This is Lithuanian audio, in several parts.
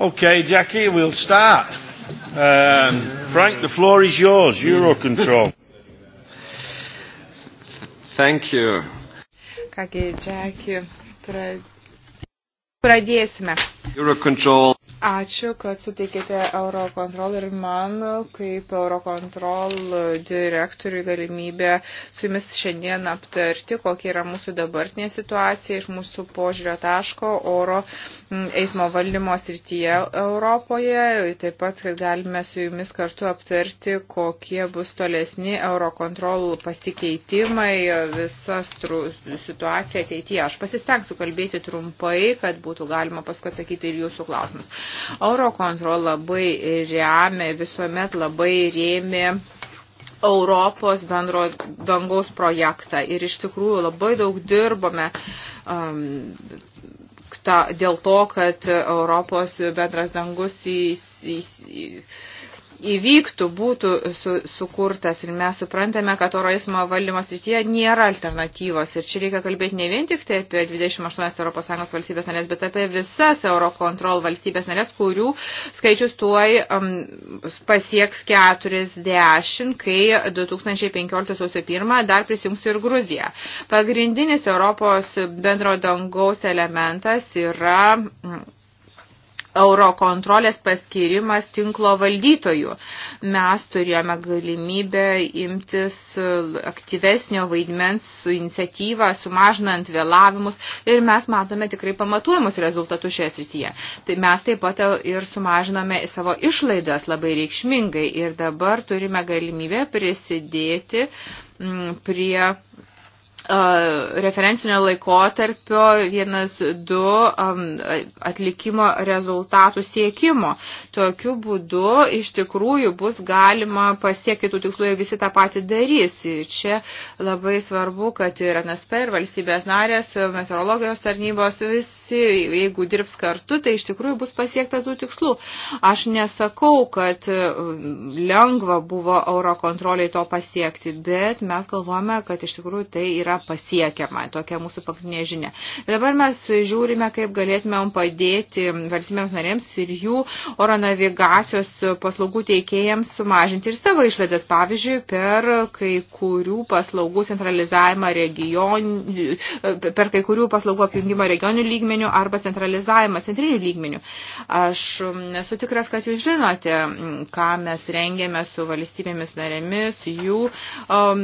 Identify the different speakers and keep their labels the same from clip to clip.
Speaker 1: Okay, Jackie, we'll start. Um, Frank, the floor is yours, Eurocontrol. Thank you.
Speaker 2: Kągi, Jackie, pradėsime. Eurocontrol. Ačiū, kad suteikėte Eurocontrol ir man kaip Eurocontrol direktoriui galimybę su jumis šiandien aptarti, kokia yra mūsų dabartinė situacija iš mūsų požiūrio taško oro eismo valdymo srityje Europoje. Taip pat, kad galime su jumis kartu aptarti, kokie bus tolesni Eurocontrol pasikeitimai, visa situacija ateityje. Aš pasistengsiu kalbėti trumpai, kad būtų galima paskui atsakyti ir jūsų klausimus. Eurokontrol labai remia, visuomet labai rėmė Europos bendro dangaus projektą ir iš tikrųjų labai daug dirbome. Um, Ta, dėl to, kad Europos bendras dangus į, į, į, įvyktų, būtų su, sukurtas ir mes suprantame, kad terorizmo valdymo srityje nėra alternatyvos. Ir čia reikia kalbėti ne vien tik tai apie 28 ES valstybės narės, bet apie visas Eurocontrol valstybės narės, kurių skaičius tuoj um, pasieks 40, kai 2015 sausio 1 dar prisijungs ir Gruzija. Pagrindinis Europos bendro dangaus elementas yra. Um, eurokontrolės paskirimas tinklo valdytojų. Mes turėjome galimybę imtis aktyvesnio vaidmens su iniciatyva, sumažinant vėlavimus ir mes matome tikrai pamatuojamus rezultatus šioje srityje. Tai mes taip pat ir sumažiname savo išlaidas labai reikšmingai ir dabar turime galimybę prisidėti mm, prie referencinio laikotarpio 1-2 atlikimo rezultatų siekimo. Tokiu būdu iš tikrųjų bus galima pasiekti tų tikslų, jei visi tą patį darys. Ir čia labai svarbu, kad ir NSP, ir valstybės narės, meteorologijos tarnybos visi, jeigu dirbs kartu, tai iš tikrųjų bus pasiekta tų tikslų. Aš nesakau, kad um, lengva buvo eurokontroliai to pasiekti, bet mes galvojame, kad iš tikrųjų tai yra yra pasiekiama. Tokia mūsų pagrindinė žinia. Bet dabar mes žiūrime, kaip galėtumėm padėti valstybėms narėms ir jų oro navigacijos paslaugų teikėjams sumažinti ir savo išlaidas. Pavyzdžiui, per kai kurių paslaugų centralizavimą region, per kai kurių paslaugų apjungimą regionių lygmenių arba centralizavimą centrinių lygmenių. Aš esu tikras, kad jūs žinote, ką mes rengėme su valstybėmis narėmis, jų um,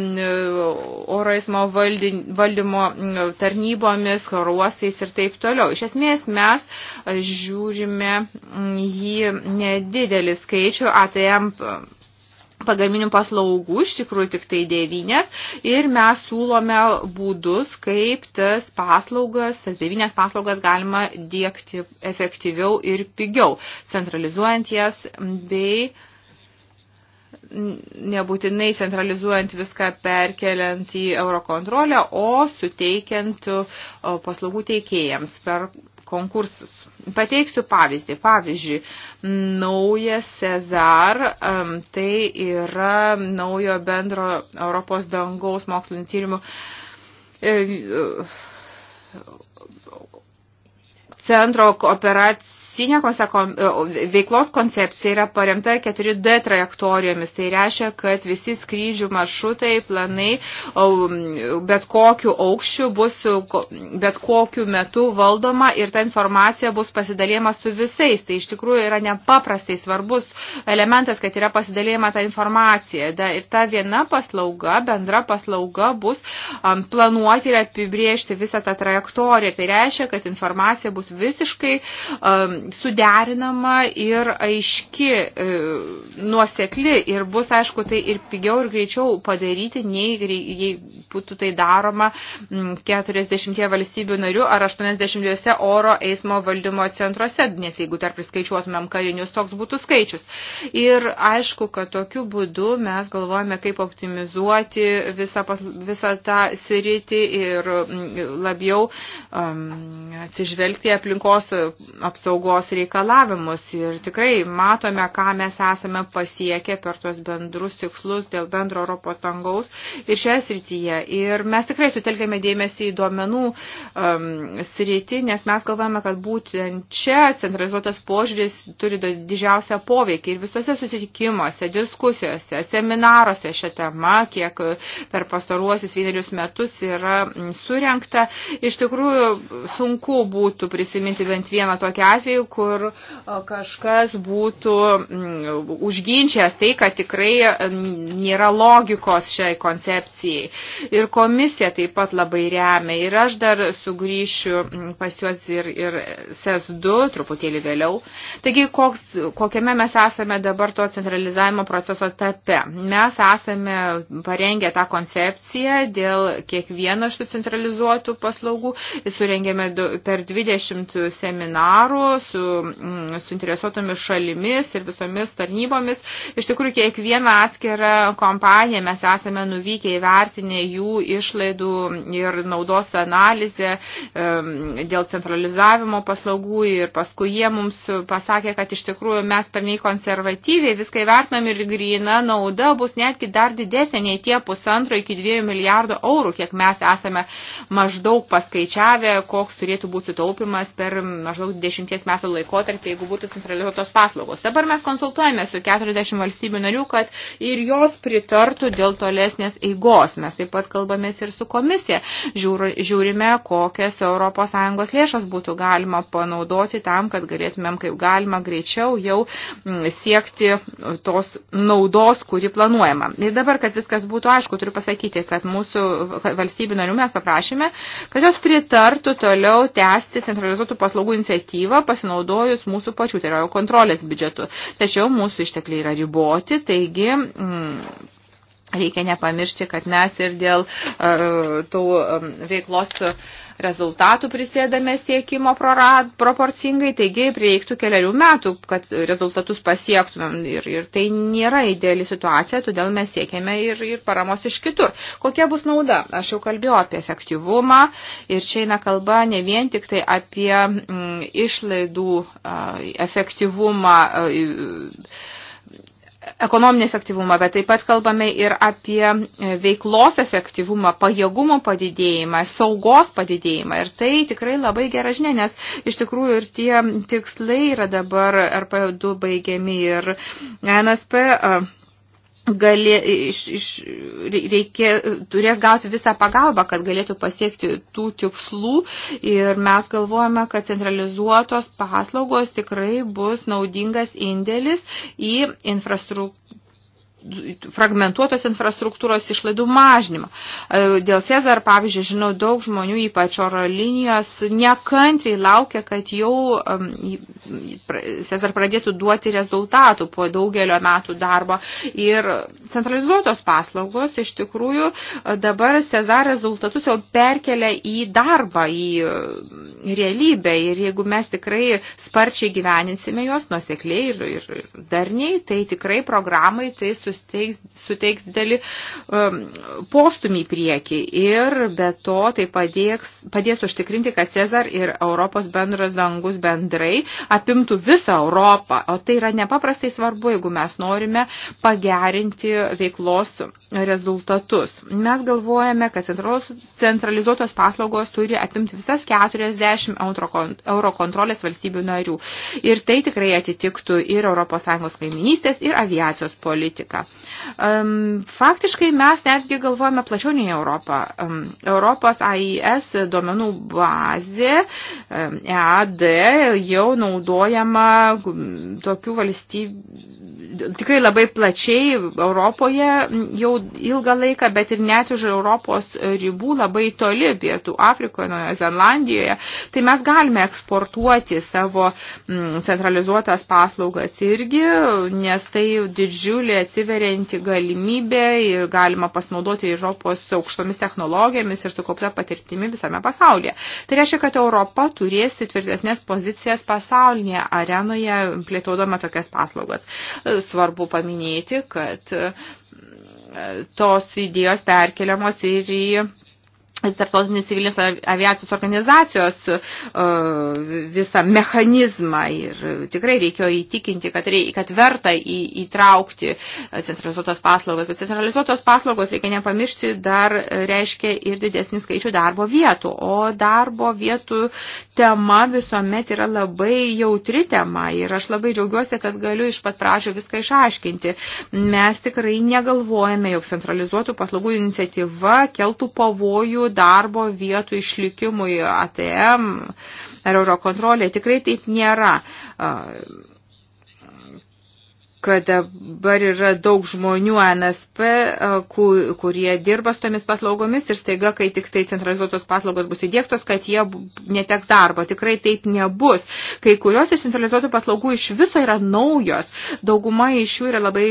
Speaker 2: oro eismo valdymą valdymo mm, tarnybomis, horuostais ir taip toliau. Iš esmės mes žiūrime jį nedidelį skaičių ATM pagaminių paslaugų, iš tikrųjų tik tai devynės, ir mes siūlome būdus, kaip tas paslaugas, tas devynės paslaugas galima dėkti efektyviau ir pigiau, centralizuojant jas bei uh, nebūtinai centralizuojant viską perkeliant į eurokontrolę, o suteikiant paslaugų teikėjams per konkursus. Pateiksiu pavyzdį. Pavyzdžiui, naujas Cezar, tai yra naujo bendro Europos dangaus mokslinio tyrimų e, e, centro operacijų Dabartinė e, veiklos koncepcija yra paremta 4D trajektorijomis. Tai reiškia, kad visi skrydžių maršrutai, planai bet kokiu aukščiu bus bet kokiu metu valdoma ir ta informacija bus pasidalėjama su visais. Tai iš tikrųjų yra nepaprastai svarbus elementas, kad yra pasidalėjama ta informacija. Da, ir ta viena paslauga, bendra paslauga bus um, planuoti ir apibriežti visą tą trajektoriją. Tai reiškia, kad informacija bus visiškai um, suderinama ir aiški, e, nuosekli ir bus, aišku, tai ir pigiau ir greičiau padaryti, nei jei būtų tai daroma 40 valstybių narių ar 82 oro eismo valdymo centruose, nes jeigu dar priskaičiuotumėm karinius, toks būtų skaičius. Ir aišku, kad tokiu būdu mes galvojame, kaip optimizuoti visą, visą tą sritį ir labiau um, atsižvelgti aplinkos apsaugos veiklos reikalavimus ir tikrai matome, ką mes esame pasiekę per tuos bendrus tikslus dėl bendro Europos dangaus ir šioje srityje. Ir mes tikrai sutelkėme dėmesį į duomenų um, sritį, nes mes galvojame, kad būtent čia centralizuotas požiūris turi didžiausią poveikį ir visose susitikimuose, diskusijose, seminaruose šią temą, kiek uh, per pastaruosius vienerius metus yra mm, surenkta. Iš tikrųjų, sunku būtų prisiminti bent vieną tokį atvejį, kur e, kažkas būtų mm, užginčęs tai, kad tikrai e, nėra logikos šiai koncepcijai. Ir komisija taip pat labai remia. Ir aš dar sugrįšiu mm, pas juos ir, ir SES2 truputėlį vėliau. Taigi, koks, kokiame mes esame dabar to centralizavimo proceso etape? Mes esame parengę tą koncepciją dėl kiekvieno šitų centralizuotų paslaugų. Surengėme per 20 seminarų su mm, suinteresuotomis šalimis ir visomis tarnybomis. Iš tikrųjų, kiekvieną atskirą kompaniją mes esame nuvykę įvertinę jų išlaidų ir naudos analizę dėl centralizavimo paslaugų ir paskui jie mums pasakė, kad iš tikrųjų mes pernai konservatyviai viską įvertinam ir grįna nauda bus netgi dar didesnė nei tie pusantro iki dviejų milijardų eurų, kiek mes esame maždaug paskaičiavę, koks turėtų būti taupimas per maždaug dešimties metų metų laikotarpį, jeigu būtų centralizuotos paslaugos. Dabar mes konsultuojame su 40 valstybių narių, kad ir jos pritartų dėl tolesnės eigos. Mes taip pat kalbamės ir su komisija. Žiūrime, kokias ES lėšas būtų galima panaudoti tam, kad galėtumėm kaip galima greičiau jau mm, siekti tos naudos, kuri planuojama. Ir dabar, kad viskas būtų aišku, turiu pasakyti, kad mūsų valstybių narių mes paprašėme, kad jos pritartų toliau tęsti centralizuotų paslaugų iniciatyvą, pas pasinaudojus mūsų pačių, tai yra kontrolės biudžetu. Tačiau mūsų ištekliai yra riboti, taigi mm, Reikia nepamiršti, kad mes ir dėl uh, tų um, veiklos rezultatų prisėdame siekimo prorad, proporcingai, taigi prieiktų keliarių metų, kad rezultatus pasiektumėm. Ir, ir tai nėra ideali situacija, todėl mes siekiame ir, ir paramos iš kitur. Kokia bus nauda? Aš jau kalbėjau apie efektyvumą ir čia eina kalba ne vien tik tai apie m, mm, išlaidų uh, efektyvumą. Uh, ekonominį efektyvumą, bet taip pat kalbame ir apie e, veiklos efektyvumą, pajėgumo padidėjimą, saugos padidėjimą. Ir tai tikrai labai gera žinia, nes iš tikrųjų ir tie tikslai yra dabar RP2 baigiami ir NSP. Uh, e, galė, iš, iš, reikė, turės gauti visą pagalbą, kad galėtų pasiekti tų tikslų ir mes galvojame, kad centralizuotos paslaugos tikrai bus naudingas indėlis į infrastruktūrą fragmentuotos infrastruktūros išlaidų mažinimą. E, dėl Cezar, pavyzdžiui, žinau, daug žmonių, ypač oro linijos, nekantriai laukia, kad jau Cezar pradėtų duoti rezultatų po daugelio metų darbo. Ir centralizuotos paslaugos iš tikrųjų dabar Cezar rezultatus jau perkelia į darbą, į realybę ir jeigu mes tikrai sparčiai gyveninsime jos nuosekliai ir, ir, ir darniai, tai tikrai programai tai suteiks, suteiks didelį um, postumį į priekį ir be to tai padėks, padės užtikrinti, kad Cezar ir Europos bendras dangus bendrai apimtų visą Europą, o tai yra nepaprastai svarbu, jeigu mes norime pagerinti veiklos rezultatus. Mes galvojame, kad centralizuotos paslaugos turi apimti visas 40 10 eurokontrolės valstybių narių. Ir tai tikrai atitiktų ir ES kaiminystės, ir aviacijos politiką. Faktiškai mes netgi galvojame plačiau nei Europą. Europos AIS duomenų bazė EAD e jau naudojama tokių valstybių, tikrai labai plačiai Europoje jau ilgą laiką, bet ir net už Europos ribų labai toli, pietų Afrikoje, Naujoje Zelandijoje, tai mes galime eksportuoti savo mm, centralizuotas paslaugas irgi, nes tai didžiulė atsiverianti galimybė ir galima pasinaudoti Europos aukštomis technologijomis ir sukaupta patirtimi visame pasaulyje. Tai reiškia, kad Europa turės tvirtesnės pozicijas pasaulinėje arenoje plėtodama tokias paslaugas. Svarbu paminėti, kad mm, tos idėjos perkeliamos ir į Tartotinės civilinės aviacijos organizacijos e, visą mechanizmą ir tikrai reikėjo įtikinti, kad, rei, kad verta į, įtraukti centralizuotos paslaugos. Bet centralizuotos paslaugos, reikia nepamiršti, dar reiškia ir didesnį skaičių darbo vietų. O darbo vietų tema visuomet yra labai jautri tema ir aš labai džiaugiuosi, kad galiu iš pat pradžio viską išaiškinti. Mes tikrai negalvojame, jog centralizuotų paslaugų iniciatyva keltų pavojų svarbių darbo vietų išlikimui ATM ar eurokontrolė. Tikrai taip nėra kad dabar yra daug žmonių NSP, e, kurie dirba su tomis paslaugomis ir staiga, kai tik tai centralizuotos paslaugos bus įdėktos, kad jie neteks darbo. Tikrai taip nebus. Kai kurios iš centralizuotų paslaugų iš viso yra naujos. Dauguma iš jų yra labai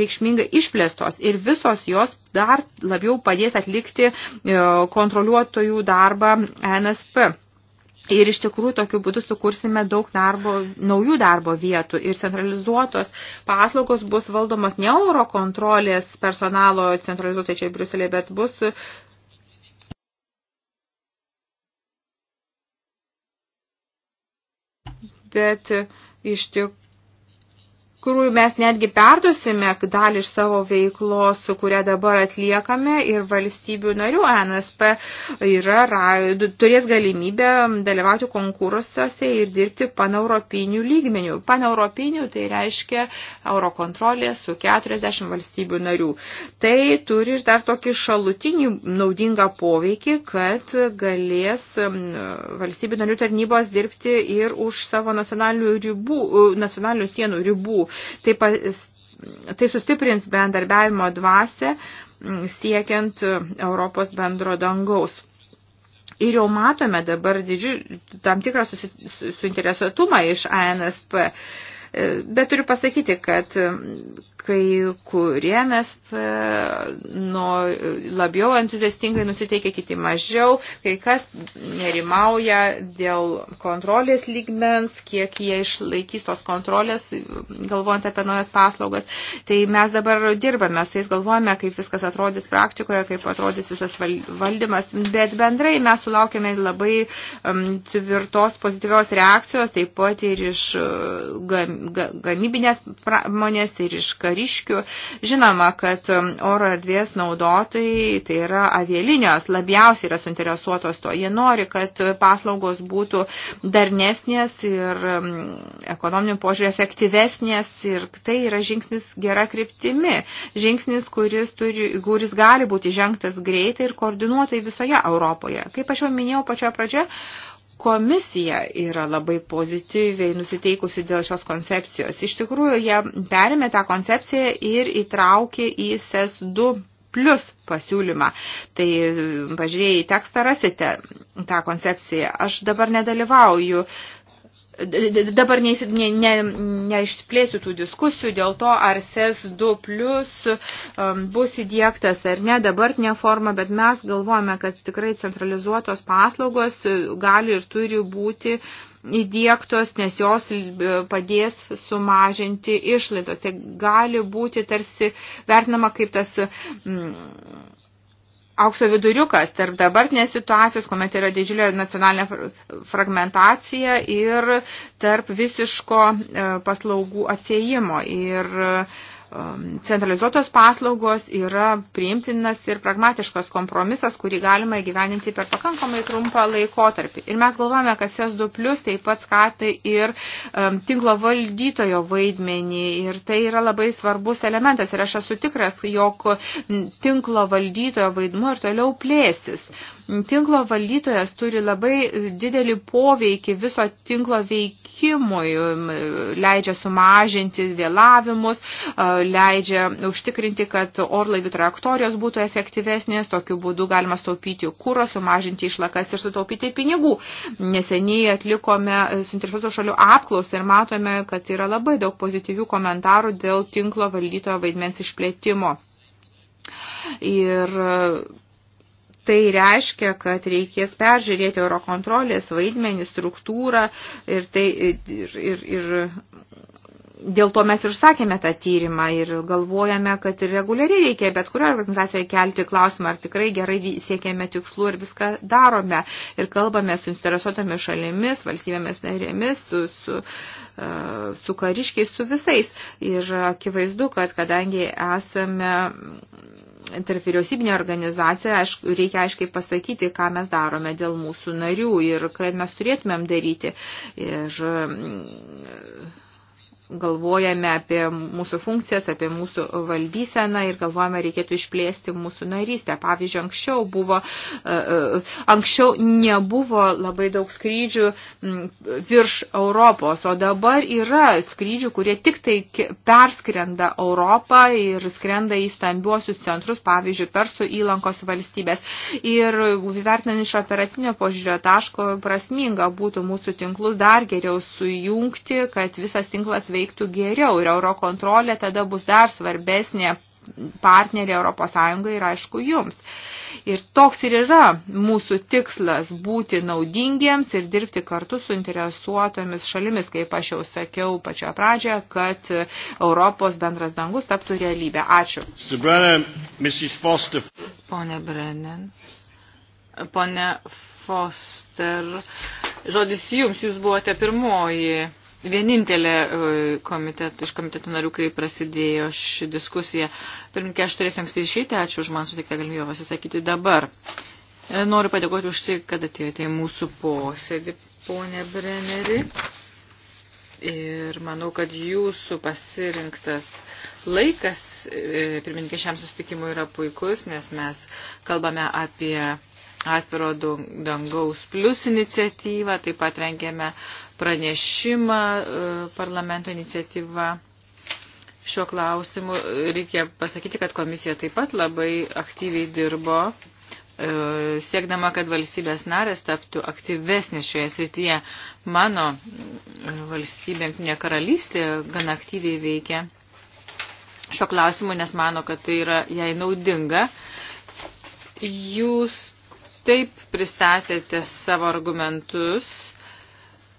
Speaker 2: reikšmingai išplėstos ir visos jos dar labiau padės atlikti e, kontroliuotojų darbą NSP. Ir iš tikrųjų tokiu būdu sukursime daug darbo, naujų darbo vietų ir centralizuotos paslaugos bus valdomos ne euro kontrolės personalo centralizuotai čia Briuselėje, bet bus bet iš tikrųjų kurių mes netgi perdusime dalį iš savo veiklos, kurią dabar atliekame ir valstybių narių NSP yra, turės galimybę dalyvauti konkursuose ir dirbti paneuropinių lygmenių. Paneuropinių tai reiškia eurokontrolė su 40 valstybių narių. Tai turi ir dar tokį šalutinį naudingą poveikį, kad galės valstybių narių tarnybos dirbti ir už savo nacionalinių, ribų, nacionalinių sienų ribų Tai, pas, tai sustiprins bendarbiavimo dvasę siekiant e, Europos bendro dangaus. Ir jau matome dabar didžiu, tam tikrą susi, suinteresuotumą iš ANSP. E, bet turiu pasakyti, kad kai kurie mes nu, labiau entuziastingai nusiteikia, kiti mažiau, kai kas nerimauja dėl kontrolės lygmens, kiek jie išlaikys tos kontrolės, galvojant apie naujas paslaugas. Tai mes dabar dirbame su jais, galvojame, kaip viskas atrodys praktikoje, kaip atrodys visas valdymas, bet bendrai mes sulaukėme labai tvirtos pozityvios reakcijos, taip pat ir iš e, gamybinės pramonės, ir iš karinės kariškių. Žinoma, kad um, oro erdvės naudotojai, tai yra avialinijos, labiausiai yra suinteresuotos to. Jie nori, kad paslaugos būtų darnesnės ir um, ekonominių požiūrį efektyvesnės ir tai yra žingsnis gera kryptimi. Žingsnis, kuris, turi, kuris gali būti žengtas greitai ir koordinuotai visoje Europoje. Kaip aš jau minėjau pačioje pradžioje, Komisija yra labai pozityviai nusiteikusi dėl šios koncepcijos. Iš tikrųjų, jie perėmė tą koncepciją ir įtraukė į SES2 plus pasiūlymą. Tai pažiūrėjai tekstą rasite tą koncepciją. Aš dabar nedalyvauju Dabar neįs, ne, ne, neišplėsiu tų diskusijų dėl to, ar SES 2 e plus um, bus įdėktas ar ne dabartinė forma, bet mes galvojame, kad tikrai centralizuotos paslaugos gali ir turi būti įdėktos, nes jos e, padės sumažinti išlaidos. Tai gali būti tarsi vertinama kaip tas. Mm, aukso viduriukas tarp dabartinės situacijos, kuomet yra didžiulė nacionalinė fragmentacija ir tarp visiško e, paslaugų atsiejimo. Ir Um, centralizuotos paslaugos yra priimtinas ir pragmatiškas kompromisas, kurį galima įgyveninti per pakankamai trumpą laikotarpį. Ir mes galvojame, kad CS2 plus taip pat skatai ir um, tinklo valdytojo vaidmenį. Ir tai yra labai svarbus elementas. Ir aš esu tikras, jog tinklo valdytojo vaidmuo ir toliau plėsis. Um, Tinklo valdytojas turi labai didelį poveikį viso tinklo veikimui, leidžia sumažinti vėlavimus, leidžia užtikrinti, kad orlaivių trajektorijos būtų efektyvesnės, tokiu būdu galima staupyti kūro, sumažinti išlakas ir sutaupyti pinigų. Neseniai atlikome suinteresuotų šalių apklausą ir matome, kad yra labai daug pozityvių komentarų dėl tinklo valdytojo vaidmens išplėtimo. Ir tai reiškia, kad reikės peržiūrėti eurokontrolės vaidmenį, struktūrą ir, tai, ir, ir, ir dėl to mes ir sakėme tą tyrimą ir galvojame, kad ir reguliariai reikia bet kurioje organizacijoje kelti klausimą, ar tikrai gerai siekėme tikslų ir viską darome. Ir kalbame su interesuotomis šalimis, valstybėmis narėmis, su, su, e, su kariškiais, su visais. Ir akivaizdu, kad kadangi esame intervyriausybinė organizacija, aišku, reikia aiškiai pasakyti, ką mes darome dėl mūsų narių ir ką mes turėtumėm daryti. Ir galvojame apie mūsų funkcijas, apie mūsų valdyseną ir galvojame, reikėtų išplėsti mūsų narystę. Pavyzdžiui, anksčiau, buvo, e, e, anksčiau nebuvo labai daug skrydžių virš Europos, o dabar yra skrydžių, kurie tik tai perskrenda Europą ir skrenda į stambiuosius centrus, pavyzdžiui, Persų įlankos valstybės. Ir vertinant iš operacinio požiūrio taško prasminga būtų mūsų tinklus dar geriau sujungti, kad visas tinklas veikia veiktų geriau ir eurokontrolė tada bus dar svarbesnė partneriai Europos Sąjungai ir aišku jums. Ir toks ir yra mūsų tikslas būti naudingiems ir dirbti kartu su interesuotomis šalimis, kaip aš jau sakiau pačioje pradžioje, kad Europos bendras dangus taptų realybę. Ačiū.
Speaker 3: Pone Brennan, pone Foster, žodis jums, jūs buvote pirmoji vienintelė e, komitet, iš komitetų narių, kai prasidėjo ši diskusija. Pirminkė, aš turėsiu anksti išeiti, ačiū už man suteiktą galimybę pasisakyti dabar. E, noriu padėkoti už tai, kad atėjote į mūsų posėdį, ponė Breneri. Ir manau, kad jūsų pasirinktas laikas, e, pirmininkė, šiam susitikimui yra puikus, nes mes kalbame apie atviro dangaus plus iniciatyvą, taip pat rengėme pranešimą e, parlamento iniciatyvą. Šiuo klausimu reikia pasakyti, kad komisija taip pat labai aktyviai dirbo, e, siekdama, kad valstybės narės taptų aktyvesnės šioje srityje. Mano e, valstybė, ne karalystė, gan aktyviai veikia šio klausimu, nes mano, kad tai yra jai naudinga. Jūs taip pristatėte savo argumentus,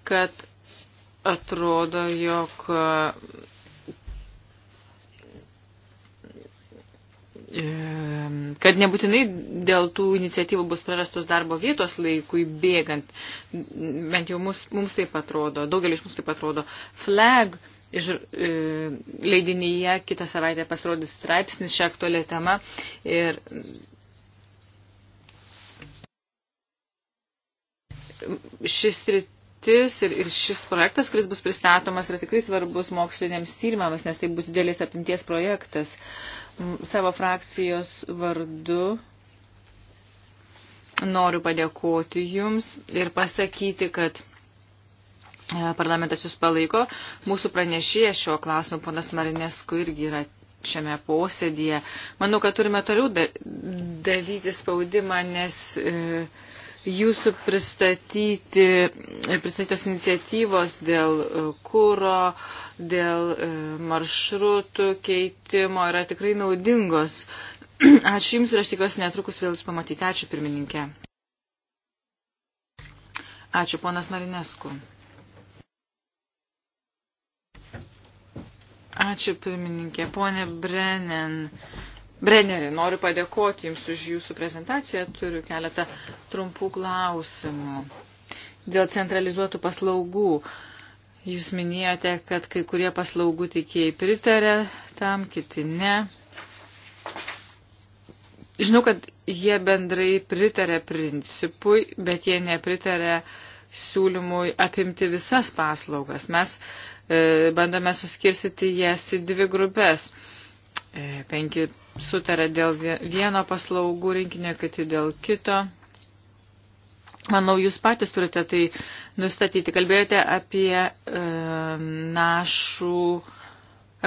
Speaker 3: kad atrodo, jog e, kad nebūtinai dėl tų iniciatyvų bus prarastos darbo vietos laikui bėgant, bent jau mums, mums taip atrodo, daugelis iš mūsų taip atrodo. Flag iš e, leidinyje kitą savaitę pasirodys straipsnis šią aktualią temą ir šis rytis ir, ir šis projektas, kuris bus pristatomas, yra tikrai svarbus moksliniams tyrimams, nes tai bus didelis apimties projektas. Savo frakcijos vardu noriu padėkoti Jums ir pasakyti, kad e, parlamentas Jūs palaiko. Mūsų pranešėjas šio klausimu, ponas Marinesku, irgi yra šiame posėdėje. Manau, kad turime toliau daryti spaudimą, nes. E, jūsų pristatyti, pristatytos iniciatyvos dėl e, kūro, dėl e, maršrutų keitimo yra tikrai naudingos. Ačiū Jums ir aš tikiuosi netrukus vėl Jūs pamatyti. Ačiū pirmininkė. Ačiū ponas Marinesku. Ačiū pirmininkė. Pone Brennan, Brennerį, noriu padėkoti Jums už Jūsų prezentaciją. Turiu keletą trumpų klausimų. Dėl centralizuotų paslaugų. Jūs minėjote, kad kai kurie paslaugų tikėjai pritarė tam, kiti ne. Žinau, kad jie bendrai pritarė principui, bet jie nepritarė siūlymui apimti visas paslaugas. Mes e, bandome suskirstyti jas į dvi grupės. E, 5 sutarė dėl vieno paslaugų rinkinio, kiti dėl kito. Manau, jūs patys turite tai nustatyti. Kalbėjote apie e, našų,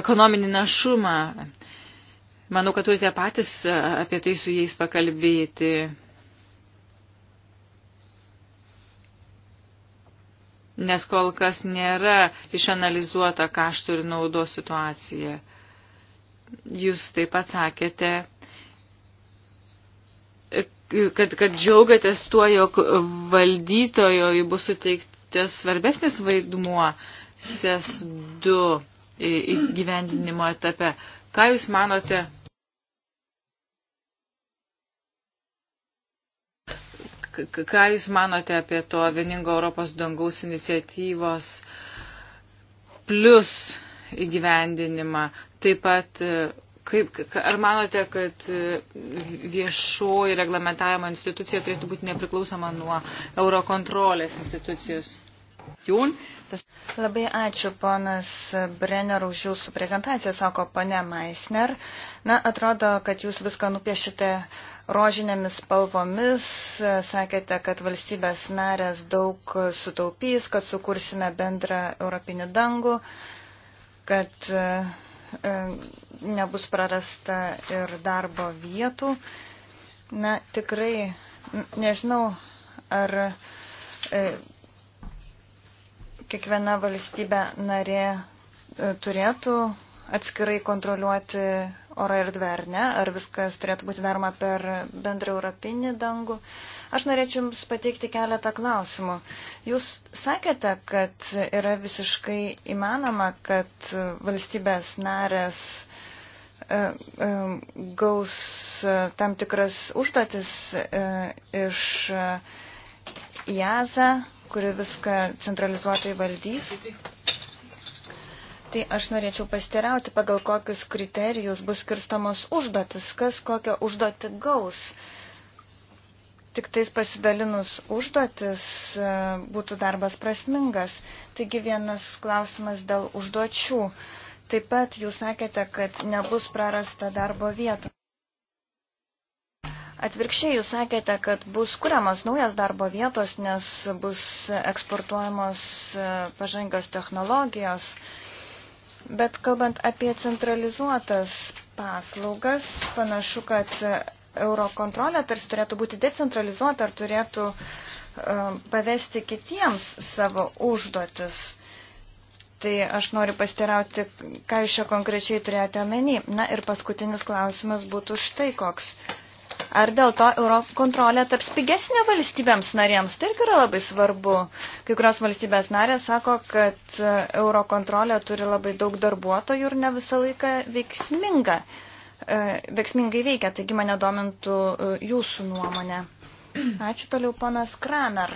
Speaker 3: ekonominį našumą. Manau, kad turite patys e, apie tai su jais pakalbėti. Nes kol kas nėra išanalizuota kaštų ir naudos situacija jūs taip pat sakėte, kad, kad džiaugiatės tuo, jog valdytojoj bus suteiktas svarbesnis vaidmuo SES 2 įgyvendinimo etape. Ką Jūs manote? Ką Jūs manote apie to vieningo Europos dangaus iniciatyvos plus įgyvendinimą? Taip pat, e, kaip, ar manote, kad e, viešoji reglamentavimo institucija turėtų būti nepriklausoma nuo eurokontrolės institucijos? Jun. Labai ačiū, ponas
Speaker 4: Brenner, už jūsų prezentaciją, sako pane Meisner. Na, atrodo, kad jūs viską nupiešite rožinėmis spalvomis, sakėte, kad valstybės narės daug sutaupys, kad sukursime bendrą europinį dangų, kad uh, E, nebus prarasta ir darbo vietų. Na, tikrai, nežinau, ar e, kiekviena valstybė narė e, turėtų atskirai kontroliuoti oro erdvę ar ne, ar viskas turėtų būti daroma per bendrą europinį dangų. Aš norėčiau Jums pateikti keletą klausimų. Jūs sakėte, kad yra visiškai įmanoma, kad valstybės narės e, e, gaus tam tikras užduotis e, iš JAZA, kuri viską centralizuotai valdys. Tai aš norėčiau pastirauti, pagal kokius kriterijus bus skirstamos užduotis, kas kokią užduotį gaus. Uh, tik tais pasidalinus užduotis e, būtų darbas prasmingas. Taigi vienas klausimas dėl užduočių. Taip pat jūs sakėte, kad nebus prarasta darbo vietų. Atvirkščiai jūs sakėte, kad bus kuriamas naujas darbo vietos, nes bus eksportuojamos e, pažangios technologijos. Bet kalbant apie centralizuotas paslaugas, panašu, kad eurokontrolė tarsi turėtų būti decentralizuota ar turėtų e, pavesti kitiems savo užduotis. Tai aš noriu pastirauti, ką iš čia konkrečiai turėjote omeny. Na ir paskutinis klausimas būtų štai koks. Ar dėl to eurokontrolė taps pigesnė valstybėms narėms? Tai irgi yra labai svarbu. Kai kurios valstybės narės sako, kad eurokontrolė turi labai daug darbuotojų ir ne visą laiką veiksminga. E, veiksmingai veikia, taigi mane domintų e, jūsų nuomonė. Ačiū toliau, ponas Kramer.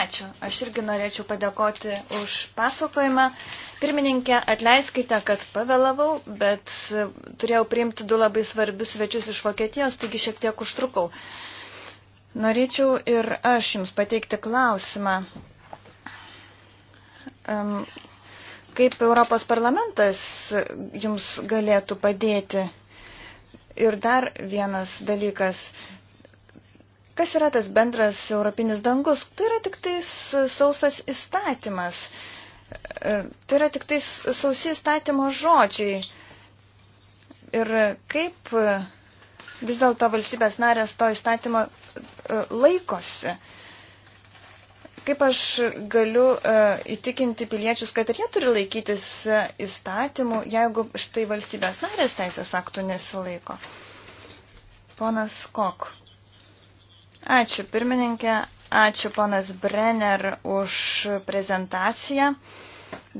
Speaker 4: Ačiū. Aš irgi norėčiau padėkoti už pasakojimą. Pirmininkė, atleiskite, kad pavėlavau, bet e, turėjau priimti du labai svarbius svečius iš Vokietijos, taigi šiek tiek užtrukau. Norėčiau ir aš Jums pateikti klausimą. Um, kaip Europos parlamentas jums galėtų padėti. Ir dar vienas dalykas. Kas yra tas bendras europinis dangus? Tai yra tik tais sausas įstatymas. Tai yra tik tais sausi įstatymo žodžiai. Ir kaip vis dėlto valstybės narės to įstatymo laikosi. Uh, Kaip aš galiu uh, įtikinti piliečius, kad ir jie turi laikytis uh, įstatymų, jeigu štai valstybės narės teisės aktų nesilaiko? Ponas Kok. Ačiū pirmininkė, ačiū ponas Brenner už prezentaciją.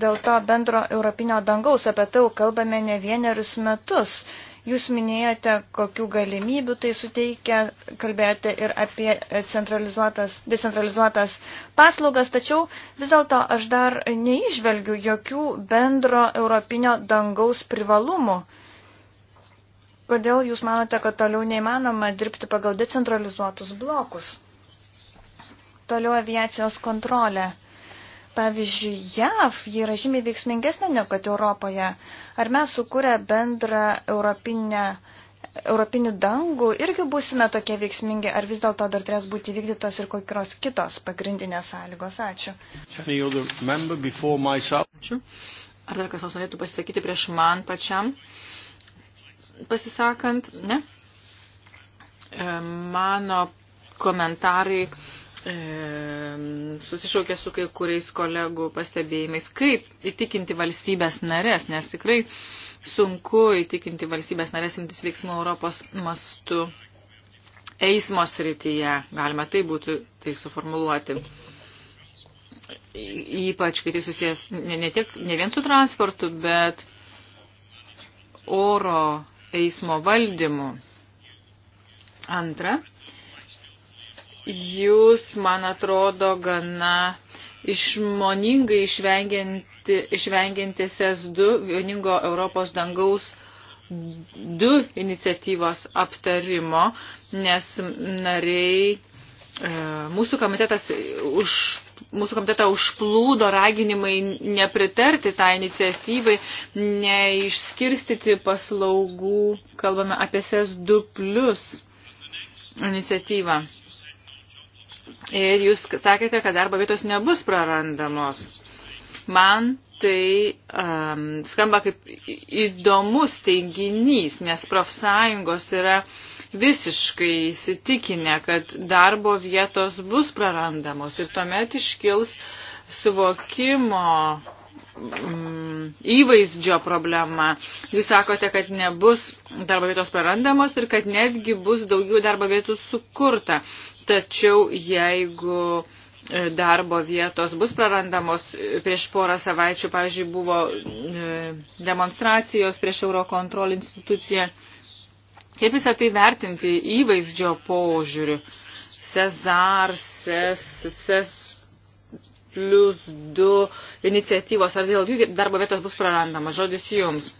Speaker 4: Dėl to bendro europinio dangaus apie tai kalbame ne vienerius metus. Uh, Jūs minėjote, kokių galimybių tai suteikia, kalbėjote ir apie decentralizuotas paslaugas, tačiau vis dėlto aš dar neižvelgiu jokių bendro europinio dangaus privalumų. Kodėl jūs manote, kad toliau neįmanoma dirbti pagal decentralizuotus blokus? Toliau aviacijos kontrolė. Pavyzdžiui, JAV ji yra žymiai veiksmingesnė negu kad Europoje. Ar mes sukūrę bendrą europinę, europinį dangų irgi būsime tokie veiksmingi, ar vis dėlto dar turės būti vykdytos ir kokios kitos pagrindinės sąlygos? Ačiū.
Speaker 1: Ačiū.
Speaker 4: Ar
Speaker 3: dar kas nors norėtų pasisakyti prieš man pačiam? Pasisakant, ne? E, mano komentarai E, susišaukė su kai kuriais kolegų pastebėjimais, kaip įtikinti valstybės narės, nes tikrai sunku įtikinti valstybės narės imtis veiksmų Europos mastu eismo srityje, galima tai būtų tai suformuluoti. Ypač, kai tai susijęs ne, ne, tiek, ne vien su transportu, bet oro eismo valdymu. Antra, jūs, man atrodo, gana išmoningai išvengianti SES2 vieningo Europos dangaus du iniciatyvos aptarimo, nes nariai e, mūsų, už, mūsų komitetą užplūdo raginimai nepritarti tą tai iniciatyvai, neišskirstyti paslaugų, kalbame apie SES2 plus iniciatyvą. Ir jūs sakėte, kad darbo vietos nebus prarandamos. Man tai um, skamba kaip įdomus teiginys, nes profsąjungos yra visiškai įsitikinę, kad darbo vietos bus prarandamos ir tuomet iškils suvokimo um, įvaizdžio problema. Jūs sakote, kad nebus darbo vietos prarandamos ir kad netgi bus daugiau darbo vietų sukurta. Tačiau jeigu e, darbo vietos bus prarandamos. E, prieš porą savaičių, pavyzdžiui, buvo e, demonstracijos prieš Eurokontrol instituciją. Kaip visą tai vertinti įvaizdžio požiūriu? Cezar, Ses, Ses plus 2 iniciatyvos, ar dėl jų darbo vietos bus prarandama? Žodis jums.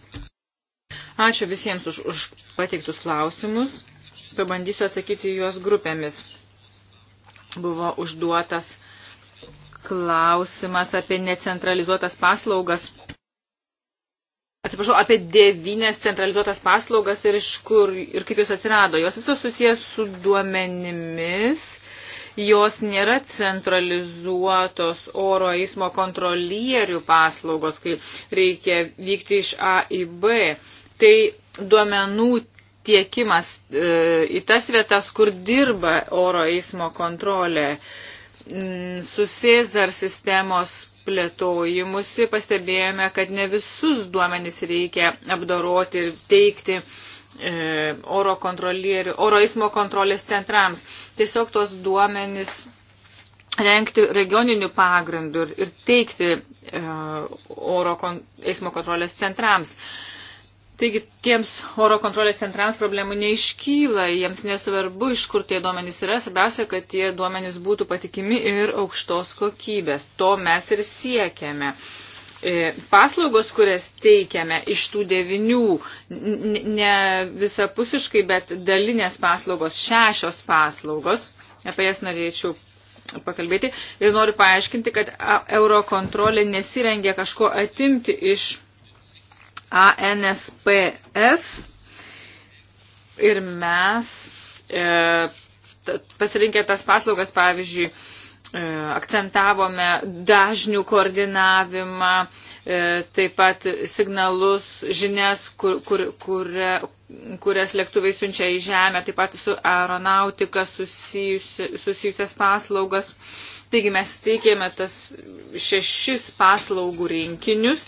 Speaker 3: Ačiū visiems už, už pateiktus klausimus. Pabandysiu atsakyti juos grupėmis buvo užduotas klausimas apie necentralizuotas paslaugas. Atsiprašau, apie devynės centralizuotas paslaugas ir iš kur ir kaip jos atsirado. Jos visos susijęs su duomenimis, jos nėra centralizuotos oro eismo kontrolierių paslaugos, kai reikia vykti iš A į B. Tai duomenų tiekimas e, į tas vietas, kur dirba oro eismo kontrolė. Mm, su Cezar sistemos plėtojimusi pastebėjome, kad ne visus duomenys reikia apdoroti ir teikti e, oro, oro eismo kontrolės centrams. Tiesiog tuos duomenys renkti regioninių pagrindų ir, ir teikti e, oro kon, eismo kontrolės centrams. E, Taigi tiems oro kontrolės centrams problemų neiškyla, jiems nesvarbu, iš kur tie duomenys yra, svarbiausia, kad tie duomenys būtų patikimi ir aukštos kokybės. To mes ir siekiame. E, paslaugos, kurias teikiame iš tų devinių, ne visapusiškai, bet dalinės paslaugos, šešios paslaugos, apie jas norėčiau pakalbėti ir noriu paaiškinti, kad Eurokontrolė nesirengė kažko atimti iš ANSPS ir mes e, pasirinkę tas paslaugas, pavyzdžiui, e, akcentavome dažnių koordinavimą, e, taip pat signalus, žinias, kur, kur, kur, kurias lėktuvai siunčia į žemę, taip pat su aeronautika susijusi, susijusias paslaugas. E, Taigi mes teikėme tas šešis paslaugų rinkinius,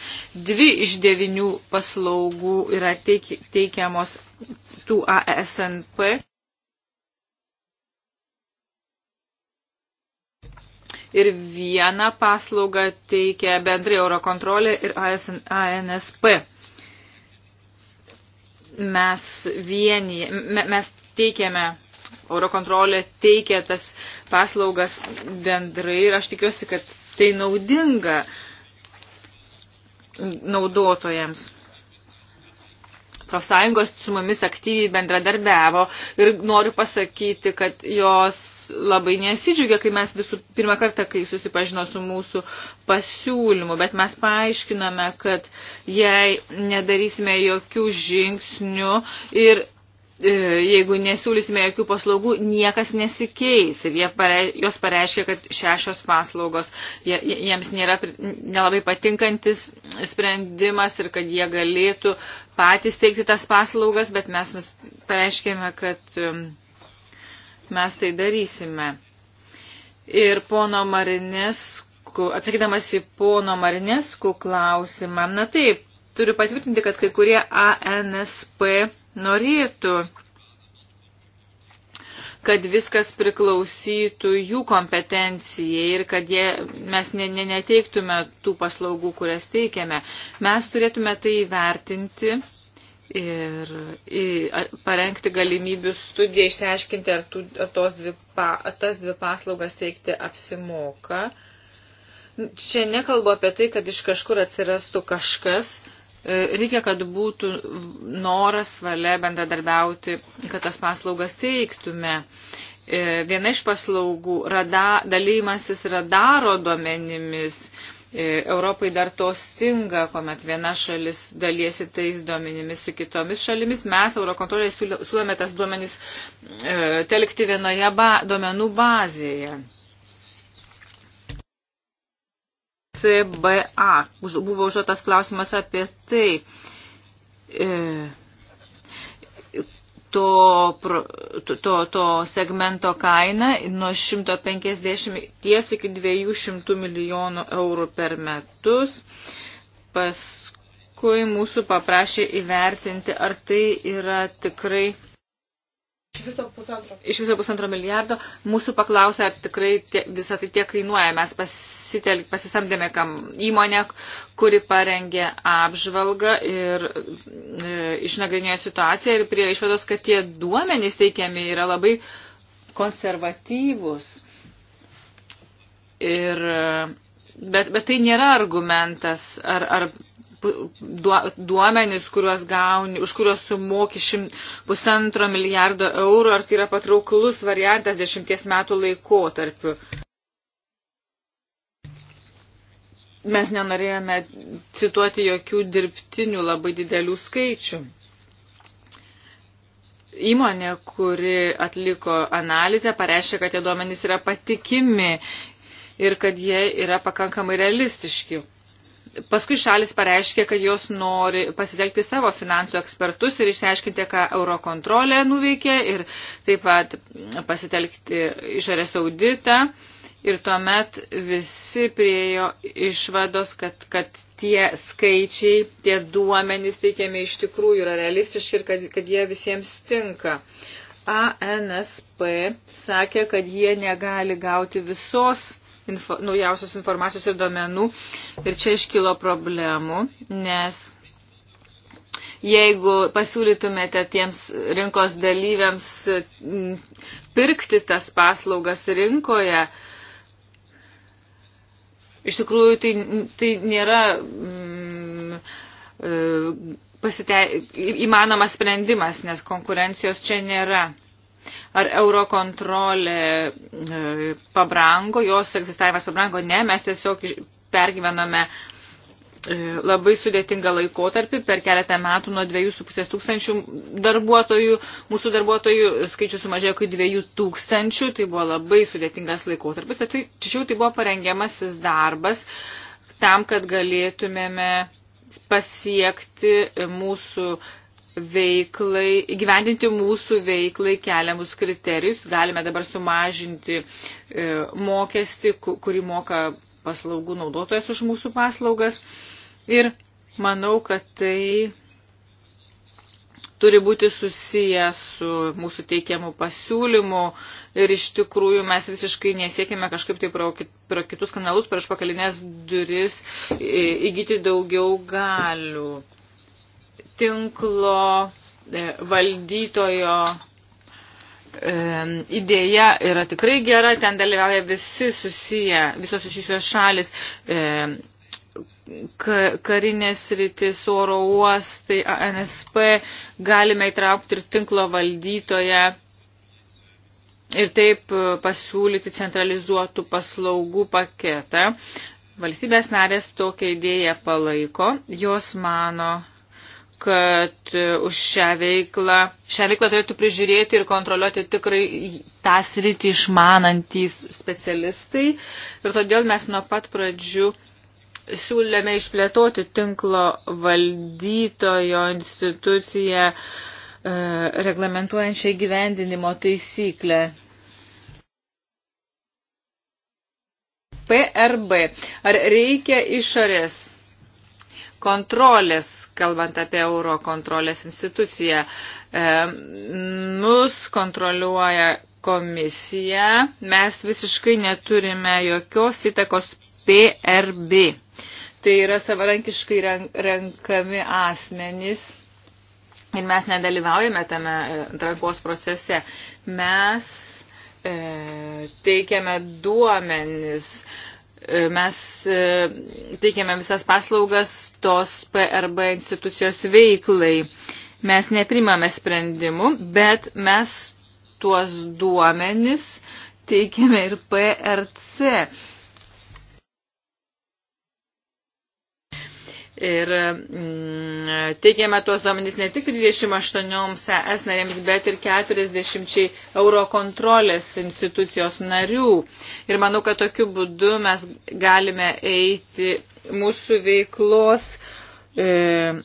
Speaker 3: dvi iš devinių paslaugų yra teikiamos tų ASNP. Ir vieną paslaugą teikia bendrai Eurokontrolė ir ANSP mes vienyje, mes teikiame Eurokontrolė teikia tas paslaugas bendrai ir aš tikiuosi, kad tai naudinga naudotojams. Profsąjungos su mumis aktyviai bendradarbiavo ir noriu pasakyti, kad jos labai nesidžiugia, kai mes visų pirmą kartą, kai susipažino su mūsų pasiūlymu, bet mes paaiškiname, kad jei nedarysime jokių žingsnių ir E, jeigu nesiūlysime jokių paslaugų, niekas nesikeis. Ir jie pare, jos pareiškia, kad šešios paslaugos jie, jiems nėra nelabai patinkantis sprendimas ir kad jie galėtų patys teikti tas paslaugas, bet mes pareiškėme, kad um, mes tai darysime. Ir pono Marinesku, atsakydamas į pono Marinesku klausimą, na taip, turiu patvirtinti, kad kai kurie ANSP norėtų, kad viskas priklausytų jų kompetencijai ir kad jie, mes ne, ne, neteiktume tų paslaugų, kurias teikiame. Mes turėtume tai įvertinti ir, ir parengti galimybių studiją, išsiaiškinti, ar, tų, ar tos dvi, pa, tas dvi paslaugas teikti apsimoka. Čia nekalbu apie tai, kad iš kažkur atsirastų kažkas, E, reikia, kad būtų noras valia bendradarbiauti, kad tas paslaugas teiktume. E, viena iš paslaugų rada, dalymasis radaro duomenimis. E, Europai dar to stinga, kuomet viena šalis dalysi tais duomenimis su kitomis šalimis. Mes Eurokontrolėje siūlome tas duomenis e, telkti vienoje ba, duomenų bazėje. CBA. Buvo užduotas klausimas apie tai. E, to, to, to segmento kaina nuo 150 ties iki 200 milijonų eurų per metus. Paskui mūsų paprašė įvertinti, ar tai yra tikrai Iš viso pusantro milijardo mūsų paklausė, ar tikrai tie, visą tai tiek kainuoja. Mes pasitelk, pasisamdėme kam įmonę, kuri parengė apžvalgą ir e, išnagrinėjo situaciją ir prie išvados, kad tie duomenys teikiami yra labai konservatyvus. Ir, e, bet, bet tai nėra argumentas ar, ar duomenys, kuriuos gauni, už kuriuos sumoki šim pusantro milijardo eurų, ar tai yra patrauklus variantas dešimties metų laikotarpiu. Mes nenorėjome cituoti jokių dirbtinių labai didelių skaičių įmonė, kuri atliko analizę, pareiškė, kad tie duomenys yra patikimi ir kad jie yra pakankamai realistiški. Paskui šalis pareiškė, kad jos nori pasitelkti savo finansų ekspertus ir išsiaiškinti, ką eurokontrolė nuveikė ir taip pat pasitelkti išorės auditą. Ir tuomet visi priejo išvados, kad, kad tie skaičiai, tie duomenys teikiami iš tikrųjų yra realistiški ir kad, kad jie visiems tinka. ANSP sakė, kad jie negali gauti visos info, naujausios informacijos ir domenų. Ir čia iškilo problemų, nes jeigu pasiūlytumėte tiems rinkos dalyviams pirkti tas paslaugas rinkoje, iš tikrųjų tai, tai nėra mm, e, pasite, įmanomas sprendimas, nes konkurencijos čia nėra. Ar eurokontrolė e, pabrango, jos egzistavimas pabrango, ne, mes tiesiog pergyvename e, labai sudėtingą laikotarpį, per keletą metų nuo 2,5 tūkstančių darbuotojų, mūsų darbuotojų skaičius sumažėjo iki 2 tūkstančių, tai buvo labai sudėtingas laikotarpis, tačiau tai buvo parengiamasis darbas tam, kad galėtumėme pasiekti mūsų veiklai, įgyvendinti mūsų veiklai keliamus kriterijus. Galime dabar sumažinti e, mokestį, kurį moka paslaugų naudotojas už mūsų paslaugas. Ir manau, kad tai turi būti susiję su mūsų teikiamu pasiūlymu ir iš tikrųjų mes visiškai nesiekime kažkaip tai pro kitus kanalus, prieš pakalinės duris e, įgyti daugiau galių tinklo e, valdytojo e, idėja yra tikrai gera, ten dalyvauja visi susiję, visos susijusios šalis, e, karinės rytis, oro uostai, ANSP, galime įtraukti ir tinklo valdytoje ir taip pasiūlyti centralizuotų paslaugų paketą. Valstybės narės tokią idėją palaiko, jos mano, kad e, už šią veiklą, šią veiklą turėtų prižiūrėti ir kontroliuoti tikrai tą sritį išmanantys specialistai. Ir todėl mes nuo pat pradžių siūlėme išplėtoti tinklo valdytojo instituciją e, reglamentuojančią gyvendinimo taisyklę. PRB. Ar reikia išorės kontrolės, kalbant apie euro kontrolės instituciją. E, mus kontroliuoja komisija, mes visiškai neturime jokios įtakos PRB. Tai yra savarankiškai renkami asmenys ir mes nedalyvaujame tame e, atrankos procese. Mes e, teikiame duomenis. E, E, mes e, teikiame visas paslaugas tos PRB institucijos veiklai. Mes neprimame sprendimų, bet mes tuos duomenis teikiame ir PRC Ir mm, teigiame tuos duomenys ne tik 28 ES narėms, bet ir 40 eurokontrolės institucijos narių. Ir manau, kad tokiu būdu mes galime eiti mūsų veiklos e,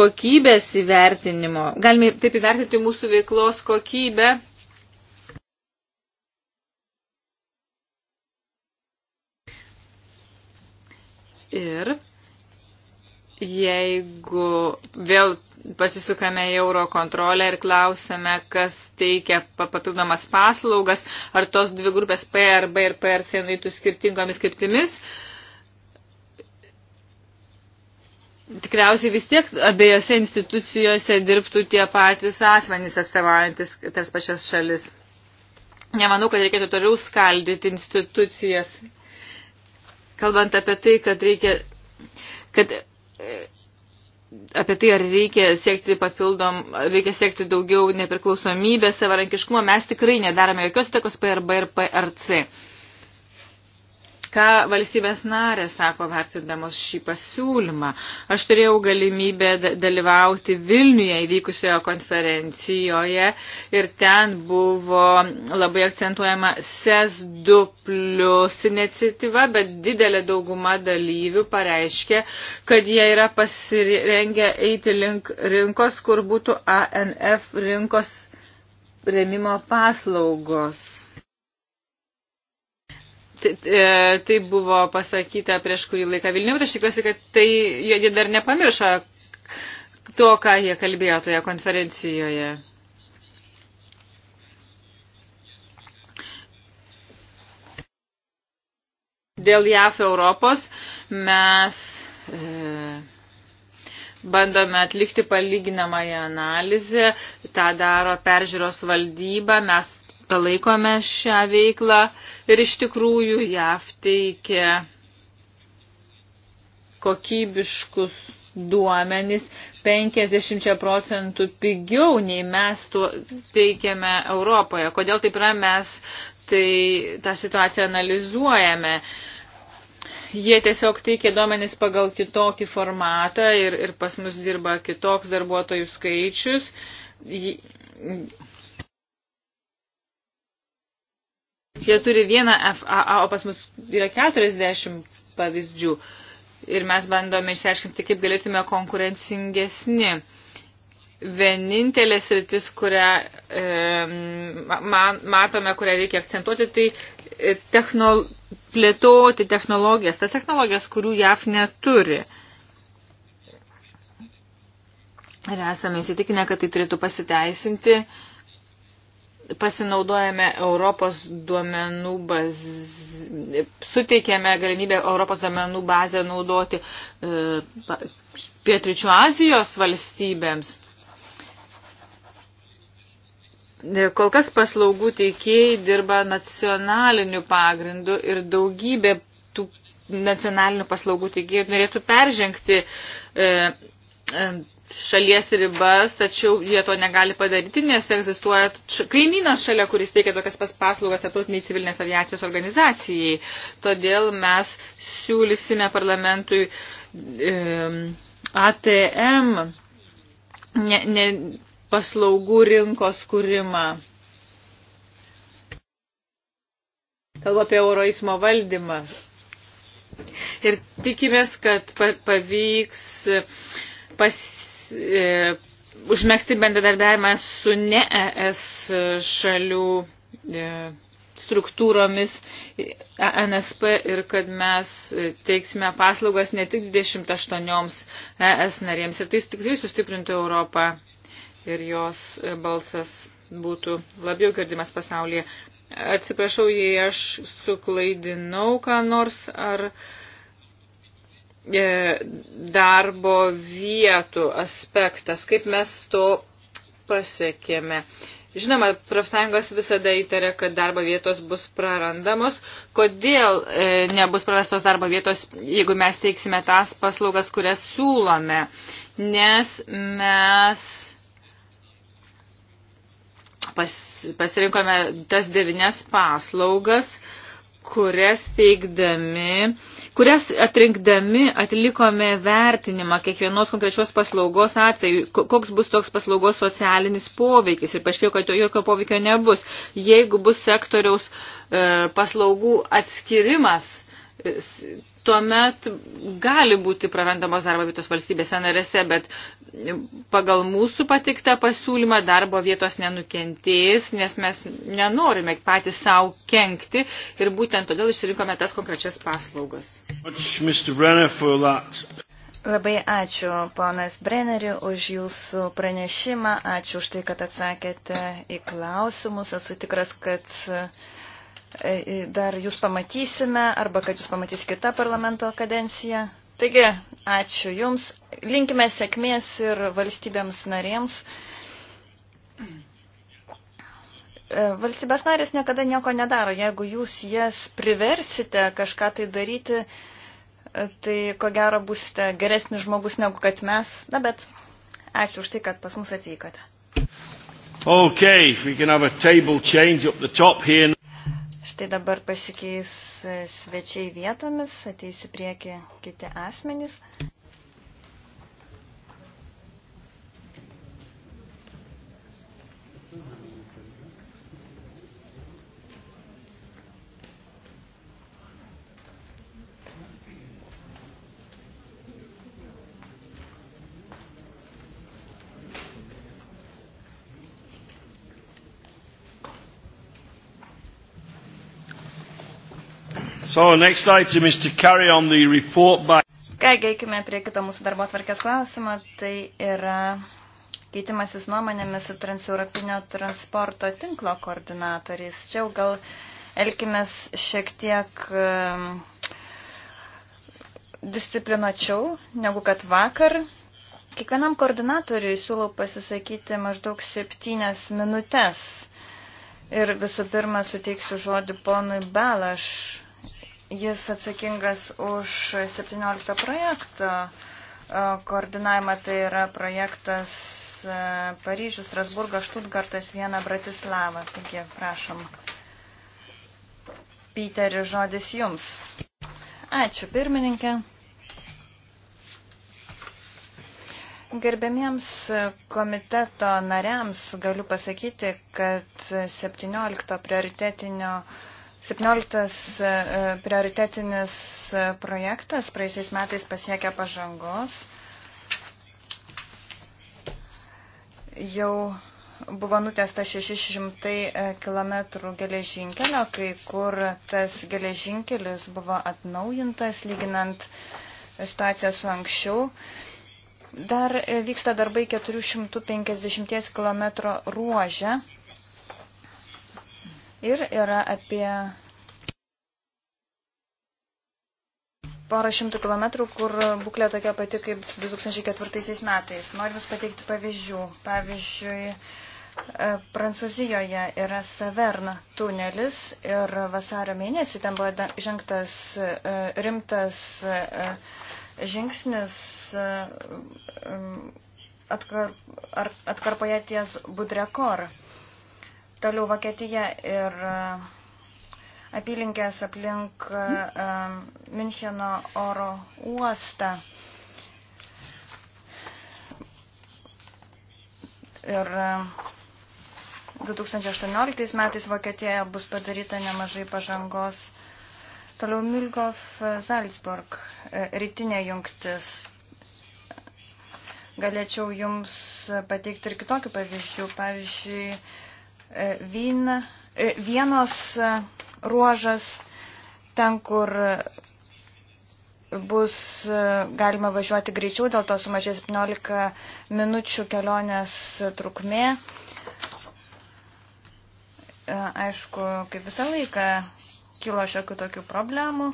Speaker 3: kokybės įvertinimo. Galime taip įvertinti mūsų veiklos kokybę. Ir jeigu vėl pasisukame į euro kontrolę ir klausime, kas teikia papildomas paslaugas, ar tos dvi grupės PRB ir PRC nueitų skirtingomis kryptimis, tikriausiai vis tiek abiejose institucijose dirbtų tie patys asmenys atstovaujantis tas pačias šalis. Nemanau, kad reikėtų toliau skaldyti institucijas. Kalbant apie tai, kad reikia kad apie tai, ar reikia siekti papildom, reikia siekti daugiau nepriklausomybės, savarankiškumo, mes tikrai nedarome jokios įtakos PRB ir PRC ką valstybės narės sako vertindamos šį pasiūlymą. Aš turėjau galimybę dalyvauti Vilniuje įvykusioje konferencijoje ir ten buvo labai akcentuojama SES 2 plus iniciatyva, bet didelė dauguma dalyvių pareiškė, kad jie yra pasirengę eiti link rinkos, kur būtų ANF rinkos remimo paslaugos E, tai buvo pasakyta prieš kurį laiką Vilniuje, bet aš tikiuosi, kad tai jie dar nepamiršo to, ką jie kalbėjo toje konferencijoje. Dėl JAF Europos mes e, bandome atlikti palyginamąją analizę, tą daro peržiūros valdyba, mes palaikome šią veiklą ir iš tikrųjų JAV teikia kokybiškus duomenys 50 procentų pigiau nei mes tuo teikiame Europoje. Kodėl taip yra, mes tai, tą situaciją analizuojame. Jie tiesiog teikia duomenys pagal kitokį formatą ir, ir pas mus dirba kitoks darbuotojų skaičius. J Jie turi vieną FAA, o pas mus yra 40 pavyzdžių. Ir mes bandome išsiaiškinti, kaip galėtume konkurencingesni. Vienintelė sritis, kurią e, man, matome, kurią reikia akcentuoti, tai e, technol, plėtoti technologijas, tas technologijas, kurių JAF neturi. Ir esame įsitikinę, kad tai turėtų pasiteisinti. E, pasinaudojame Europos duomenų baz... suteikėme galimybę Europos duomenų bazę naudoti e, Pietričių Azijos valstybėms. E, kol kas paslaugų teikėjai dirba nacionaliniu pagrindu ir daugybė tų nacionalinių paslaugų teikėjų norėtų peržengti e, e, šalies ribas, tačiau jie to negali padaryti, nes egzistuoja kaimynas šalia, kuris teikia tokias pas paslaugas tarptautiniai civilinės aviacijos organizacijai. Todėl mes siūlysime parlamentui e, ATM ne, ne, paslaugų rinkos kūrimą. Kalba apie euroismo valdymą. Ir tikimės, kad pavyks pas, e, užmėgsti bendradarbiavimą su ne ES šalių e, struktūromis ANSP e, e ir kad mes e, teiksime paslaugas ne tik 28 ES narėms. Ir tai tikrai sustiprintų Europą ir jos balsas būtų labiau girdimas pasaulyje. Atsiprašau, jei aš suklaidinau ką nors ar uh, E, darbo vietų aspektas, kaip mes to pasiekėme. Žinoma, profsąjungos visada įtarė, kad darbo vietos bus prarandamos. Kodėl e, nebus prarastos darbo vietos, jeigu mes teiksime tas paslaugas, kurias siūlome? Nes mes pas, pasirinkome tas devines paslaugas, e, kurias teikdami, kurias atrinkdami atlikome vertinimą kiekvienos konkrečios paslaugos atveju, koks bus toks paslaugos socialinis poveikis ir paaiškėjo, kad jokio poveikio nebus. Jeigu bus sektoriaus e, paslaugų atskirimas, tuomet gali būti prarandamos darbo vietos valstybėse narėse, bet pagal mūsų patiktą pasiūlymą darbo vietos nenukentės, nes mes nenorime patys savo kenkti ir būtent todėl išsirinkome tas konkrečias paslaugas.
Speaker 4: Labai ačiū, ponas Brenneri, už jūsų pranešimą. Ačiū už tai, kad atsakėte į klausimus. Esu tikras, kad uh, E, e, dar jūs pamatysime arba kad jūs pamatys kita parlamento kadencija. Taigi, ačiū Jums, linkime sėkmės ir valstybėms narėms.
Speaker 5: E,
Speaker 4: valstybės narės niekada nieko nedaro. Jeigu jūs jas priversite kažką tai daryti, tai ko gero būsite geresnis žmogus negu kad mes. Na bet ačiū už tai, kad pas mus atvykote.
Speaker 1: Okay, we can have a table change up the top here.
Speaker 4: Štai dabar pasikeis svečiai vietomis, ateis į priekį kiti asmenys.
Speaker 1: So, next item is to carry on the report by...
Speaker 4: Kągi, eikime prie kito mūsų darbo tvarkės klausimo. Tai yra keitimasis nuomonėmis su transeuropinio transporto tinklo koordinatoriais. Čia jau gal elkimės šiek tiek disciplinuočiau negu kad vakar. Kiekvienam koordinatoriui siūlau pasisakyti maždaug septynias minutės. Ir visų pirma suteiksiu žodį ponui Belaš, Jis atsakingas už 17 projektą e, koordinavimą, tai yra projektas e, Paryžius, Strasburgas, Štutgartas, Viena, Bratislava. Taigi, prašom. Piteris, žodis jums. Ačiū, pirmininkė. Gerbėmiems komiteto nariams galiu pasakyti, kad 17 prioritetinio uh, 17 e, e, prioritetinis e, projektas praeisiais metais pasiekė pažangos. Jau buvo nutesta 600 km geležinkelio, kai kur tas geležinkelis buvo atnaujintas, lyginant situaciją su anksčiau. Dar vyksta darbai 450 km ruožė ir yra apie porą šimtų kilometrų, kur būklė tokia pati kaip 2004 metais. Noriu Jums pateikti pavyzdžių. Pavyzdžiui, e, Prancūzijoje yra Saverna tunelis ir vasario mėnesį ten buvo žengtas e, rimtas e, žingsnis atkar, atkarpoje ties Budrekor. Toliau Vokietija ir e, apylinkės aplink e, e, Müncheno oro uostą. Ir 2018 metais Vokietijoje bus padaryta nemažai pažangos. Toliau Milgov Salzburg, rytinė jungtis. Galėčiau jums pateikti ir kitokių pavyzdžių. Pavyzdžiui, E, Vyna, e, vienos e, ruožas, ten, kur bus galima važiuoti greičiau, dėl to sumažės 17 minučių kelionės trukmė. Aišku, kaip visą laiką kilo šiokių tokių problemų,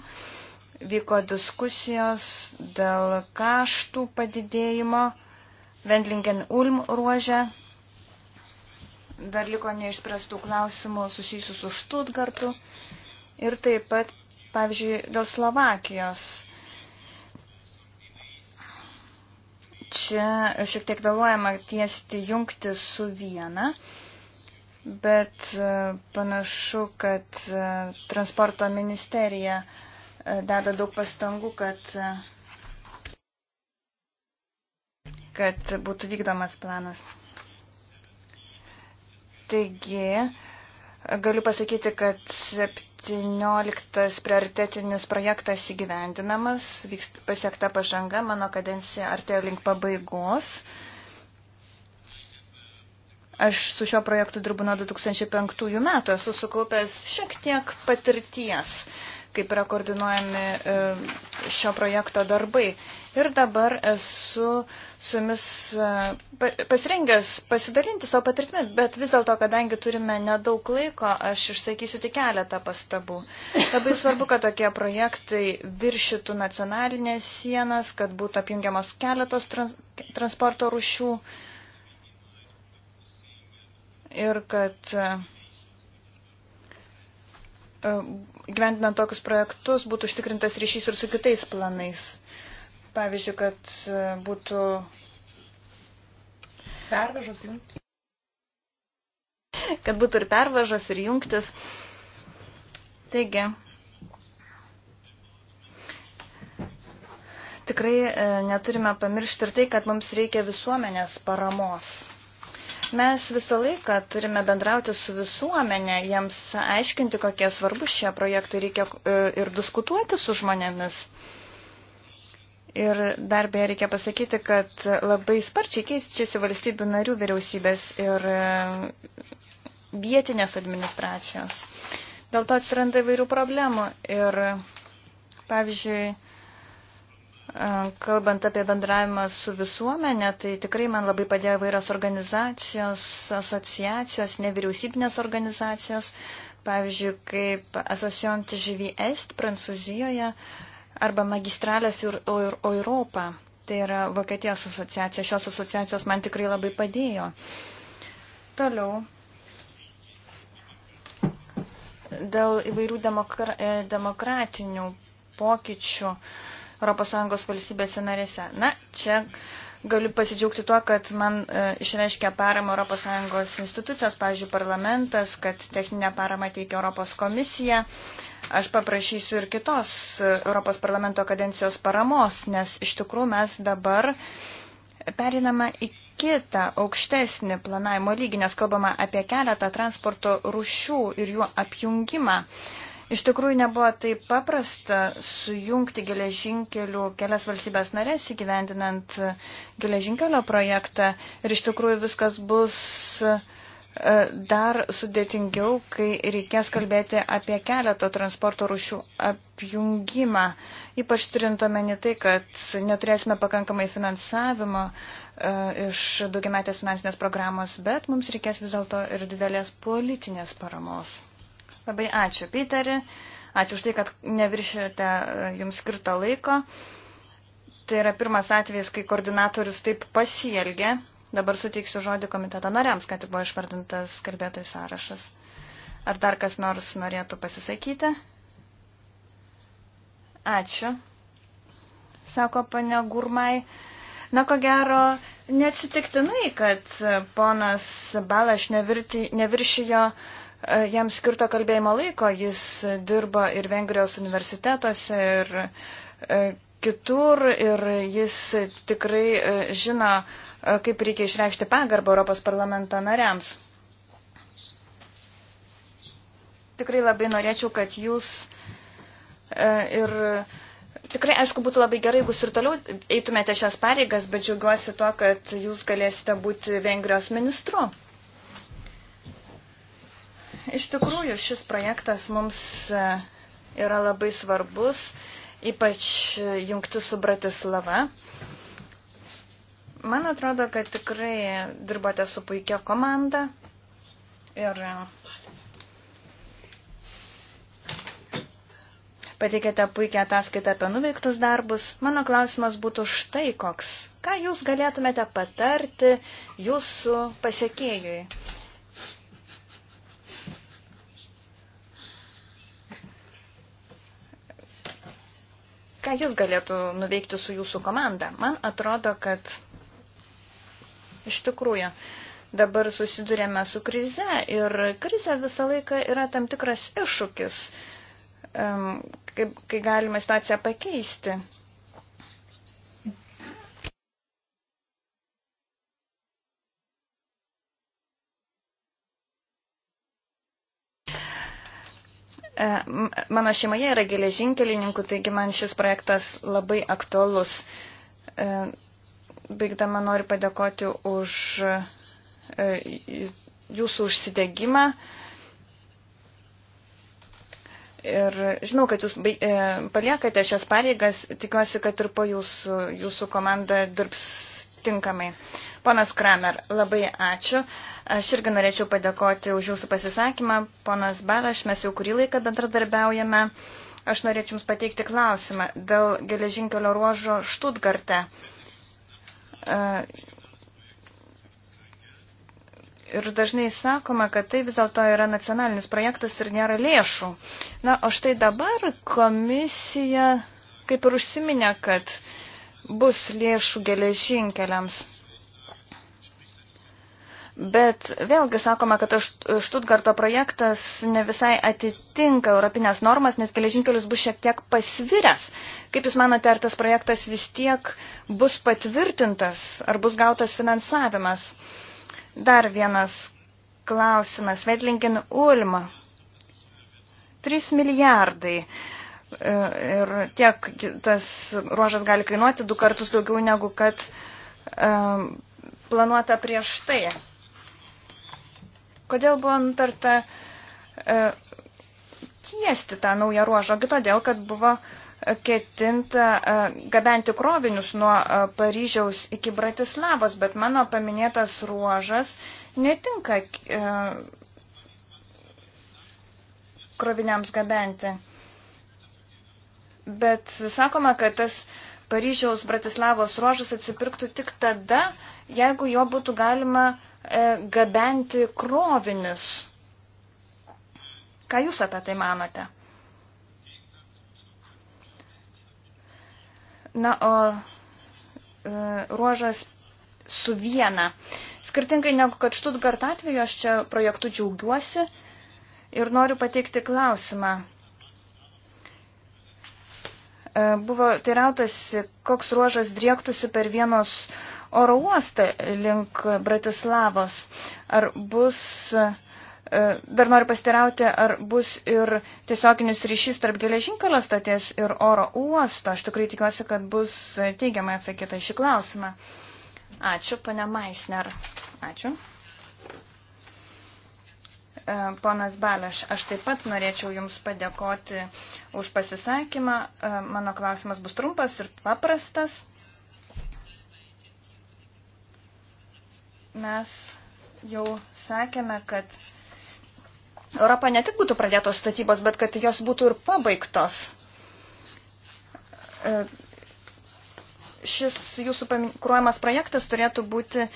Speaker 4: vyko diskusijos dėl kaštų padidėjimo Vendlingen Ulm ruožė dar liko neišspręstų klausimų susijusių su Štutgartu ir taip pat, pavyzdžiui, dėl Slovakijos. Čia šiek tiek vėluojama tiesti jungti su viena, bet e, panašu, kad e, transporto ministerija e, deda daug pastangų, kad kad būtų vykdomas planas. Taigi, galiu pasakyti, kad 17 prioritetinis projektas įgyvendinamas, pasiekta pažanga, mano kadencija artėjo link pabaigos. Aš su šio projektu dirbu nuo 2005 metų, esu sukaupęs šiek tiek patirties. Uh, kaip yra koordinuojami e, šio projekto darbai. Ir dabar esu su jumis e, pasirengęs pasidalinti savo patirtimi, bet vis dėlto, kadangi turime nedaug laiko, aš išsakysiu tik keletą pastabų. Labai svarbu, kad tokie projektai viršytų nacionalinės sienas, kad būtų apjungiamos keletos trans transporto rušių ir kad uh, E, gyventinant tokius projektus būtų užtikrintas ryšys ir su kitais planais. Pavyzdžiui, kad e, būtų. Pervažos jungtis. Kad būtų ir pervažos, ir jungtis. Taigi, tikrai e, neturime pamiršti ir tai, kad mums reikia visuomenės paramos. Mes visą laiką turime bendrauti su visuomenė, jiems aiškinti, kokie svarbus šie projektai reikia e, ir diskutuoti su žmonėmis. Ir dar beje reikia pasakyti, kad labai sparčiai keičiasi valstybių narių vyriausybės ir e, vietinės administracijos. Dėl to atsiranda įvairių problemų. Ir pavyzdžiui, Kalbant apie bendravimą su visuomenė, tai tikrai man labai padėjo vairios organizacijos, asociacijos, nevyriausybinės organizacijos, pavyzdžiui, kaip Association TGV Est Prancūzijoje arba Magistralė Fur Europa, tai yra Vokietijos asociacija. Šios asociacijos man tikrai labai padėjo. Toliau. Dėl įvairių demokra demokratinių pokyčių. Uh, ES valstybėse narėse. Na, čia galiu pasidžiaugti tuo, kad man e, išreiškia paramą ES institucijos, pavyzdžiui, parlamentas, kad techninę paramą teikia Europos komisija. Aš paprašysiu ir kitos e, Europos parlamento kadencijos paramos, nes iš tikrųjų mes dabar periname į kitą aukštesnį planavimo lygį, nes kalbama apie keletą transporto rušių ir jų apjungimą. E, Iš tikrųjų nebuvo taip paprasta sujungti geležinkelių kelias valstybės narės įgyvendinant geležinkelio projektą ir iš tikrųjų viskas bus e, dar sudėtingiau, kai reikės kalbėti apie keletą transporto rušių apjungimą, ypač turint omeny tai, kad neturėsime pakankamai finansavimo e, iš daugiametės finansinės programos, bet mums reikės vis dėlto ir didelės politinės paramos. Labai ačiū, Piteri. Ačiū už tai, kad neviršėte e, jums skirto laiko. Tai yra pirmas atvejis, kai koordinatorius taip pasielgė. Dabar suteiksiu žodį komiteto nariams, kad buvo išvardintas kalbėtojų sąrašas. Ar dar kas nors norėtų pasisakyti? Ačiū, sako pane Gurmai. Na, ko gero, neatsitiktinai, kad ponas Balaš nevirti, neviršijo uh, jam skirto kalbėjimo laiko. Jis dirbo ir Vengrijos universitetuose, ir e, kitur, ir jis tikrai e, žino, e, kaip reikia išreikšti pagarbą Europos parlamento nariams. Tikrai labai norėčiau, kad jūs ir tikrai, aišku, būtų labai gerai, jeigu ir toliau eitumėte šias pareigas, bet džiaugiuosi tuo, kad jūs galėsite būti Vengrijos ministru. Iš tikrųjų, šis projektas mums e, yra labai svarbus, ypač jungti su Bratislava. Man atrodo, kad tikrai dirbate su puikia komanda ir e, pateikėte puikią ataskaitą apie nuveiktus darbus. Mano klausimas būtų štai koks. Ką jūs galėtumėte patarti jūsų pasiekėjui? ką jis galėtų nuveikti su jūsų komanda. Man atrodo, kad iš tikrųjų dabar susidurėme su krize ir krize visą laiką yra tam tikras iššūkis, kai, kai galime situaciją pakeisti. E, mano šeimoje yra geležinkelininkų, taigi man šis projektas labai aktuolus. E, baigdama noriu padėkoti už e, jūsų užsidegimą. Ir žinau, kad jūs paliekate šias pareigas, tikiuosi, kad ir po jūsų, jūsų komanda dirbs tinkamai. Ponas Kramer, labai ačiū. Aš irgi norėčiau padėkoti už jūsų pasisakymą. Ponas Baraš, mes jau kurį laiką bendradarbiaujame. Aš norėčiau Jums pateikti klausimą dėl geležinkelio ruožo Štutgarte. E, ir dažnai sakoma, kad tai vis dėlto yra nacionalinis projektas ir nėra lėšų. Na, o štai dabar komisija kaip ir užsiminė, kad uh, bus lėšų geležinkeliams. Bet vėlgi sakome, kad Štutgarto projektas ne visai atitinka europinės normas, nes geležinkelis bus šiek tiek pasviręs. Kaip Jūs manote, ar tas projektas vis tiek bus patvirtintas, ar bus gautas finansavimas? Dar vienas klausimas. Vedlingin Ulma. 3 milijardai. Uh, E, ir tiek tas ruožas gali kainuoti du kartus daugiau negu kad e, planuota prieš tai. Kodėl buvo nutarta e, tiesti tą naują ruožą? Ogi todėl, kad buvo ketinta gabenti krovinius nuo Paryžiaus iki Bratislavos, bet mano paminėtas ruožas netinka kroviniams gabenti. Bet sakoma, kad tas Paryžiaus Bratislavos ruožas atsipirktų tik tada, jeigu jo būtų galima e, gabenti krovinis. Ką Jūs apie tai manote? Na, o e, ruožas su viena. Skirtingai negu kad Štutgart atveju, aš čia projektu džiaugiuosi ir noriu pateikti klausimą. E, buvo teirautasi, koks ruožas driektųsi per vienos oro uostą link Bratislavos. Ar bus, e, dar noriu pasiteirauti, ar bus ir tiesioginis ryšys tarp geležinkelio stoties ir oro uosto. Aš tikrai tikiuosi, kad bus teigiamai atsakyta šį klausimą. Ačiū, pane Maisner. Ačiū. E, ponas Baleš, aš taip pat norėčiau Jums padėkoti už pasisakymą. E, mano klausimas bus trumpas ir paprastas. Mes jau sakėme, kad Europa ne tik būtų pradėtos statybos, bet kad jos būtų ir pabaigtos e, šis jūsų kuruojamas projektas turėtų būti e,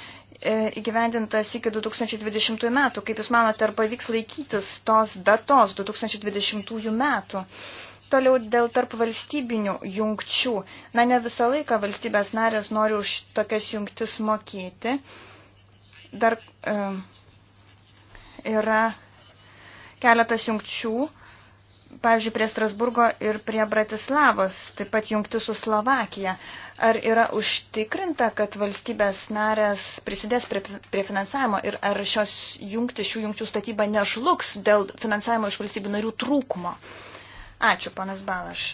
Speaker 4: įgyvendintas iki 2020 metų. Kaip Jūs manote, ar pavyks laikytis tos datos 2020 metų? Toliau dėl tarp valstybinių jungčių. Na, ne visą laiką valstybės narės nori už tokias jungtis mokėti. Dar e, yra keletas jungčių, pavyzdžiui, prie Strasburgo ir prie Bratislavos, taip pat jungti su Slovakija. Ar yra užtikrinta, kad valstybės narės prisidės prie, prie finansavimo ir ar šios jungti, šių jungčių statyba nežlugs dėl finansavimo iš valstybių narių trūkumo? Ačiū, panas Balaš.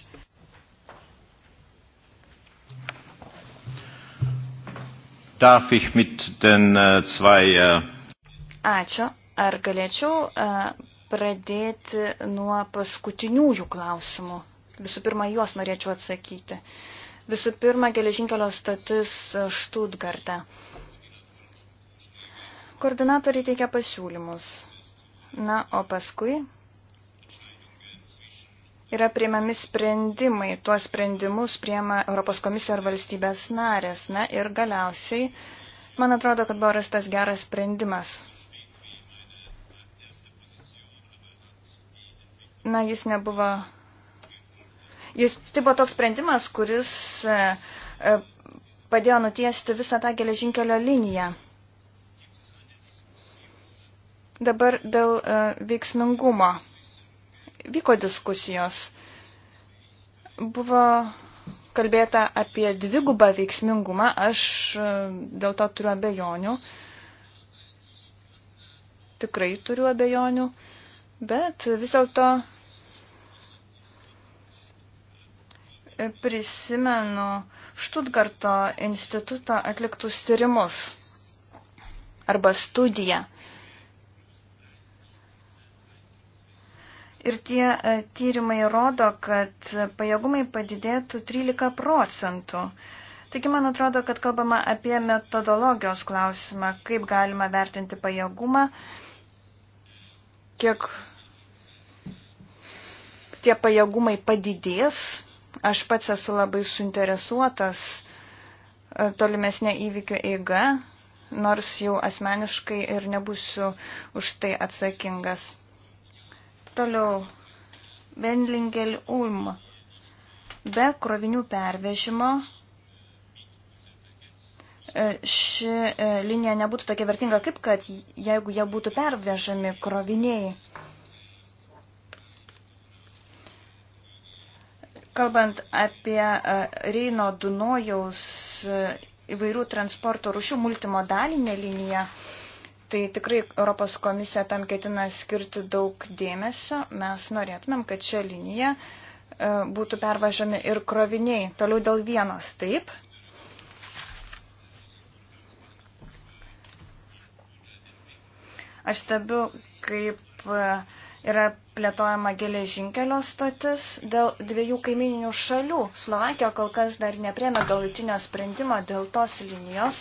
Speaker 1: Darf ich mit den äh, zwei. Äh
Speaker 4: Ačiū. Ar galėčiau uh, pradėti nuo paskutiniųjų klausimų. Visų pirma, juos norėčiau atsakyti. Visų pirma, geležinkelio statis Štutgarte. Koordinatoriai teikia pasiūlymus. Na, o paskui yra priimami sprendimai. Tuos sprendimus priema Europos komisija ar valstybės narės. Na ir galiausiai, man atrodo, kad buvo rastas geras sprendimas na, jis nebuvo. Jis tai buvo toks sprendimas, kuris e, e, padėjo nutiesti visą tą geležinkelio liniją. Dabar dėl e, veiksmingumo. Vyko diskusijos. Buvo kalbėta apie dvigubą veiksmingumą, aš dėl to turiu abejonių. Tikrai turiu abejonių. Uh, Bet vis dėlto prisimenu Štutgarto instituto atliktus tyrimus arba studiją. Ir tie e, tyrimai rodo, kad pajėgumai padidėtų 13 procentų. Taigi, man atrodo, kad kalbama apie metodologijos klausimą, kaip galima vertinti pajėgumą, uh, kiek tie pajėgumai padidės. Aš pats esu labai suinteresuotas e, tolimesnė įvykio eiga, nors jau asmeniškai ir nebusiu už tai atsakingas. Toliau. Vendlingel Ulm. Be krovinių pervežimo E, ši e, linija nebūtų tokia vertinga, kaip kad jeigu jie būtų pervežami kroviniai. Kalbant apie e, Reino Dunojaus įvairių transporto rušių multimodalinę liniją, tai tikrai Europos komisija tam ketina skirti daug dėmesio. Mes norėtumėm, kad šią liniją būtų pervažami ir kroviniai. Toliau dėl vienas taip, Aš stebiu, kaip e, yra plėtojama geležinkelio stotis dėl dviejų kaimininių šalių. Slovakija kol kas dar nepriemė galutinio sprendimo dėl tos linijos.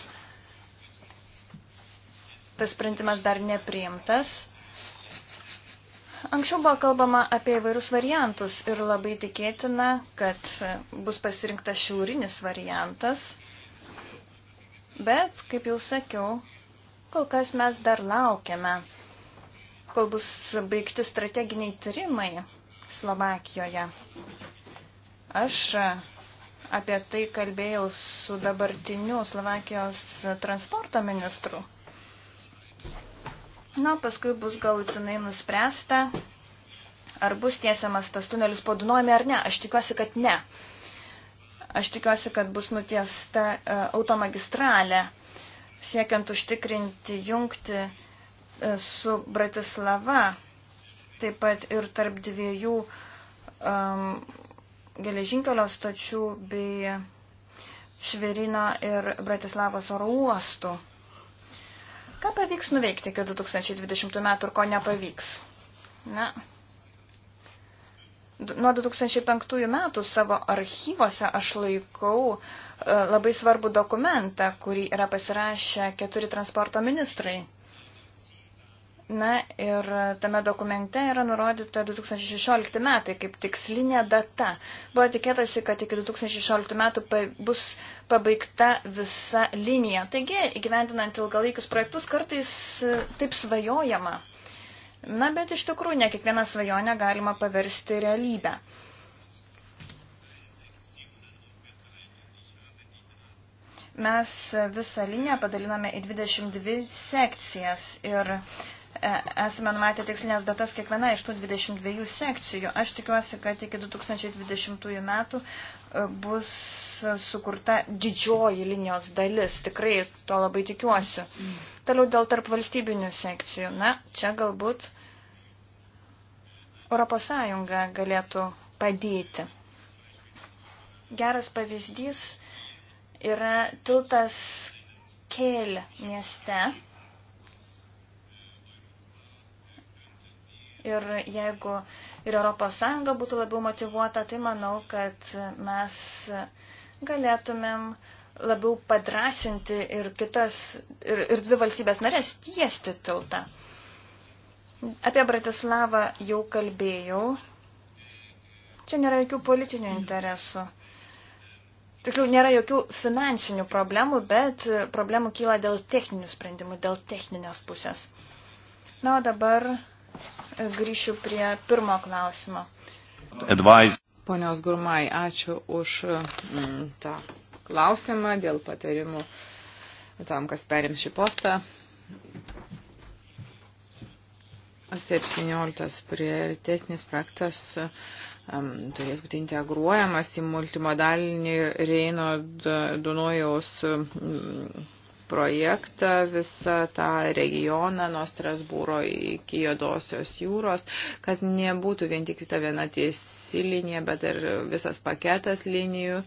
Speaker 4: Tas sprendimas dar nepriimtas. Anksčiau buvo kalbama apie įvairius variantus ir labai tikėtina, kad bus pasirinktas šiaurinis variantas. Bet, kaip jau sakiau, Kol kas mes dar laukiame, kol bus baigti strateginiai tyrimai Slovakijoje. Aš apie tai kalbėjau su dabartiniu Slovakijos transporto ministru. Na, paskui bus galutinai nuspręsta, ar bus tiesiamas tas tunelis po Dunojumi ar ne. Aš tikiuosi, kad ne. Aš tikiuosi, kad bus nutiesta uh, automagistralė. Uh, siekiant užtikrinti jungti e, su Bratislava, taip pat ir tarp dviejų um, geležinkelio stočių bei Šverino ir Bratislavos oro uostų. Ką pavyks nuveikti iki 2020 metų ir ko nepavyks? Na, ne nuo 2005 metų savo archyvose aš laikau e, labai svarbų dokumentą, kurį yra pasirašę keturi transporto ministrai. Na ir tame dokumente yra nurodyta 2016 metai kaip tikslinė data. Buvo tikėtasi, kad iki 2016 metų bus pabaigta visa linija. Taigi, įgyvendinant ilgalaikius projektus, kartais e, taip svajojama. Na, bet iš tikrųjų ne kiekvieną svajonę galima paversti realybę. Mes visą liniją padaliname į 22 sekcijas ir E, esame numatę tikslinės datas kiekviena iš tų 22 sekcijų. Aš tikiuosi, kad iki 2020 metų e, bus sukurta didžioji linijos dalis. Tikrai to labai tikiuosi. Toliau dėl tarp valstybinių sekcijų. Na, čia galbūt Europos Sąjunga galėtų padėti. Geras pavyzdys yra tiltas Kėlė mieste Ir jeigu ir ES būtų labiau motivuota, tai manau, kad mes galėtumėm labiau padrasinti ir kitas, ir, ir dvi valstybės narės tiesti tiltą. Apie Bratislavą jau kalbėjau. Čia nėra jokių politinių interesų. Tiksliau, nėra jokių finansinių problemų, bet problemų kyla dėl techninių sprendimų, dėl techninės pusės. Na, o dabar grįšiu prie pirmo klausimo.
Speaker 5: Advice.
Speaker 2: Ponios Gurmai, ačiū už mm, tą klausimą dėl patarimų tam, kas perims šį postą. 17 prioritetinis projektas um, turės būti integruojamas į multimodalinį Reino Dunojaus um, projektą visą tą regioną nuo Strasbūro iki Jodosios jūros, kad nebūtų vien tik ta viena tiesi linija, bet ir visas paketas linijų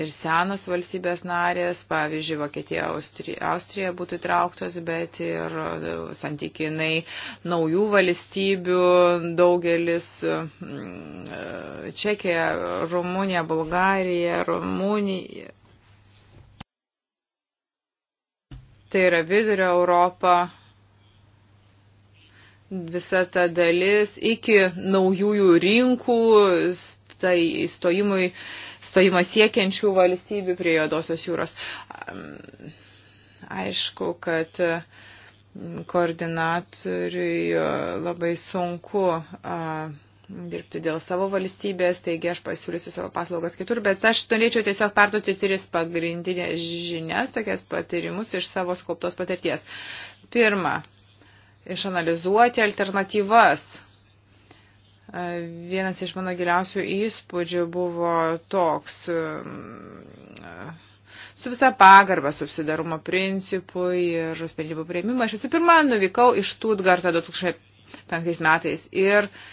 Speaker 2: ir senos valstybės narės, pavyzdžiui, Vokietija, Austrija, Austrija būtų įtrauktos, bet ir e, santykinai naujų valstybių daugelis mm, e, Čekija, Rumunija, Bulgarija, Rumunija. tai yra vidurio Europa, visa ta dalis iki naujųjų rinkų, tai įstojimui, stojimo siekiančių valstybių prie Jodosios jūros. Aišku, kad koordinatoriui labai sunku dirbti dėl savo valstybės, taigi aš pasiūlysiu savo paslaugas kitur, bet aš norėčiau tiesiog perduoti tris pagrindinės žinias, tokias patirimus iš savo skauptos patirties. Pirma, išanalizuoti alternatyvas. Vienas iš mano giliausių įspūdžių buvo toks su visa pagarba subsidarumo principui ir sprendimų prieimimą. Aš visų pirma nuvykau iš Stuttgarto 2005 metais ir uh,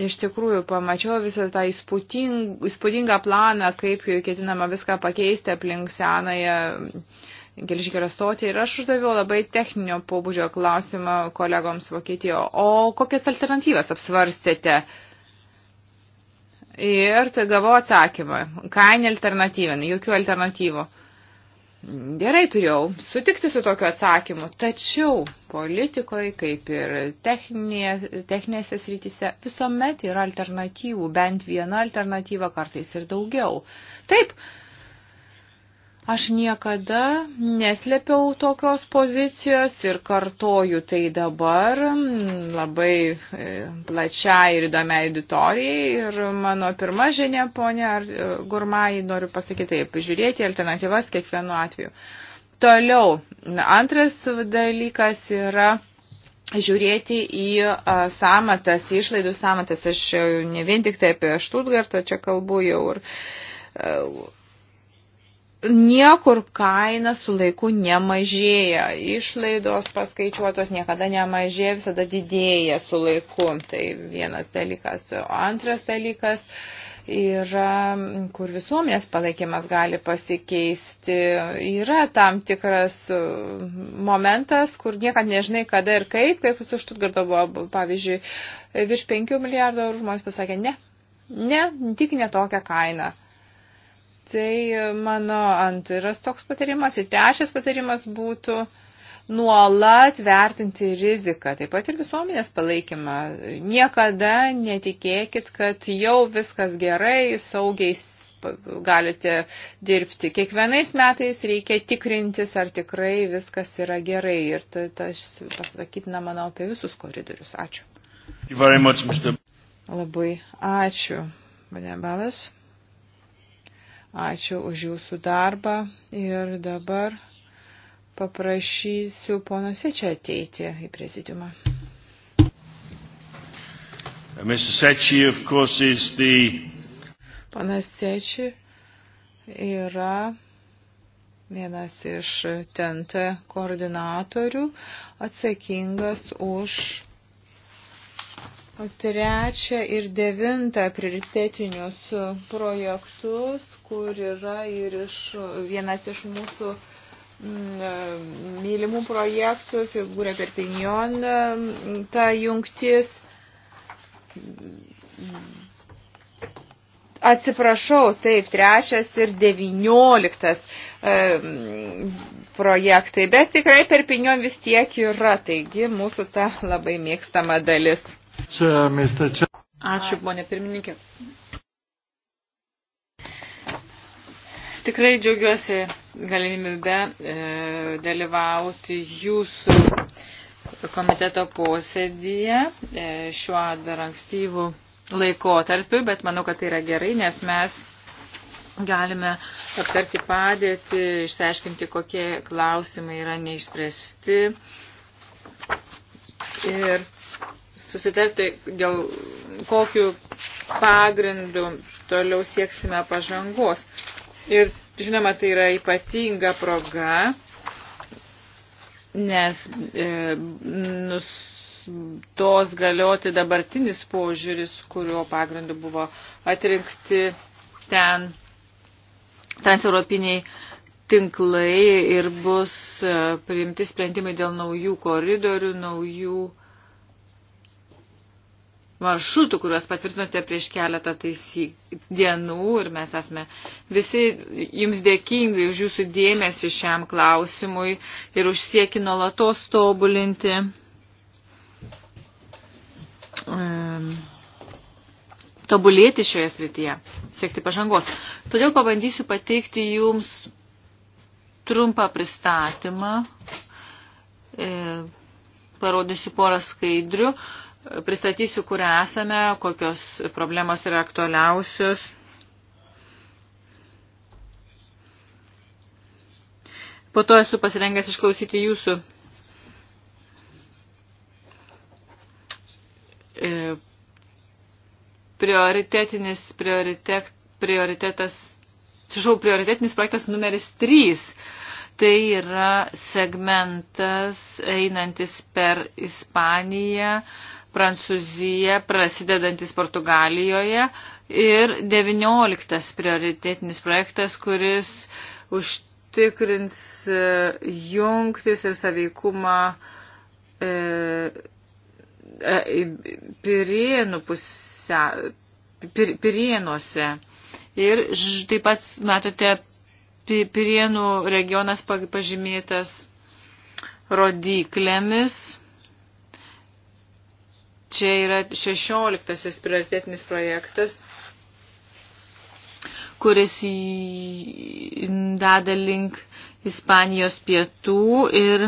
Speaker 2: iš tikrųjų pamačiau visą tą įspūding, įspūdingą planą, kaip ketinama viską pakeisti aplink senąją geležinkelio stotį ir aš uždaviau labai techninio pobūdžio klausimą kolegoms Vokietijoje. O kokias alternatyvas apsvarstėte? Ir tai gavau atsakymą. Kainė alternatyvin, jokių alternatyvų. Gerai turėjau sutikti su tokiu atsakymu, tačiau politikoje, kaip ir techninė, techninėse srityse, visuomet yra alternatyvų, bent viena alternatyva, kartais ir daugiau. Taip, Aš niekada neslėpiau tokios pozicijos ir kartoju tai dabar mm, labai e, plačiai ir įdomiai auditorijai. Ir mano pirma žinia, ponia e, Gurmai, noriu pasakyti taip, žiūrėti alternatyvas kiekvienu atveju. Toliau, antras dalykas yra žiūrėti į e, samatas, į išlaidų samatas. Aš ne vien tik tai apie Štutgartą čia kalbu jau ir Niekur kaina su laiku nemažėja, išlaidos paskaičiuotos niekada nemažėja, visada didėja su laiku. Tai vienas dalykas. O antras dalykas yra, kur visuomenės palaikymas gali pasikeisti. Yra tam tikras e, momentas, kur niekad nežinai kada ir kaip, kaip su Štutgardo buvo, pavyzdžiui, virš 5 milijardų eurų žmonės pasakė, ne, ne, tik ne tokią kainą. Tai mano antras toks patarimas. Ir trečias patarimas būtų nuolat vertinti riziką, taip pat ir visuomenės palaikymą. Niekada netikėkit, kad jau viskas gerai, saugiai galite dirbti. Kiekvienais metais reikia tikrintis, ar tikrai viskas yra gerai. Ir tai pasakytina, manau, apie visus koridorius. Ačiū.
Speaker 1: Much,
Speaker 2: Labai ačiū, Banebalas. Ačiū už jūsų darbą ir dabar paprašysiu ponose čia ateiti į prezidiumą. Uh,
Speaker 1: the...
Speaker 2: Panas Seči yra vienas iš TNT koordinatorių atsakingas už trečią ir devintą prioritetinius projektus, kur yra ir iš, vienas iš mūsų mm, mylimų projektų, figūrė Perpignon, mm, ta jungtis. Atsiprašau, taip, trečias ir devynioliktas projektai, bet tikrai Perpignon vis tiek yra, taigi mūsų ta labai mėgstama dalis.
Speaker 5: Čia,
Speaker 3: mieste, čia. Ačiū, ponė pirmininkė. Tikrai džiaugiuosi galimybę e, dalyvauti jūsų komiteto posėdyje e, šiuo dar ankstyvų laikotarpiu, bet manau, kad tai yra gerai, nes mes galime aptarti padėtį, išsiaiškinti, kokie klausimai yra neišspręsti ir susitarti, dėl kokių pagrindų toliau sieksime pažangos. Ir žinoma, tai yra ypatinga proga, nes e, nustos galioti dabartinis požiūris, kurio pagrindu buvo atrinkti ten transeuropiniai tinklai ir bus e, priimti sprendimai dėl naujų koridorių, naujų maršrutų, kuriuos patvirtinote prieš keletą taisyk, dienų ir mes esame visi jums dėkingi už jūsų dėmesį šiam klausimui ir už sieki nuolatos tobulinti. Um, tobulėti šioje srityje, siekti pažangos. Todėl pabandysiu pateikti jums trumpą pristatymą, e, parodysiu porą skaidrių Pristatysiu, kur esame, kokios problemos yra aktualiausios. Po to esu pasirengęs išklausyti jūsų e, prioritetinis prioritek, prioritetas, atsižau, prioritetinis projektas numeris 3. Tai yra segmentas einantis per Ispaniją, Prancūzija, prasidedantis Portugalijoje ir 19 prioritetinis projektas, kuris užtikrins e, jungtis ir saveikumą e, e, pirienų pusę, pir, pirienuose. Ir ž, taip pat matote, pirienų regionas pažymėtas rodiklėmis Čia yra 16 prioritetinis projektas, kuris dada link Ispanijos pietų ir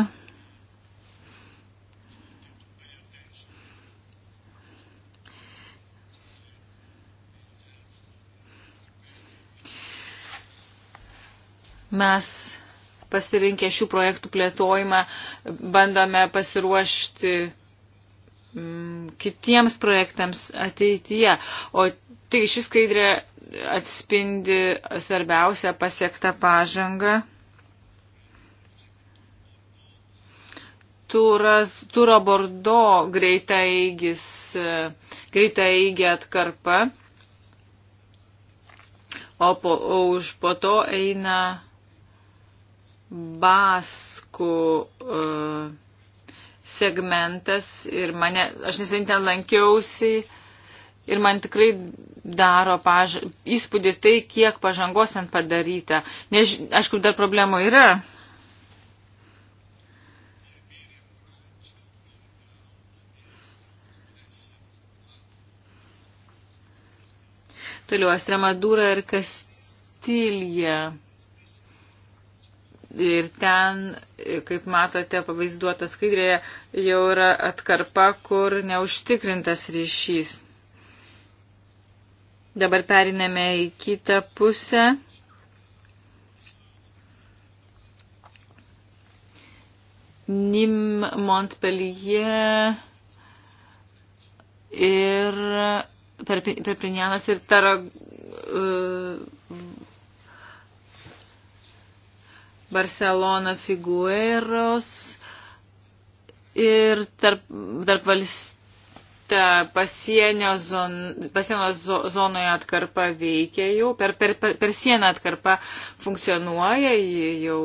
Speaker 3: mes pasirinkę šių projektų plėtojimą bandome pasiruošti mm, kitiems projektams ateityje. O tai šis skaidrė atspindi svarbiausią pasiektą pažangą. Turas, Turo Bordo greitaeigis, greitaeigė atkarpa, o, po, o už po to eina baskų uh, segmentas ir mane, aš neseniai ten lankiausi ir man tikrai daro paž... įspūdį tai, kiek pažangos ten padaryta. Než... Aišku, dar problemų yra. Toliau Estremadūra ir Kastilija. Ir ten, kaip matote, pavaizduota skaidrėje, jau yra atkarpa, kur neužtikrintas ryšys. Dabar periname į kitą pusę. Nim Montpellier ir Perpinjanas ir Tarag, uh, Barcelona Figueros ir tarp, tarp valstybių ta pasienio, zon, pasienio zonoje atkarpa veikia jau, per, per, per, per sieną atkarpa funkcionuoja, ji jau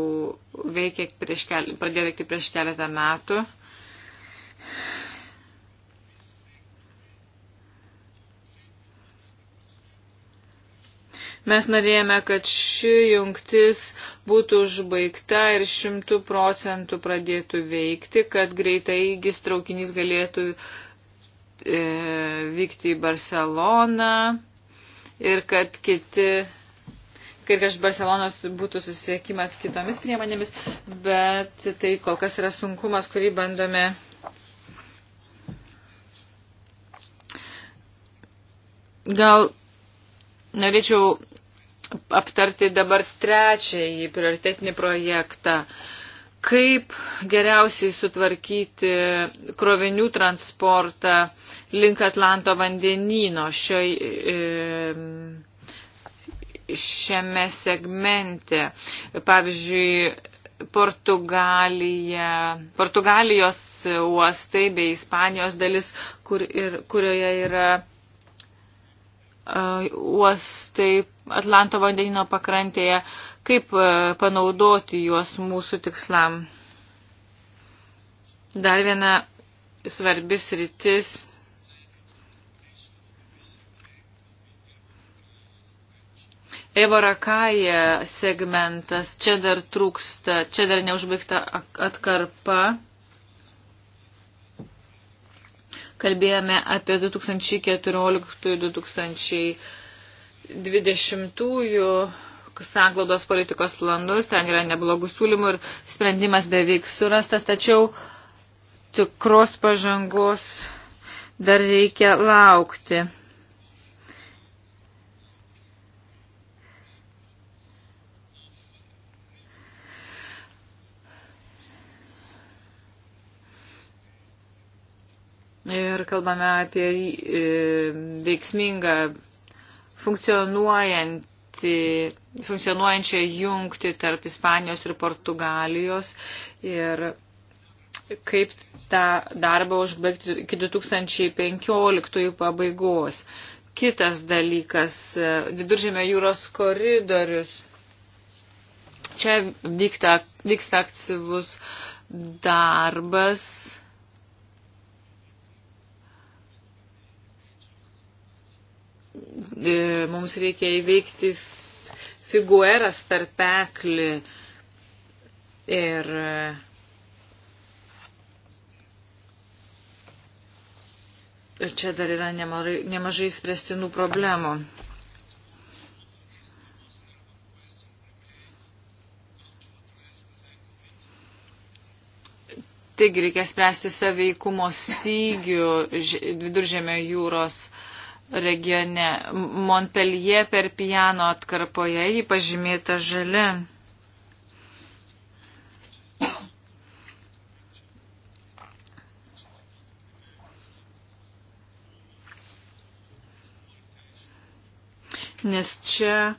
Speaker 3: veikia prieš, kel, pradėjo veikti prieš keletą metų. Mes norėjome, kad ši jungtis būtų užbaigta ir šimtų procentų pradėtų veikti, kad greitai įgis traukinys galėtų e, vykti į Barceloną ir kad kiti kad iš Barcelonos būtų susiekimas kitomis priemonėmis, bet tai kol kas yra sunkumas, kurį bandome gal norėčiau aptarti dabar trečiąjį prioritetinį projektą. Kaip geriausiai sutvarkyti krovinių transportą link Atlanto vandenyno šioj, e, šiame segmente. Pavyzdžiui, Portugalija, Portugalijos uostai bei Ispanijos dalis, kur ir, kurioje yra uostai Atlanto vandenino pakrantėje, kaip e, panaudoti juos mūsų tikslam. Dar viena svarbis rytis. Evorakaja segmentas, čia dar trūksta, čia dar neužbaigta atkarpa. kalbėjome apie 2014-2020 sanglaudos politikos planus, ten yra neblogų siūlymų ir sprendimas beveik surastas, tačiau tikros pažangos dar reikia laukti. ir kalbame apie e, veiksmingą funkcionuojantį funkcionuojančią jungti tarp Ispanijos ir Portugalijos ir kaip tą darbą užbaigti iki 2015 pabaigos. Kitas dalykas e, - viduržėmio jūros koridorius. Čia vyksta, vyksta aktyvus darbas E, mums reikia įveikti figueras tarpeklį ir e, Ir čia dar yra nemažai, nemažai spręstinų problemų. Taigi reikia spręsti saveikumo stygių viduržėmio jūros uh, regione. Montpellier per piano atkarpoje jį pažymėta žalia. Nes čia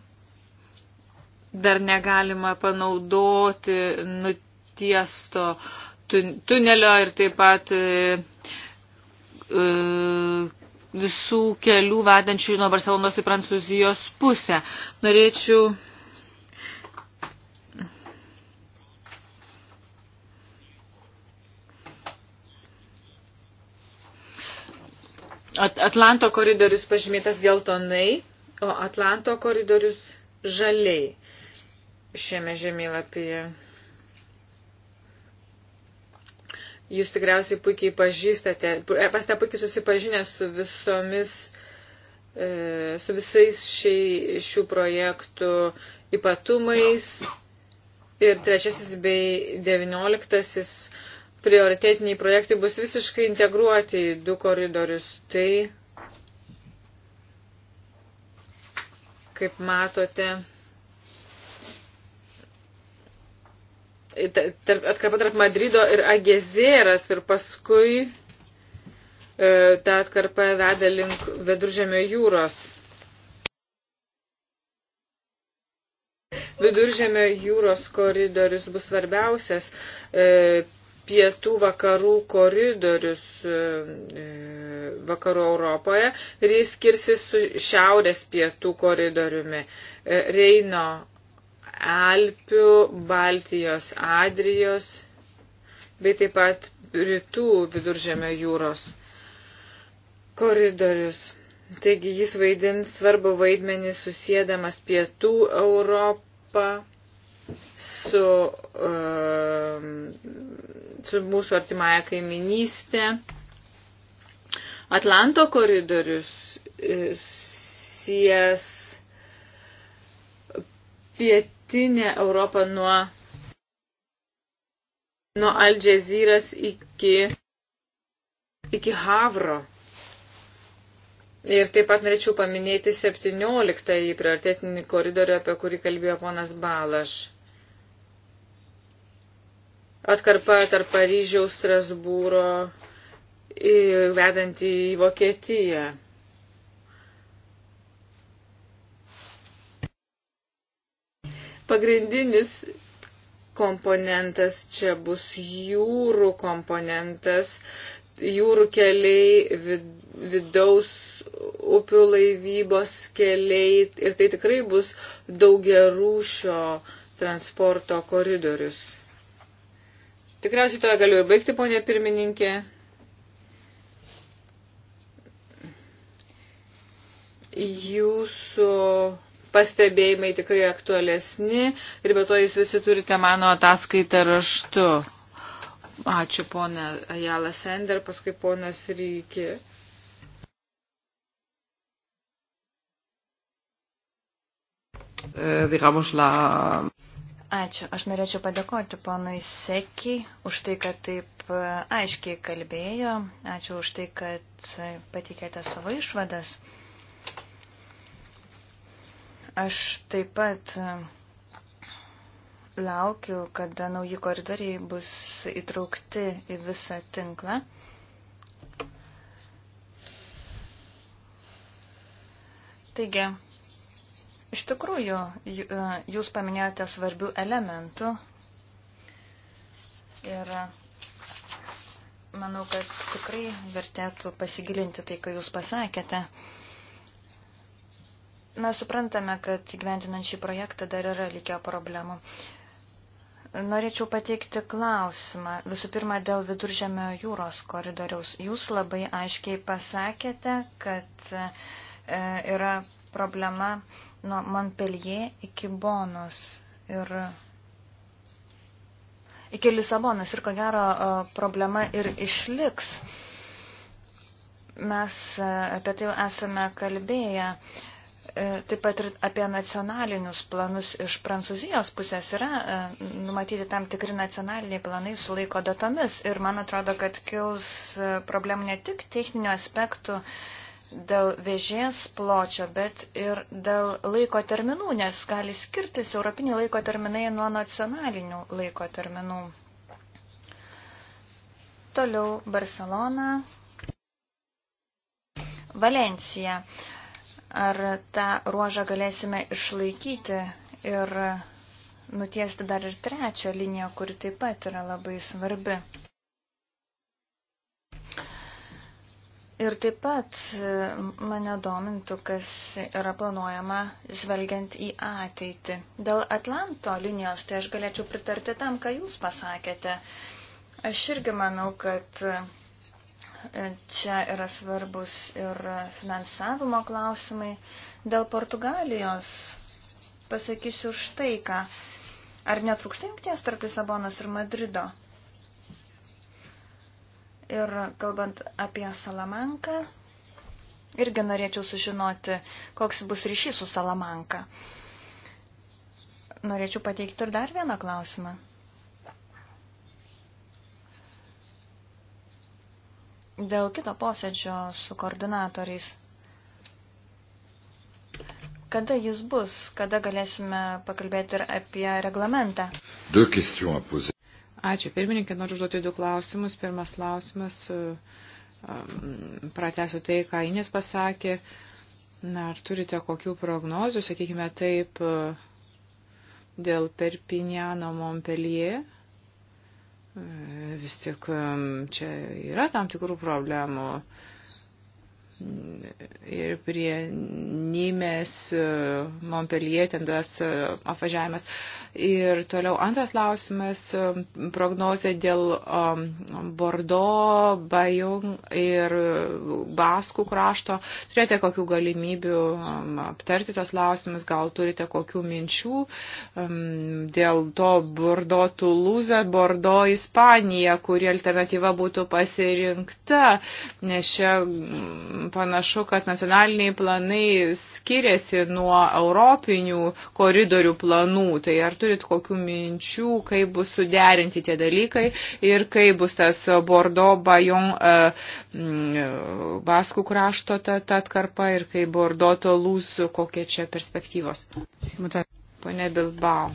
Speaker 3: dar negalima panaudoti nutiesto tunelio ir taip pat uh, visų kelių vedančių nuo Barcelonos į Prancūzijos pusę. Norėčiau At Atlanto koridorius pažymėtas geltonai, o Atlanto koridorius žaliai šiame žemėlapyje. Jūs tikriausiai puikiai pažįstate, e, esate puikiai susipažinę su visomis, e, su visais šiai, šių projektų ypatumais. Ir trečiasis bei devinioliktasis prioritetiniai projektai bus visiškai integruoti į du koridorius. Tai, kaip matote, atkarpa tarp Madrido ir Agezėras ir paskui e, ta atkarpa veda link Viduržėmio jūros. Viduržėmio jūros koridorius bus svarbiausias e, pietų vakarų koridorius e, e, vakarų Europoje ir jis skirsis su šiaurės pietų koridoriumi. E, Reino Alpių, Baltijos, Adrijos, bei taip pat rytų viduržėmio jūros koridorius. Taigi jis vaidins svarbu vaidmenį susėdamas pietų Europą su, uh, su mūsų artimąją kaiminystę. Atlanto koridorius e, sies pietų pietinę Europą nuo, nuo Aldžezyras iki, iki Havro. Ir taip pat norėčiau paminėti 17-ąjį prioritetinį koridorių, apie kurį kalbėjo ponas Balaš. Atkarpa tarp Paryžiaus, Strasbūro, vedanti į Vokietiją. Pagrindinis komponentas čia bus jūrų komponentas, jūrų keliai, vid, vidaus upių laivybos keliai ir tai tikrai bus daugiarūšio transporto koridorius. Tikriausiai toje galiu ir baigti, ponė pirmininkė. Jūsų pastebėjimai tikrai aktualesni ir be to jūs visi turite mano ataskaitą raštu. Ačiū ponė Ajala Sender, paskui ponas Rykė. digamos, e, tai la...
Speaker 4: Ačiū. Aš norėčiau padėkoti ponui Sekiai už tai, kad taip e, aiškiai kalbėjo. Ačiū už tai, kad e, patikėte savo išvadas. Aš taip pat e, laukiu, kada nauji koridoriai bus įtraukti į visą tinklą. Taigi, iš tikrųjų, e, jūs paminėjote svarbių elementų ir e, manau, kad tikrai vertėtų pasigilinti tai, ką jūs pasakėte. Mes suprantame, kad gyventinant šį projektą dar yra likę problemų. Norėčiau pateikti klausimą. Visų pirma, dėl viduržėmio jūros koridoriaus. Jūs labai aiškiai pasakėte, kad e, yra problema nuo Montpellier iki Bonos ir iki Lisabonas. Ir ko gero e, problema ir išliks. Mes e, apie tai jau esame kalbėję. E, E, taip pat ir apie nacionalinius planus iš Prancūzijos pusės yra e, numatyti tam tikri nacionaliniai planai su laiko datomis ir man atrodo, kad kils e, problemų ne tik techninių aspektų dėl vėžės pločio, bet ir dėl laiko terminų, nes gali skirtis europiniai laiko terminai nuo nacionalinių laiko terminų. Toliau Barcelona, Valencija. Uh, ar tą ruožą galėsime išlaikyti ir nutiesti dar ir trečią liniją, kuri taip pat yra labai svarbi. Ir taip pat e, mane domintų, kas yra planuojama žvelgiant į ateitį. Dėl Atlanto linijos, tai aš galėčiau pritarti tam, ką jūs pasakėte. Aš irgi manau, kad Čia yra svarbus ir finansavimo klausimai. Dėl Portugalijos pasakysiu štai ką. Ar netrūksta jungties tarp Lisabonos ir Madrido? Ir kalbant apie Salamanką, irgi norėčiau sužinoti, koks bus ryšys su Salamanka. Norėčiau pateikti ir dar vieną klausimą. dėl kito posėdžio su koordinatoriais. Kada jis bus, kada galėsime pakalbėti
Speaker 2: ir apie reglamentą? Ačiū, pirmininkė, noriu užduoti du klausimus. Pirmas klausimas, um, pratęsiu tai, ką Inės pasakė. Na, ar turite kokių prognozių, sakykime taip, dėl Perpiniano Montpellier? vis tik čia yra tam tikrų problemų. Uh, ir prie Nymės, Montpellier, ten tas apvažiavimas. Ir toliau antras klausimas, prognozė dėl um, Bordo, Bajung ir Baskų krašto. Turite kokių galimybių um, aptarti tos klausimus, gal turite kokių minčių um, dėl to Bordo Tulūza, Bordo Ispanija, kuri alternatyva būtų pasirinkta, nes čia panašu, kad nacionaliniai planai skiriasi nuo europinių koridorių planų. Tai ar turit kokių minčių, kaip bus suderinti tie dalykai ir kaip bus tas Bordo Bajon e, Baskų krašto ta, ta atkarpa ir kaip Bordo Tolūs, kokie čia perspektyvos. Pone Bilbao.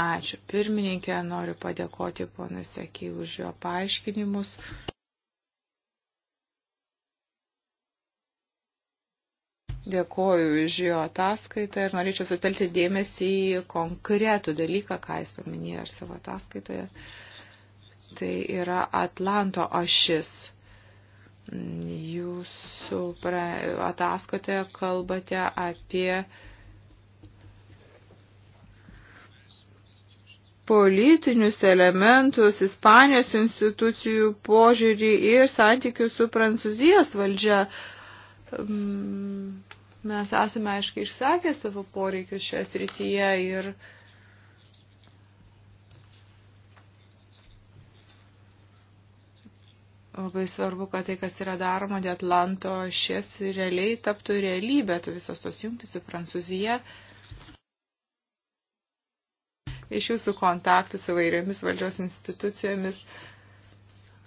Speaker 2: Ačiū pirmininkė, noriu padėkoti ponui Sekiai už jo paaiškinimus. Dėkoju už jo ataskaitą ir norėčiau sutelti dėmesį į konkretų dalyką, ką jis paminėjo ir savo ataskaitoje. Tai yra Atlanto ašis. Jūsų ataskaitoje kalbate apie politinius elementus, Ispanijos institucijų požiūrį ir santykius su Prancūzijos valdžia. Uh, Mm, mes esame aiškiai išsakę savo poreikius šioje srityje ir labai svarbu, kad tai, kas yra daroma dėl Atlanto, šis realiai taptų realybė, tu visos tos jungtis su Prancūzija. Iš jūsų kontaktų su vairiomis valdžios institucijomis uh,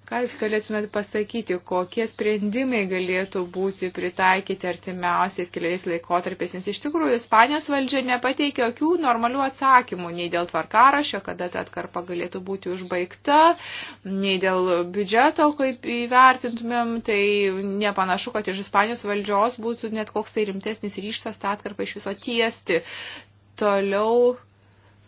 Speaker 2: Ką Jūs galėtumėte pasakyti, kokie sprendimai galėtų būti pritaikyti artimiausiais keliais laikotarpiais, nes iš tikrųjų Ispanijos valdžia nepateikia jokių normalių atsakymų, nei dėl tvarkarašio, kada ta atkarpa galėtų būti užbaigta, nei dėl biudžeto, kaip įvertintumėm, tai nepanašu, kad iš Ispanijos valdžios būtų net koks tai rimtesnis ryštas tą atkarpą iš viso tiesti. Toliau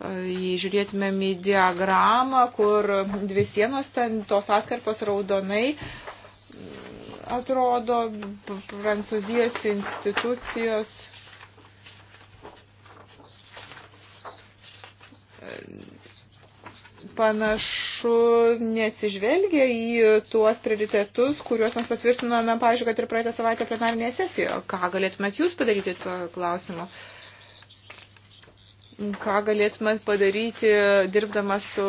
Speaker 2: jei žiūrėtumėm į diagramą, kur dvi sienos ten tos atkarpos raudonai atrodo prancūzijos institucijos panašu neatsižvelgia į tuos prioritetus, kuriuos mes patvirtinome, pavyzdžiui, kad ir praeitą savaitę plenarinėje sesijoje. Ką galėtumėt jūs padaryti tuo klausimu? Uh, ką galėtumėt padaryti, dirbdamas su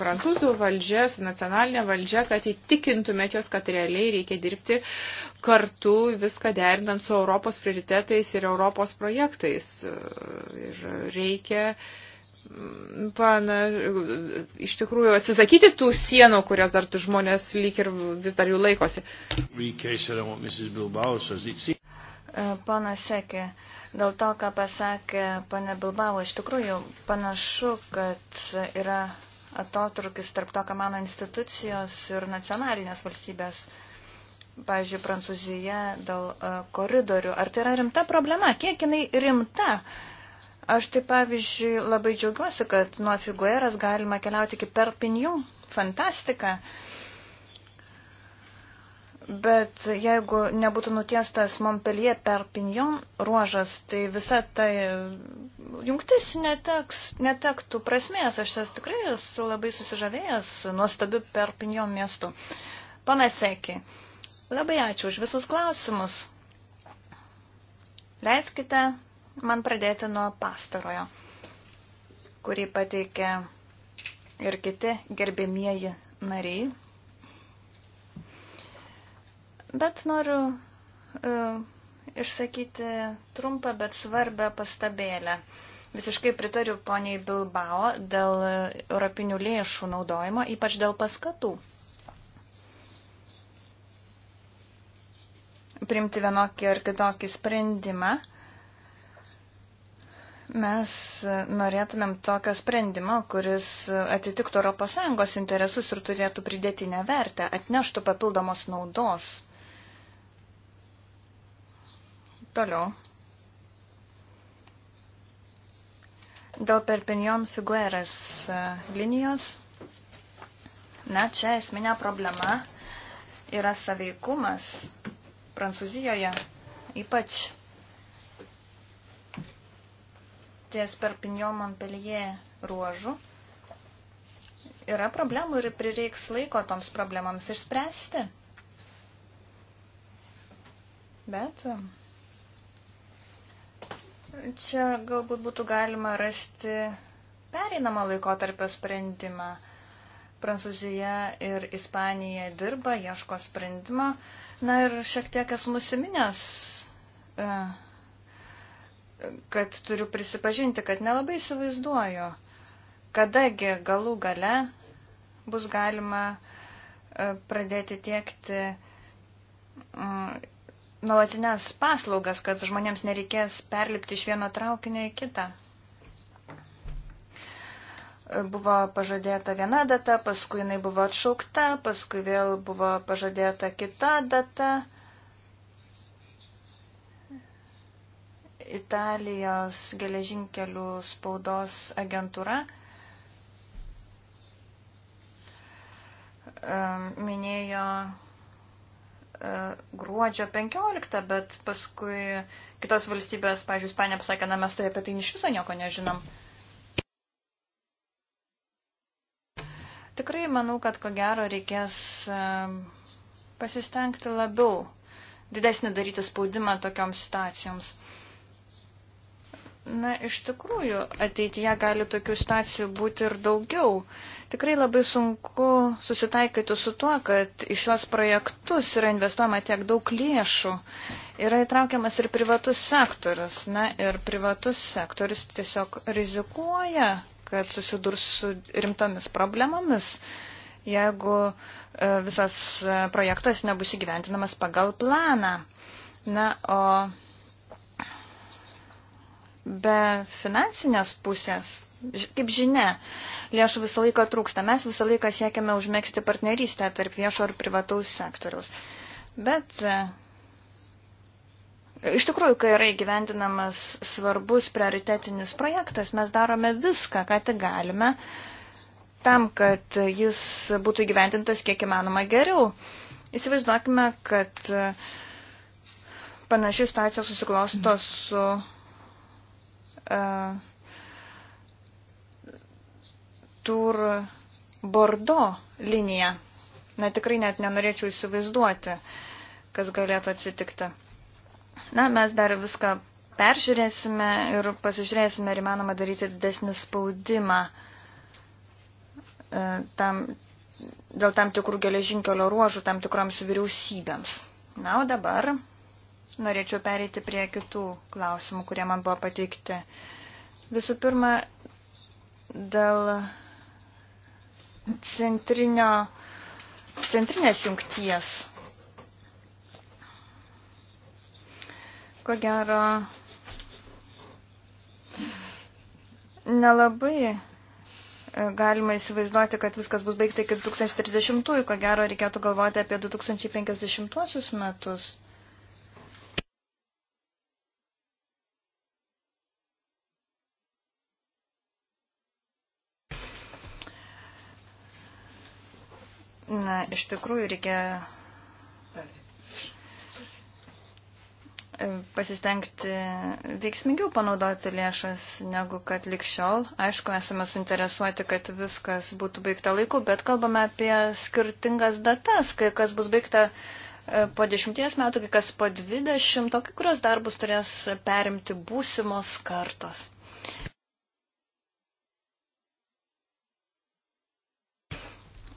Speaker 2: prancūzų valdžia, su nacionalinė valdžia, kad įtikintumėt jos, kad realiai reikia dirbti kartu, viską derinant su Europos prioritetais ir Europos projektais. Ir reikia pana, iš tikrųjų atsisakyti tų sienų, kurias dar tu žmonės lyg ir vis dar jų laikosi.
Speaker 4: Pana Sekė, Dėl to, ką pasakė pane Bilbao, iš tikrųjų panašu, kad yra atotrukis tarp to, ką mano institucijos ir nacionalinės valstybės. Pavyzdžiui, Prancūzija dėl e, koridorių. Ar tai yra rimta problema? Kiek jinai rimta? Aš tai pavyzdžiui labai džiaugiuosi, kad nuo Figueras galima keliauti iki Perpinių. Fantastika. Uh, Bet jeigu nebūtų nutiestas Montpellier per Pignon ruožas, tai visa ta jungtis neteks, netektų prasmės. Aš esu tikrai esu labai susižavėjęs nuostabiu per Pignon miestu. Pana Seki, labai ačiū už visus klausimus. Leiskite man pradėti nuo pastarojo, kurį pateikė ir kiti gerbėmieji nariai Bet noriu uh, išsakyti trumpą, bet svarbę pastabėlę. Visiškai pritariu poniai Bilbao dėl europinių lėšų naudojimo, ypač dėl paskatų. Primti vienokį ar kitokį sprendimą. Mes norėtumėm tokio sprendimo, kuris atitiktų ES interesus ir turėtų pridėtinę vertę, atneštų papildomos naudos Toliau. Dėl Perpignon Figueres e, linijos. Na, čia esminė problema yra saveikumas Prancūzijoje, ypač ties Perpignon Montpellier ruožu. Yra problemų ir prireiks laiko toms problemams išspręsti. Bet e, Čia galbūt būtų galima rasti pereinamą laikotarpio sprendimą. Prancūzija ir Ispanija dirba, ieško sprendimo. Na ir šiek tiek esu nusiminęs, e, kad turiu prisipažinti, kad nelabai įsivaizduoju, kadagi galų gale bus galima e, pradėti tiekti nuolatinės paslaugas, kad žmonėms nereikės perlipti iš vieno traukinio į kitą. Buvo pažadėta viena data, paskui jinai buvo atšaukta, paskui vėl buvo pažadėta kita data. Italijos geležinkelių spaudos agentūra ehm, minėjo E, gruodžio 15, bet paskui kitos valstybės, pažiūrėjau, Ispanija pasakė, na mes tai apie tai iš viso nieko nežinom. Tikrai manau, kad ko gero reikės e, pasistengti labiau, didesnį daryti spaudimą tokioms situacijoms. Uh, Na, iš tikrųjų, ateityje gali tokių situacijų būti ir daugiau. Tikrai labai sunku susitaikyti su tuo, kad į šios projektus yra investuojama tiek daug lėšų. Yra įtraukiamas ir privatus sektorius. Na, ir privatus sektorius tiesiog rizikuoja, kad susidurs su rimtomis problemomis, jeigu e, visas e, projektas nebus įgyventinamas pagal planą. Na, o be finansinės pusės. Kaip žinia, lėšų visą laiką trūksta. Mes visą laiką siekiame užmėgsti partnerystę tarp viešo ir privataus sektoriaus. Bet e, iš tikrųjų, kai yra įgyvendinamas svarbus prioritetinis projektas, mes darome viską, ką tik galime, tam, kad jis būtų įgyvendintas kiek įmanoma geriau. Įsivaizduokime, kad e, panašiai situacija susiklosto su. Mm E, tur Bordo linija. Na tikrai net nenorėčiau įsivaizduoti, kas galėtų atsitikti. Na, mes dar viską peržiūrėsime ir pasižiūrėsime, ar įmanoma daryti didesnį spaudimą e, tam, dėl tam tikrų geležinkelio ruožų tam tikroms vyriausybėms. Na, o dabar norėčiau pereiti prie kitų klausimų, kurie man buvo pateikti. Visų pirma, dėl centrinio, centrinės jungties. Ko gero, nelabai e, galima įsivaizduoti, kad viskas bus baigta iki 2030-ųjų, ko gero reikėtų galvoti apie 2050 metus. Iš tikrųjų reikia e, pasistengti veiksmingiau panaudoti lėšas negu kad likščiol. Aišku, esame suinteresuoti, kad viskas būtų baigta laiku, bet kalbame apie skirtingas datas, kai kas bus baigta e, po dešimties metų, kai kas po dvidešimt, kai kurios darbus turės perimti būsimos kartos.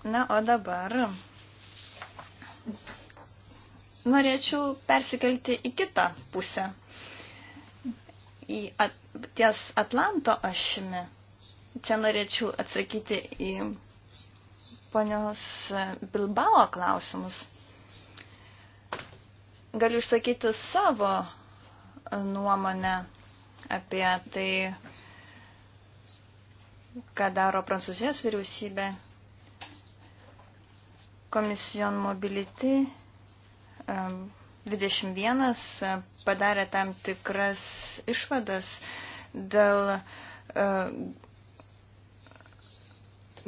Speaker 4: Na, o dabar norėčiau persikelti į kitą pusę. Į at, ties Atlanto ašimi. Čia norėčiau atsakyti į ponios Bilbao klausimus. Galiu išsakyti savo nuomonę apie tai, ką daro Prancūzijos vyriausybė Komision Mobility 21 padarė tam tikras išvadas dėl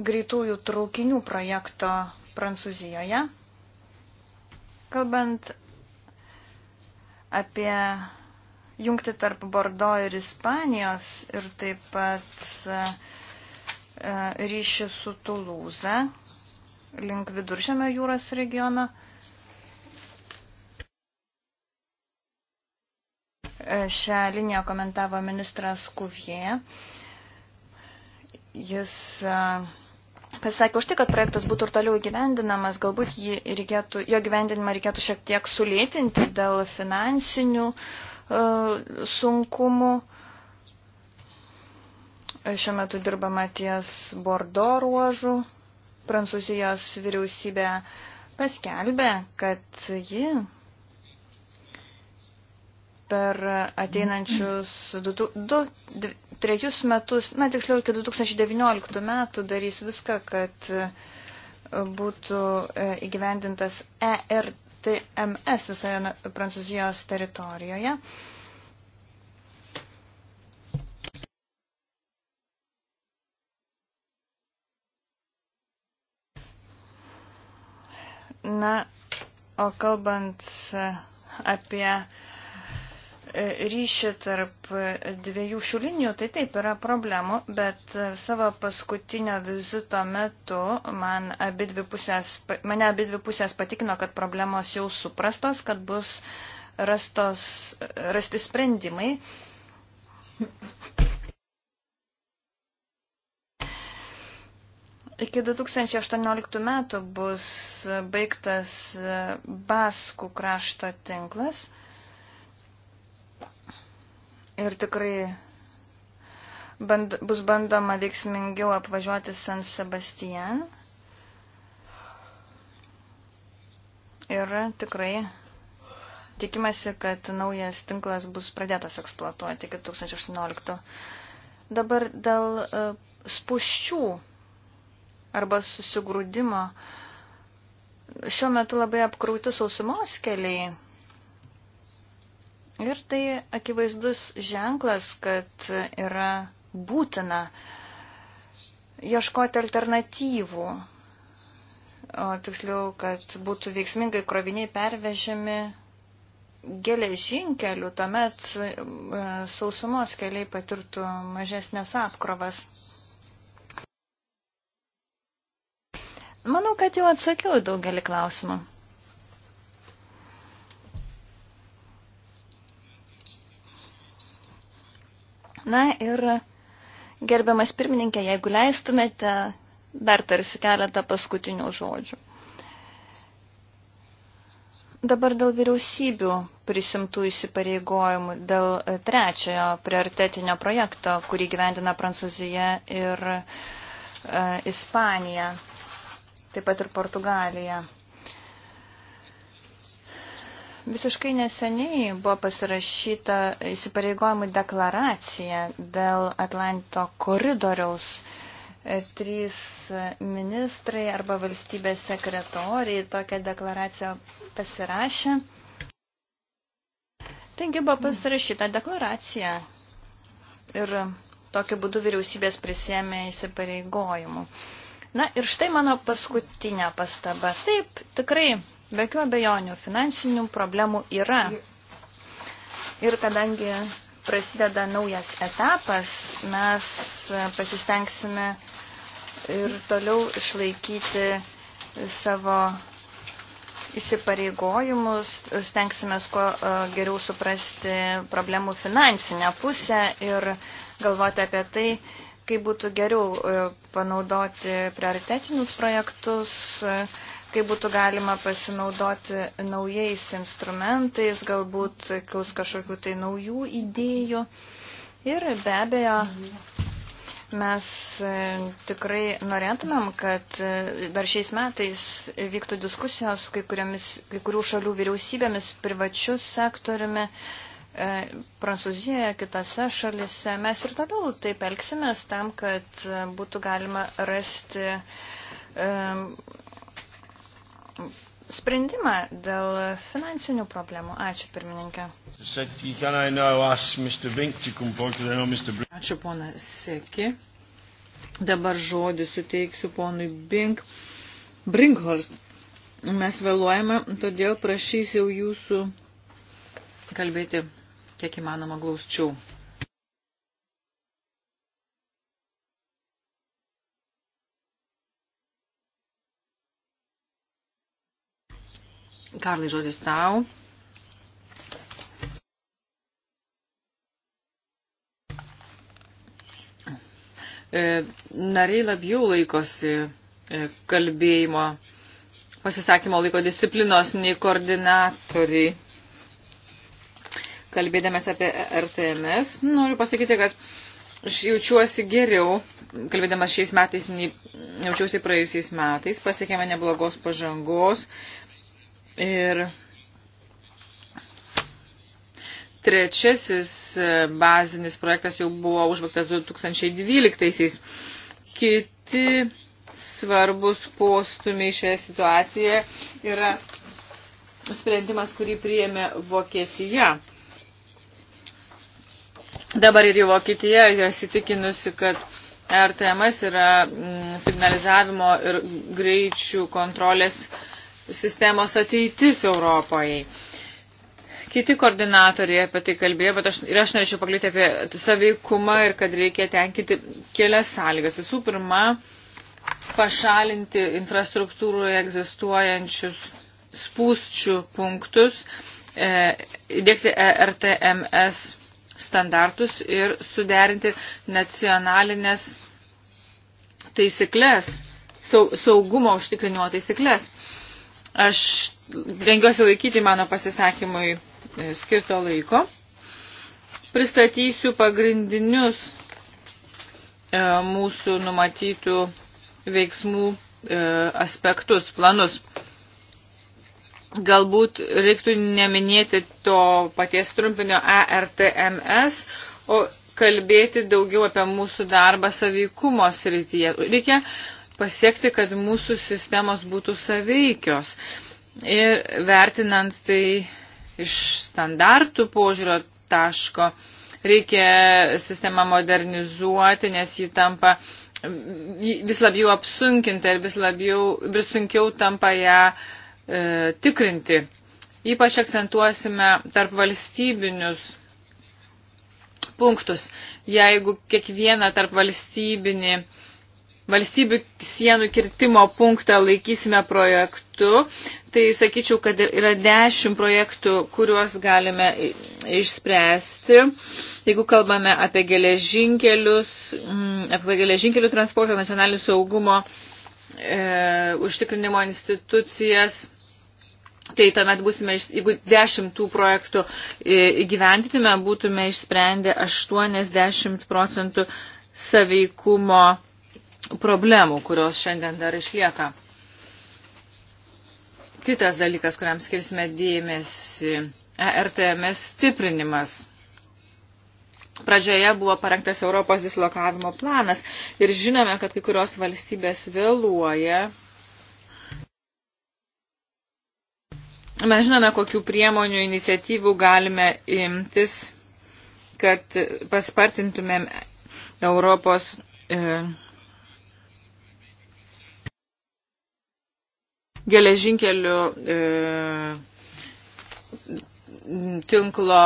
Speaker 4: greitųjų traukinių projekto Prancūzijoje. Kalbant apie jungti tarp Bordo ir Ispanijos ir taip pat ryšį su Tulūze, link viduržėmio jūros regiono. E, šią liniją komentavo ministras Kuvie. Jis e, pasakė už tai, kad projektas būtų ir toliau įgyvendinamas, galbūt jį reikėtų, jo gyvendinimą reikėtų šiek tiek sulėtinti dėl finansinių uh, sunkumų. Šiuo metu dirbama ties Bordo ruožų. Prancūzijos vyriausybė paskelbė, kad ji per ateinančius du, du, trejus metus, na tiksliau iki 2019 metų darys viską, kad būtų e, įgyvendintas ERTMS visoje Prancūzijos teritorijoje. Uh, Na, o kalbant apie e, ryšį tarp dviejų šių linijų, tai taip yra problemų, bet savo paskutinio vizito metu man abi dvi pusės, mane abi dvi pusės patikino, kad problemos jau suprastos, kad bus rastos, rasti sprendimai. Iki 2018 metų bus baigtas e, Baskų krašto tinklas. Ir tikrai band, bus bandoma veiksmingiau apvažiuoti San Sebastian. Ir tikrai tikimasi, kad naujas tinklas bus pradėtas eksploatuoti iki 2018. Dabar dėl uh, e, spuščių arba susigrūdimo. Šiuo metu labai apkrauti sausumos keliai. Ir tai akivaizdus ženklas, kad yra būtina ieškoti alternatyvų, o tiksliau, kad būtų veiksmingai kroviniai pervežiami geležinkeliu, tuomet e, sausumos keliai patirtų mažesnės apkrovas. Manau, kad jau atsakiau daugelį klausimų. Na ir gerbiamas pirmininkė, jeigu leistumėte, dar tarsi keletą paskutinių žodžių. Dabar dėl vyriausybių prisimtų įsipareigojimų, dėl trečiojo prioritetinio projekto, kurį gyvendina Prancūzija ir e, Ispanija taip pat ir Portugalija. Visiškai neseniai buvo pasirašyta įsipareigojimų deklaracija dėl Atlanto koridoriaus. Trys ministrai arba valstybės sekretoriai tokią deklaraciją pasirašė. Taigi buvo pasirašyta deklaracija ir tokiu būdu vyriausybės prisėmė įsipareigojimų. Na ir štai mano paskutinė pastaba. Taip, tikrai, be jokių abejonių, finansinių problemų yra. Ir kadangi prasideda naujas etapas, mes pasistengsime ir toliau išlaikyti savo įsipareigojimus, stengsime kuo e, geriau suprasti problemų finansinę pusę ir galvoti apie tai, kaip būtų geriau e, panaudoti prioritetinius projektus, e, kaip būtų galima pasinaudoti naujais instrumentais, galbūt kils kažkokių tai naujų idėjų. Ir be abejo, mes e, tikrai norėtumėm, kad dar šiais metais vyktų diskusijos su kai, kuriomis, kai kurių šalių vyriausybėmis, privačiu sektoriumi E, Prancūzijoje, kitose šalise. Mes ir toliau taip elgsimės tam, kad būtų galima rasti um, sprendimą dėl finansinių problemų. Ačiū, pirmininkė.
Speaker 1: Ačiū, pona
Speaker 3: Seki. Dabar žodį suteiksiu ponui Bink. Brinkhorst. Mes vėluojame, todėl prašysiu jūsų kalbėti kiek įmanoma glausčiau. Karlai, žodis tau. E, nariai labiau laikosi e, kalbėjimo pasisakymo laiko disciplinos nei koordinatoriai kalbėdamas apie RTMS, noriu pasakyti, kad aš jaučiuosi geriau, kalbėdamas šiais metais, nei jaučiausi praėjusiais metais, pasiekėme neblogos pažangos ir trečiasis e, bazinis projektas jau buvo užbaigtas 2012-aisiais. Kiti svarbus postumiai šioje situacijoje yra sprendimas, kurį priėmė Vokietija. Dabar ir jau Vokietija yra įsitikinusi, kad RTMS yra mm, signalizavimo ir greičių kontrolės sistemos ateitis Europoje. Kiti koordinatoriai apie tai kalbėjo, bet aš, ir aš norėčiau pakalbėti apie saveikumą ir kad reikia tenkinti kelias sąlygas. Visų pirma, pašalinti infrastruktūroje egzistuojančius spūsčių punktus, e, įdėkti ERTMS standartus ir suderinti nacionalinės taisyklės, saugumo užtikrinimo taisyklės. Aš rengiuosi laikyti mano pasisakymui e, skirto laiko. Pristatysiu pagrindinius e, mūsų numatytų veiksmų e, aspektus, planus galbūt reiktų neminėti to paties trumpinio ERTMS, o kalbėti daugiau apie mūsų darbą saveikumo srityje. Reikia pasiekti, kad mūsų sistemos būtų saveikios. Ir vertinant tai iš standartų požiūrio taško, reikia sistemą modernizuoti, nes ji tampa vis labiau apsunkinta ir vis, labiau, vis sunkiau tampa ją uh, e, tikrinti. Ypač akcentuosime tarp valstybinius punktus. Jeigu kiekvieną tarp valstybinį valstybių sienų kirtimo punktą laikysime projektu, tai sakyčiau, kad yra dešimt projektų, kuriuos galime išspręsti. Jeigu kalbame apie geležinkelius, mm, apie geležinkelių transportą, nacionalinio saugumo e, užtikrinimo institucijas, Tai tuomet būsime, jeigu dešimtų projektų e, įgyventinime, būtume išsprendę 80 procentų saveikumo problemų, kurios šiandien dar išlieka. Kitas dalykas, kuriam skirsime dėmesį, ERTMS stiprinimas. Pradžioje buvo parengtas Europos dislokavimo planas ir žinome, kad kai kurios valstybės vėluoja Mes žinome, kokių priemonių iniciatyvų galime imtis, kad paspartintumėm Europos e, geležinkelių e, tinklo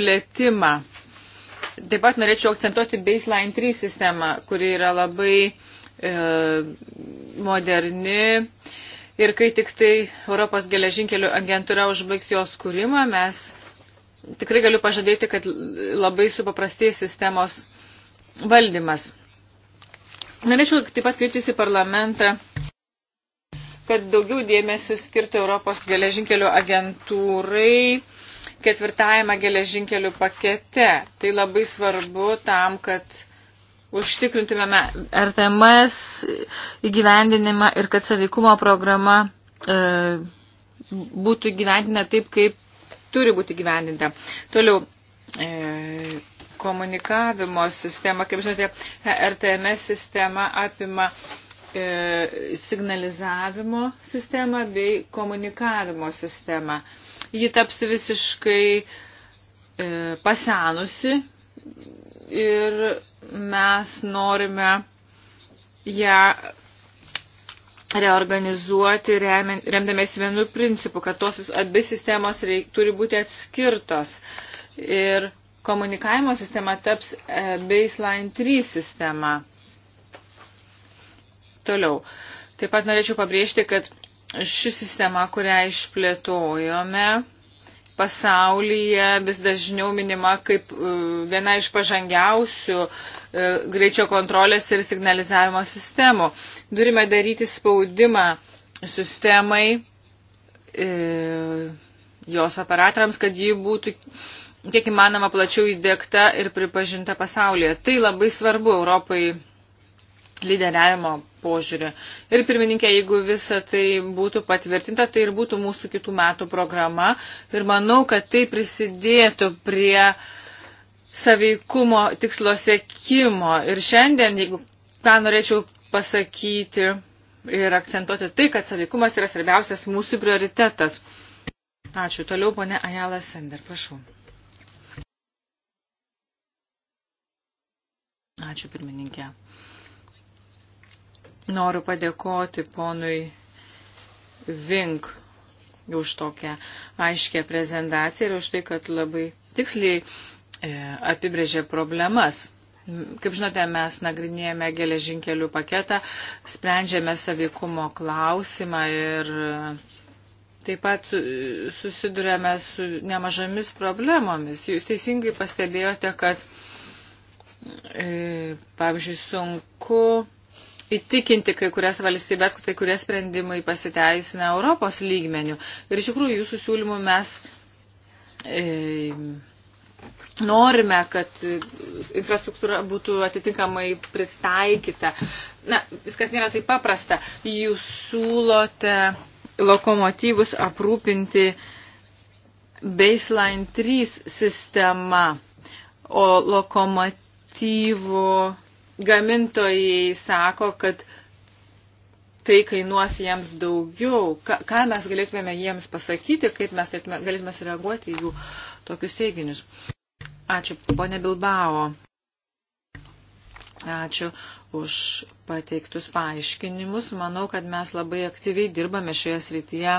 Speaker 3: plėtimą. Taip pat norėčiau akcentuoti Baseline 3 sistemą, kuri yra labai e, moderni, e, Ir kai tik tai Europos geležinkelių agentūra užbaigs jos kūrimą, mes tikrai galiu pažadėti, kad labai supaprastės sistemos valdymas. Norėčiau taip pat kreiptis į parlamentą, kad daugiau dėmesio skirtų Europos geležinkelių agentūrai ketvirtajame geležinkelių pakete. Tai labai svarbu tam, kad užtikrintumėme RTMS įgyvendinimą ir kad saveikumo programa e, būtų įgyvendinta taip, kaip turi būti įgyvendinta. Toliau, e, komunikavimo sistema, kaip žinote, RTMS sistema apima e, signalizavimo sistemą bei komunikavimo sistemą. Ji taps visiškai e, pasenusi ir mes norime ją reorganizuoti remdamės vienu principu, kad tos vis, abi sistemos reik, turi būti atskirtos. Ir komunikavimo sistema taps e, baseline 3 sistema. Toliau. Taip pat norėčiau pabrėžti, kad ši sistema, kurią išplėtojome, pasaulyje vis dažniau minima kaip e, viena iš pažangiausių e, greičio kontrolės ir signalizavimo sistemų. Turime daryti spaudimą sistemai, e, jos operatoriams, kad ji būtų kiek įmanoma plačiau įdėkta ir pripažinta pasaulyje. Tai labai svarbu Europai lyderiavimo požiūrį. Ir pirmininkė, jeigu visa tai būtų patvirtinta, tai ir būtų mūsų kitų metų programa. Ir manau, kad tai prisidėtų prie saveikumo tikslo sėkimo. Ir šiandien, jeigu ką norėčiau pasakyti ir akcentuoti, tai, kad saveikumas yra svarbiausias mūsų prioritetas. Ačiū. Toliau, ponė Ajala Sender, prašau. Ačiū, pirmininkė. Noriu padėkoti ponui Vink už tokią aiškę prezentaciją ir už tai, kad labai tiksliai e, apibrėžė problemas. Kaip žinote, mes nagrinėjame geležinkelių paketą, sprendžiame savykumo klausimą ir taip pat susidurėme su nemažomis problemomis. Jūs teisingai pastebėjote, kad, e, pavyzdžiui, sunku įtikinti kai kurias valstybės, kad kai kurie sprendimai pasiteisina Europos lygmenių. Ir iš tikrųjų jūsų siūlymų mes e, norime, kad infrastruktūra būtų atitinkamai pritaikyta. Na, viskas nėra taip paprasta. Jūs siūlote lokomotyvus aprūpinti baseline 3 sistema, o lokomotyvų gamintojai sako, kad tai kainuos jiems daugiau. Ką, ką mes galėtume jiems pasakyti, kaip mes galėtume sureaguoti į jų tokius teiginius. Ačiū, ponė Bilbao. Ačiū už pateiktus paaiškinimus. Manau, kad mes labai aktyviai dirbame šioje srityje.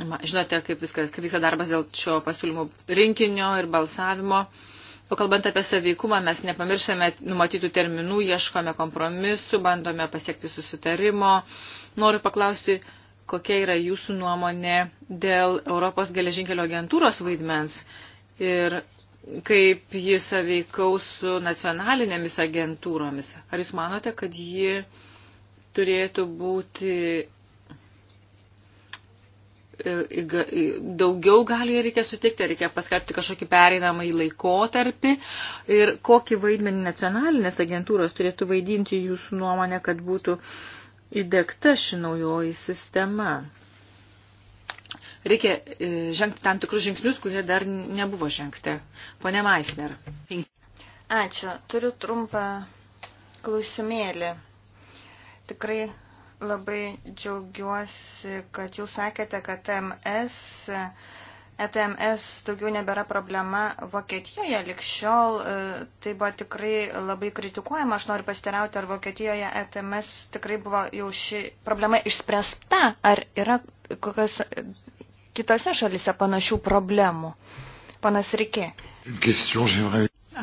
Speaker 3: Žinote, kaip, viskas, kaip vyksta darbas dėl šio pasiūlymų rinkinio ir balsavimo. Uh, O kalbant apie saveikumą, mes nepamiršame numatytų terminų, ieškome kompromisų, bandome pasiekti susitarimo. Noriu paklausti, kokia yra jūsų nuomonė dėl Europos geležinkelio agentūros vaidmens ir kaip ji saveikaus su nacionalinėmis agentūromis. Ar jūs manote, kad ji turėtų būti E, daugiau galių reikia sutikti, reikia paskelbti kažkokį pereinamą į laikotarpį ir kokį vaidmenį nacionalinės agentūros turėtų vaidinti jūsų nuomonę, kad būtų įdėkta ši naujoji sistema. Reikia e, žengti tam tikrus žingsnius, kurie dar nebuvo žengti. Pone Maisner.
Speaker 4: Ačiū. Turiu trumpą klausimėlį. Tikrai Labai džiaugiuosi, kad jūs sakėte, kad TMS, ETMS daugiau nebėra problema Vokietijoje. Likščiol e, tai buvo tikrai labai kritikuojama. Aš noriu pasteriauti, ar Vokietijoje ETMS tikrai buvo jau ši problema išspręsta, ar yra kokios e, kitose šalise panašių problemų.
Speaker 2: Panas Rikė.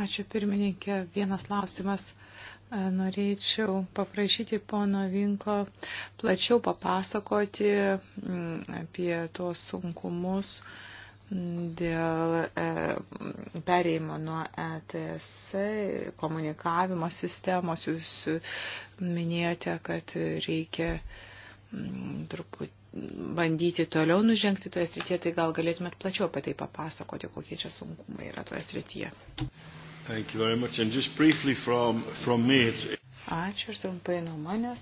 Speaker 2: Ačiū pirmininkė. Vienas klausimas. Uh, Norėčiau paprašyti pono Vinko plačiau papasakoti mm, apie tos sunkumus dėl e, pereimo nuo ETS komunikavimo sistemos. Jūs minėjote, kad reikia mm, truputį bandyti toliau nužengti toje srityje, tai gal galėtumėt plačiau apie tai papasakoti, kokie čia sunkumai yra toje srityje.
Speaker 1: Thank you very much. And just briefly from, from me, it's...
Speaker 2: Ačiū ir trumpai nuo manęs.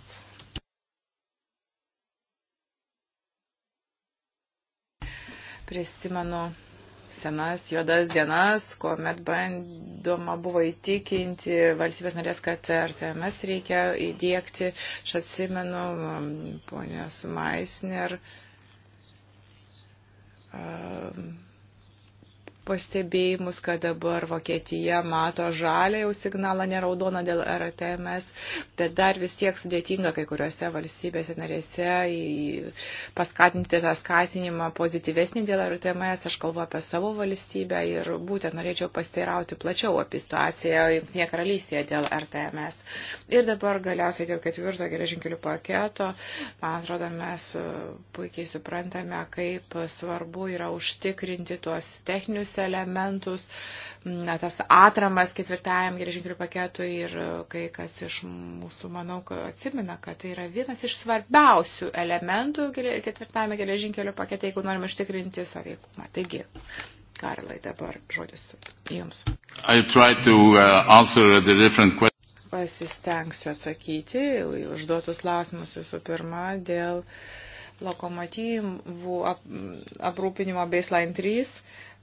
Speaker 2: Prisimenu senas juodas dienas, kuomet bandoma buvo įtikinti valstybės narės, kad RTMS reikia įdėkti. Aš atsimenu um, ponios Maisner. Um, pastebėjimus, kad dabar Vokietija mato žalę jau signalą, ne raudoną dėl RTMS, bet dar vis tiek sudėtinga kai kuriuose valstybėse narėse paskatinti tą skatinimą pozityvesnį dėl RTMS. Aš kalbu apie savo valstybę ir būtent norėčiau pasteirauti plačiau apie situaciją Junktinėje karalystėje dėl RTMS. Ir dabar galiausiai dėl ketvirto geležinkelių paketo, man atrodo, mes uh, puikiai suprantame, kaip svarbu yra užtikrinti tuos techninius elementus, na, tas atramas ketvirtajam geležinkelių paketui ir kai kas iš mūsų, manau, atsimina, kad tai yra vienas iš svarbiausių elementų ketvirtajame geležinkelių pakete, jeigu norime ištikrinti saveikumą. Taigi, Karlai, dabar žodis jums. Uh, Pasistengsiu atsakyti užduotus klausimus visų pirma dėl lokomotyvų aprūpinimo baseline 3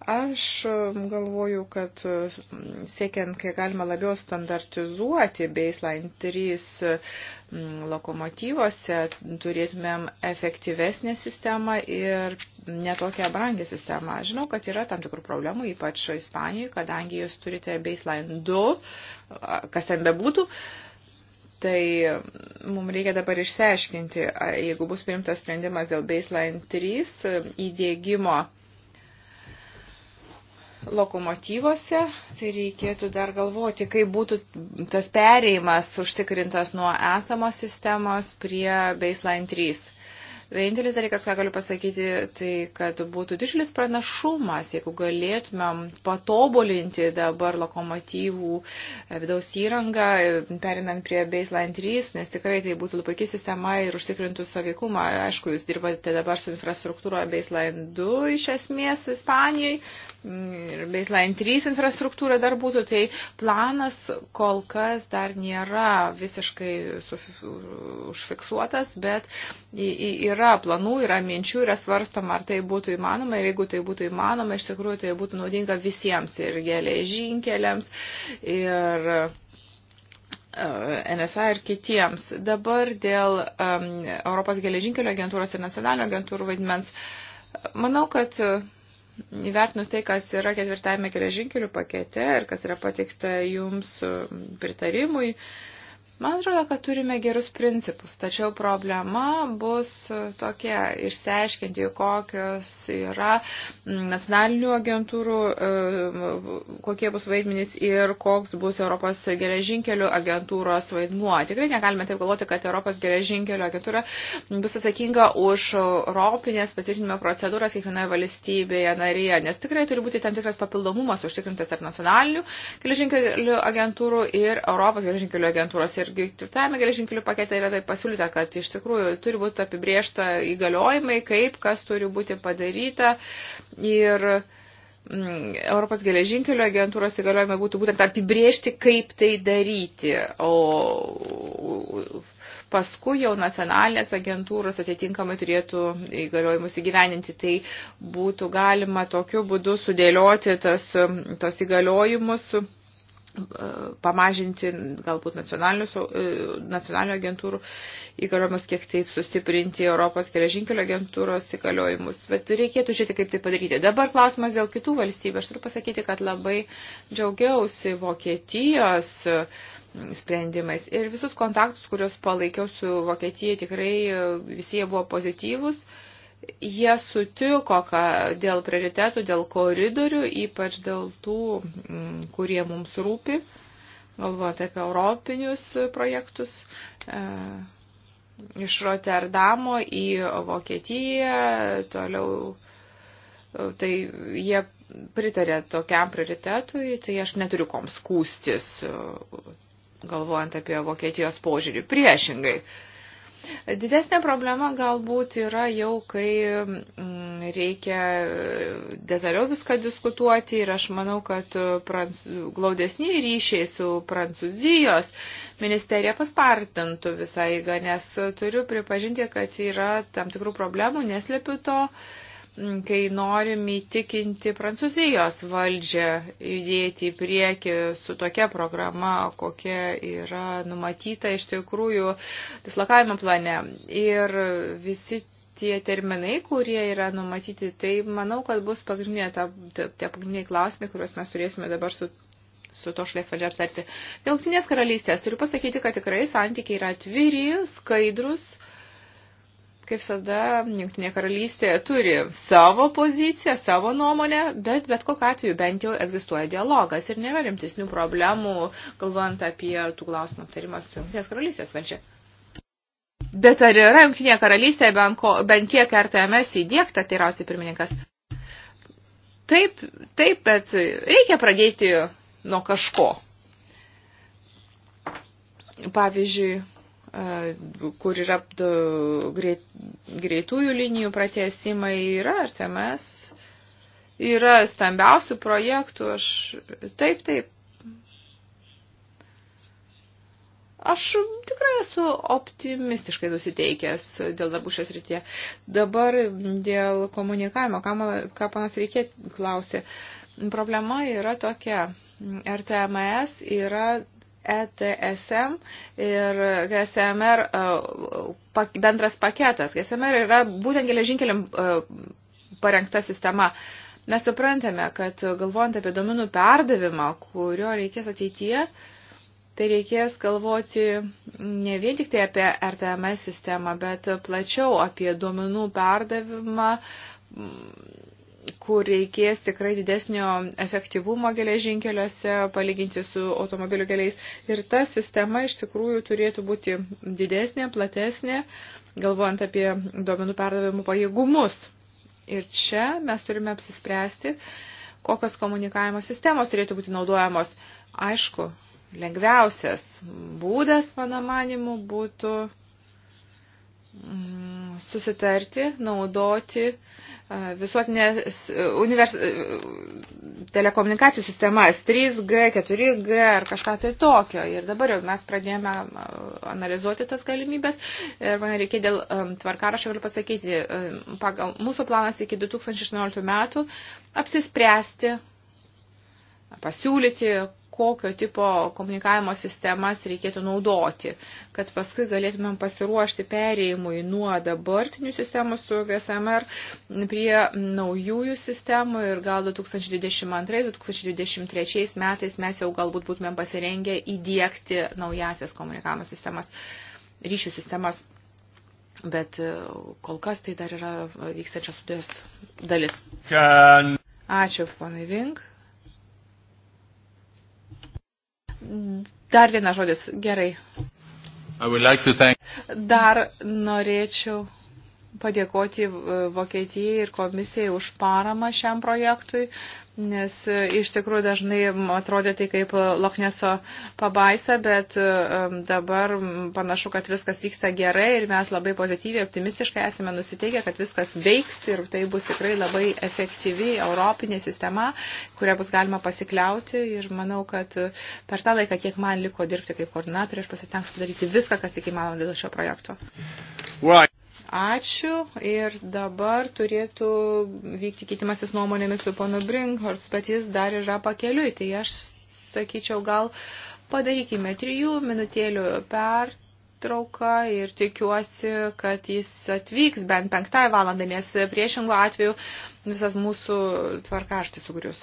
Speaker 2: Aš mm, galvoju, kad mm, siekiant, kai galima labiau standartizuoti baseline 3 mm, lokomotyvose, turėtumėm efektyvesnę sistemą ir netokią brangę sistemą. Žinau, kad yra tam tikrų problemų, ypač Ispanijoje, kadangi jūs turite baseline 2, kas ten bebūtų. Tai mums reikia dabar išsiaiškinti, jeigu bus priimtas sprendimas dėl baseline 3 įdėgymo lokomotyvose, tai reikėtų dar galvoti, kaip būtų tas perėjimas užtikrintas nuo esamos sistemos prie baseline 3. Vienintelis dalykas, ką galiu pasakyti, tai kad būtų didžiulis pranašumas, jeigu galėtumėm patobulinti dabar lokomotyvų e, vidaus įrangą, e, perinant prie baseline 3, nes tikrai tai būtų puikia sistema ir užtikrintų saveikumą. Aišku, jūs dirbate dabar su infrastruktūra baseline 2 iš esmės Ispanijai mm, ir baseline 3 infrastruktūra dar būtų, tai planas kol kas dar nėra visiškai užfiksuotas, bet yra yra planų, yra minčių, yra svarstoma, ar tai būtų įmanoma ir jeigu tai būtų įmanoma, iš tikrųjų tai būtų naudinga visiems ir geležinkeliams ir e, NSA ir kitiems. Dabar dėl um, Europos geležinkelio agentūros ir nacionalinio agentūrų vaidmens. Manau, kad e, įvertinus tai, kas yra ketvirtajame geležinkelių pakete ir kas yra pateikta jums e, pritarimui, uh, Man atrodo, kad turime gerus principus, tačiau problema bus tokia išsiaiškinti, kokios yra nacionalinių agentūrų, e, kokie bus vaidmenys ir koks bus Europos geležinkelių agentūros vaidmuo. Tikrai negalime taip galvoti, kad Europos geležinkelių agentūra bus atsakinga už Europinės patvirtinimo procedūras kiekvienoje valstybėje narėje, nes tikrai turi būti tam tikras papildomumas užtikrintas tarp nacionalinių geležinkelių agentūrų ir Europos geležinkelių agentūros. Ir irgi kitame geležinkelių pakete yra tai pasiūlyta, kad iš tikrųjų turi būti apibriešta įgaliojimai, kaip kas turi būti padaryta ir mm, Europos geležinkelio agentūros įgaliojimai būtų būtent apibriežti, kaip tai daryti. O paskui jau nacionalinės agentūros atitinkamai turėtų įgaliojimus įgyveninti. Tai būtų galima tokiu būdu sudėlioti tas, tas įgaliojimus pamažinti galbūt e, nacionalinių agentūrų įgaliojimus, kiek taip sustiprinti Europos geležinkelio agentūros įgaliojimus. Bet reikėtų žiūrėti, kaip tai padaryti. Dabar klausimas dėl kitų valstybių. Aš turiu pasakyti, kad labai džiaugiausi Vokietijos e, sprendimais. Ir visus kontaktus, kuriuos palaikiau su Vokietija, tikrai e, visi jie buvo pozityvus. Uh, jie sutiko ka, dėl prioritetų, dėl koridorių, ypač dėl tų, mm, kurie mums rūpi, galvojant apie europinius projektus. E, iš Rotterdamo į Vokietiją, toliau, e, tai jie pritarė tokiam prioritetui, tai aš neturiu kom skūstis, e, galvojant apie Vokietijos požiūrį. Priešingai, uh, Didesnė problema galbūt yra jau, kai mm, reikia e, detaliau viską diskutuoti ir aš manau, kad e, prancū... glaudesni ryšiai su Prancūzijos ministerija paspartintų visą eigą, nes turiu pripažinti, kad yra tam tikrų problemų, neslepiu to. Uh, kai norim įtikinti Prancūzijos valdžią judėti į priekį su tokia programa, kokia yra numatyta iš tikrųjų dislokavimo plane. Ir visi tie terminai, kurie yra numatyti, tai manau, kad bus pagrindinė ta, ta, tie pagrindiniai klausimai, kuriuos mes turėsime dabar su su to šalies valdžia aptarti. Dėl Junktinės karalystės turiu pasakyti, kad tikrai santykiai yra atviri, skaidrus, uh, kaip visada, Junktinė karalystė turi savo poziciją, savo nuomonę, bet bet kokiu atveju bent jau egzistuoja dialogas ir nėra rimtesnių problemų, galvojant apie tų klausimų aptarimą su Junktinės karalystės valdžia. Bet ar yra Junktinė karalystė bent, ko, bent kiek RTMS įdėkta, teirausiai pirmininkas? Taip, taip, bet reikia pradėti nuo kažko. Pavyzdžiui, E, kur yra greitųjų linijų pratesimai, yra RTMS, yra stambiausių projektų, aš taip, taip. Aš tikrai esu optimistiškai nusiteikęs dėl darbų šios rytie. Dabar dėl komunikavimo, ką, man, ką panas reikėtų klausė. Problema yra tokia. RTMS yra ETSM ir GSMR e, bendras paketas. GSMR yra būtent geležinkeliam e, parengta sistema. Mes suprantame, kad galvojant apie domenų perdavimą, kurio reikės ateityje, tai reikės galvoti ne vien tik tai apie RTMS sistemą, bet plačiau apie duomenų perdavimą kur reikės tikrai didesnio efektyvumo geležinkeliuose palyginti su automobilių keliais. Ir ta sistema iš tikrųjų turėtų būti didesnė, platesnė, galvojant apie duomenų perdavimų pajėgumus. Ir čia mes turime apsispręsti, kokios komunikavimo sistemos turėtų būti naudojamos. Aišku, lengviausias būdas, mano manimu, būtų mm, susitarti, naudoti visuotinės e, univers... E, telekomunikacijų sistemas 3G, 4G ar kažką tai tokio. Ir dabar jau mes pradėjome analizuoti tas galimybės ir man reikia dėl tvarkarašio galiu pasakyti, pagal mūsų planas iki 2016 metų apsispręsti, pasiūlyti, kokio tipo komunikavimo sistemas reikėtų naudoti, kad paskui galėtumėm pasiruošti perėjimui nuo dabartinių sistemų su GSMR prie naujųjų sistemų ir gal 2022-2023 metais mes jau galbūt būtumėm pasirengę įdėkti naujasias komunikavimo sistemas, ryšių sistemas. Bet e, kol kas tai dar yra vykstančios studijos dalis. Ačiū, ponai Vink. Dar vienas žodis, gerai. Like thank... Dar norėčiau padėkoti e, Vokietijai ir komisijai už paramą šiam projektui. Nes e, iš tikrųjų dažnai atrodė tai kaip Lochneso pabaisa, bet e, dabar panašu, kad viskas vyksta gerai ir mes labai pozityviai, optimistiškai esame nusiteikę, kad viskas veiks ir tai bus tikrai labai efektyvi europinė sistema, kurią bus galima pasikliauti ir manau, kad e, per tą laiką, kiek man liko dirbti kaip koordinatorė, aš pasitengsiu padaryti viską, kas tik įmanoma dėl šio projekto. Right. Ačiū ir dabar turėtų vykti kitimasis nuomonėmis su ponu Brinkhorst, bet jis dar yra pakeliui, tai aš sakyčiau, gal padarykime trijų minutėlių per trauką ir tikiuosi, kad jis atvyks bent penktąją valandą, nes priešingų atveju visas mūsų tvarkaštis sugrius.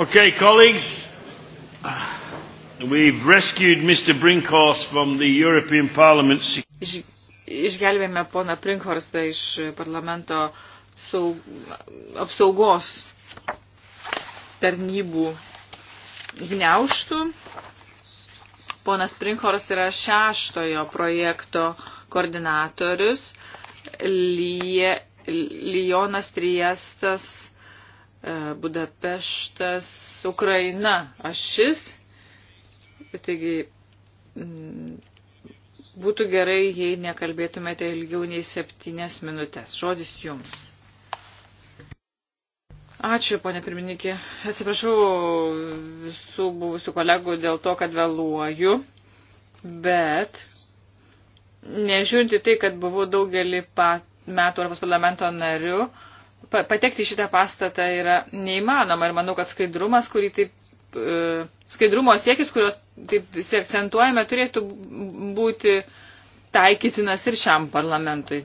Speaker 1: Okay, colleagues, we've rescued Mr. Brinkhorst from the European Parliament.
Speaker 3: Iš, išgelbėme poną Brinkhorstą iš parlamento saug, apsaugos tarnybų gniauštų. Ponas Brinkhorst yra šeštojo projekto koordinatorius. Lie, Lionas Triestas E, Budapeštas, Ukraina ašis. Taigi mm, būtų gerai, jei nekalbėtumėte ilgiau nei septynes minutės. Žodis jums. Ačiū, ponė pirmininkė. Atsiprašau visų buvusių kolegų dėl to, kad vėluoju, bet nežiūrinti tai, kad buvau daugelį pat metų Europos parlamento nariu, uh, patekti šitą pastatą yra neįmanoma ir manau, kad skaidrumas, kurį taip, e, skaidrumo siekis, kurio taip visi akcentuojame, turėtų būti taikytinas ir šiam parlamentui.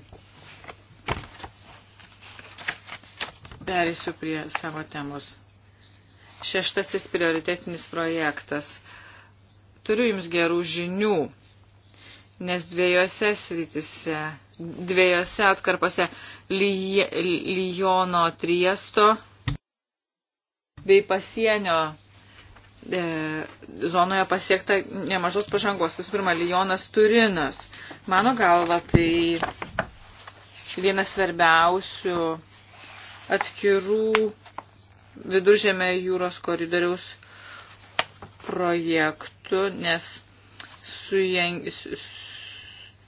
Speaker 3: Perėsiu prie savo temos. Šeštasis prioritetinis projektas. Turiu Jums gerų žinių nes dviejose sritise, dviejose atkarpose Lij, Lijono Triesto bei pasienio e, zonoje pasiekta nemažos pažangos. Visų pirma, Lijonas Turinas. Mano galva, tai vienas svarbiausių atskirų viduržėme jūros koridoriaus projektų, nes su, jeng, su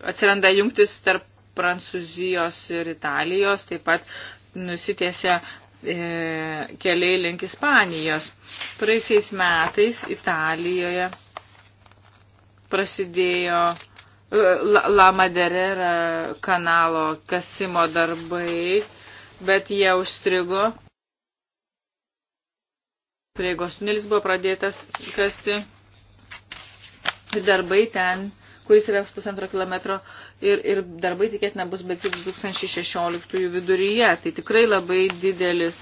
Speaker 3: atsiranda jungtis tarp Prancūzijos ir Italijos, taip pat nusitėsia e, keliai link Ispanijos. Praeisiais metais Italijoje prasidėjo e, La, La Maderera kanalo kasimo darbai, bet jie užstrigo. Prieigos tunelis buvo pradėtas kasti ir darbai ten kuris yra pusantro kilometro ir, ir darbai tikėtina bus bet 2016 viduryje. Tai tikrai labai didelis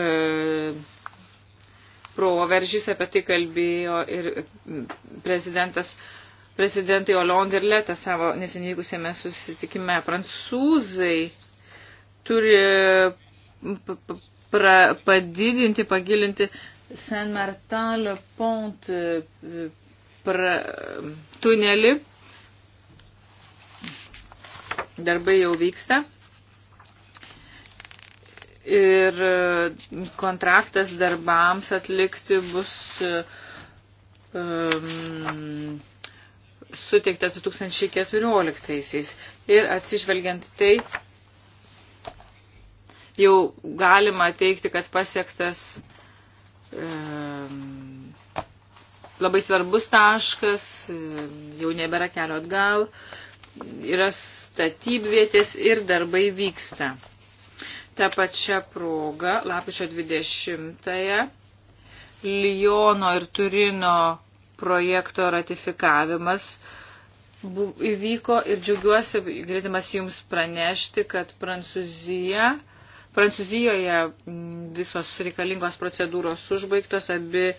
Speaker 3: e, proveržys, apie tai kalbėjo ir prezidentas. Prezidentai Olond ir Leta savo nesinykusėme susitikime. Prancūzai turi pra, padidinti, pagilinti Saint Martin Le Pont e, pra, tunelį. Darbai jau vyksta. Ir e, kontraktas darbams atlikti bus um, suteiktas 2014-aisiais. Ir atsižvelgiant tai, jau galima teikti, kad pasiektas uh, labai svarbus taškas, jau nebėra kelio atgal, yra statybvietės ir darbai vyksta. Ta pačia proga, lapičio 20-ąją, Liono ir Turino projekto ratifikavimas įvyko ir džiaugiuosi, galėdamas jums pranešti, kad Prancūzija Prancūzijoje visos reikalingos procedūros užbaigtos, abi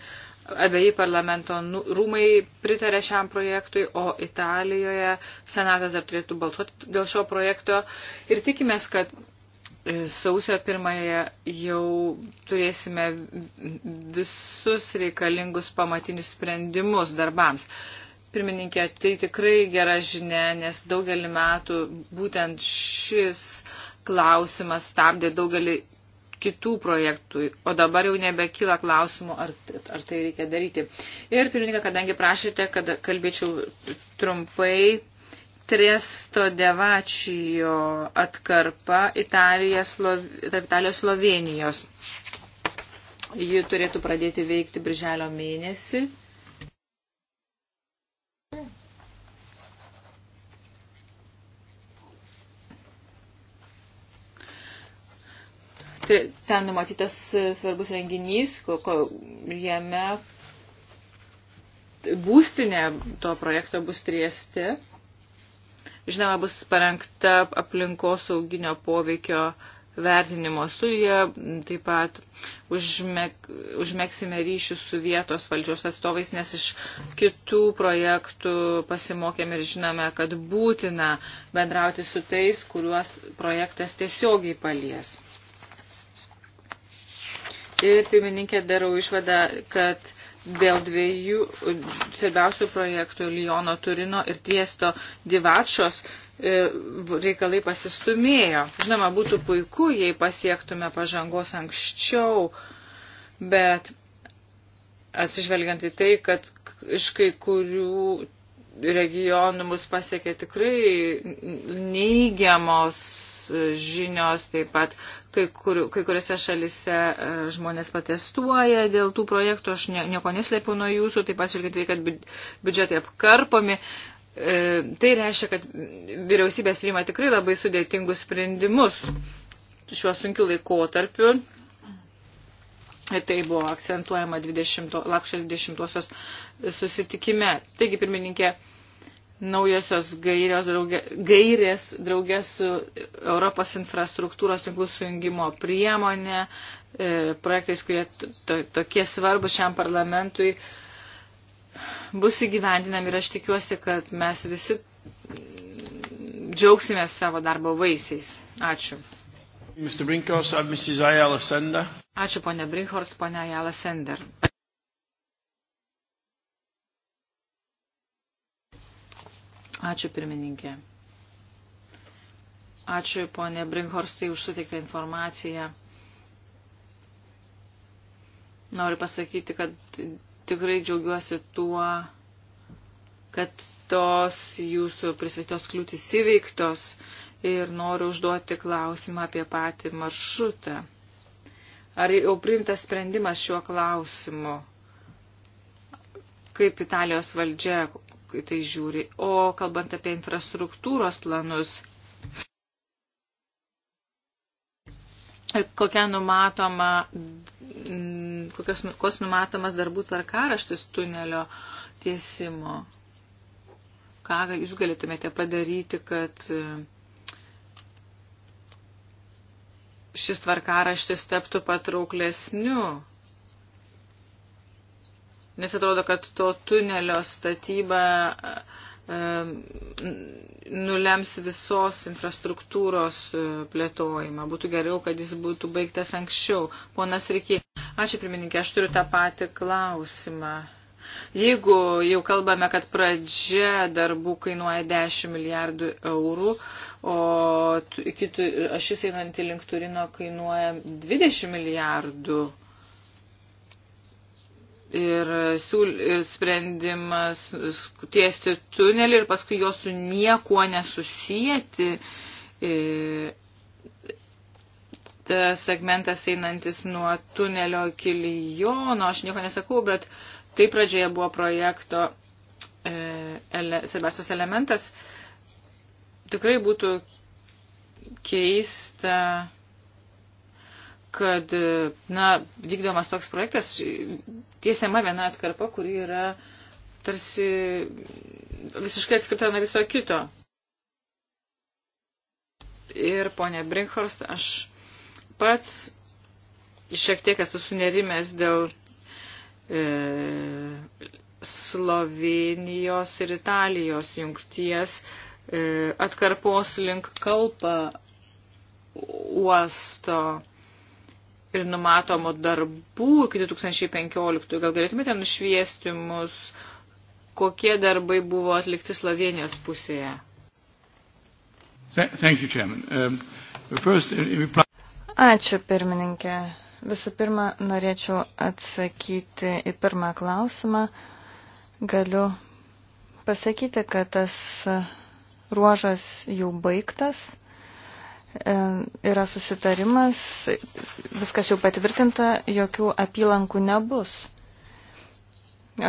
Speaker 3: Abeji parlamento nu, rūmai pritarė šiam projektui, o Italijoje senatas dar turėtų balsuoti dėl šio projekto ir tikimės, kad e, sausio pirmąją jau turėsime visus reikalingus pamatinius sprendimus darbams. Pirmininkė, tai tikrai gera žinia, nes daugelį metų būtent šis klausimas stabdė daugelį kitų projektų, o dabar jau nebekyla klausimų, ar, ar tai reikia daryti. Ir pirmininkai, kadangi prašėte, kad kalbėčiau trumpai, Tresto devačijo atkarpa Italija, Slov... Italijos Slovenijos. Ji turėtų pradėti veikti birželio mėnesį. ten numatytas svarbus renginys, jame būstinė to projekto bus triesti. Žinoma, bus parengta aplinkos sauginio poveikio vertinimo studija, taip pat užmek, užmeksime ryšių su vietos valdžios atstovais, nes iš kitų projektų pasimokėme ir žinome, kad būtina bendrauti su tais, kuriuos projektas tiesiogiai palies. Ir pirmininkė darau išvadą, kad dėl dviejų e, svarbiausių projektų Liono Turino ir Tiesto Divačios e, reikalai pasistumėjo. Žinoma, būtų puiku, jei pasiektume pažangos anksčiau, bet atsižvelgiant į tai, kad iš kai kurių regionų mus pasiekė tikrai neigiamos žinios, taip pat kai, kur, kai kuriuose šalise e, žmonės patestuoja dėl tų projektų, aš ne, nieko neslėpiu nuo jūsų, taip pat žvelgiant tai, kad biudžetai apkarpomi. E, tai reiškia, kad vyriausybės priima tikrai labai sudėtingus sprendimus šiuo sunkiu laikotarpiu Tai buvo akcentuojama 20, lapšio 20 susitikime. Taigi, pirmininkė, naujosios gairės draugė, gairės draugė su Europos infrastruktūros tinklų sujungimo priemonė, e, projektais, kurie to, tokie svarbus šiam parlamentui, bus įgyvendinami ir aš tikiuosi, kad mes visi džiaugsime savo darbo vaisiais. Ačiū.
Speaker 1: Mr. Brinkos, Mrs. Ayala Senda.
Speaker 3: Ačiū ponia Brinkhors, ponia Jala Sender. Ačiū pirmininkė. Ačiū ponė Brinkhorstai už suteiktą informaciją. Noriu pasakyti, kad tikrai džiaugiuosi tuo, kad tos jūsų pristatytos kliūtis įveiktos ir noriu užduoti klausimą apie patį maršrutą. Ar jau priimtas sprendimas šiuo klausimu? Kaip Italijos valdžia į tai žiūri? O kalbant apie infrastruktūros planus, kokia numatoma, mm, kokios, kokios numatomas darbų tvarkaraštis tunelio tiesimo? Ką jūs galėtumėte padaryti, kad šis tvarkaraštis taptų patrauklesniu. Nes atrodo, kad to tunelio statyba e, e, nulems visos infrastruktūros e, plėtojimą. Būtų geriau, kad jis būtų baigtas anksčiau. Ponas Rikė, ačiū pirmininkė, aš turiu tą patį klausimą. Jeigu jau kalbame, kad pradžia darbų kainuoja 10 milijardų eurų, o iki, ašis einanti link Turino kainuoja 20 milijardų. Ir, siūl, ir sprendimas tiesti tunelį ir paskui jo su niekuo nesusijęti. E, tas segmentas einantis nuo tunelio iki Lijono, aš nieko nesakau, bet tai pradžioje buvo projekto e, ele, svarbiausias elementas. E, tikrai būtų keista, kad, na, vykdomas toks projektas, tiesiama viena atkarpa, kuri yra tarsi visiškai atskirta nuo viso kito. Ir ponė Brinkhorst, aš pats šiek tiek esu sunerimęs dėl e, Slovenijos ir Italijos jungties, e, E, atkarpos link kalpa uosto ir numatomų darbų iki 2015. Gal galėtumėte nušviesti mus, kokie darbai buvo atlikti Slovenijos pusėje?
Speaker 1: Thank you, Chairman. Um, first, reply... Ačiū,
Speaker 4: pirmininkė. Visų pirma, norėčiau atsakyti į pirmą klausimą. Galiu pasakyti, kad tas ruožas jau baigtas, e, yra susitarimas, viskas jau patvirtinta, jokių apylankų nebus.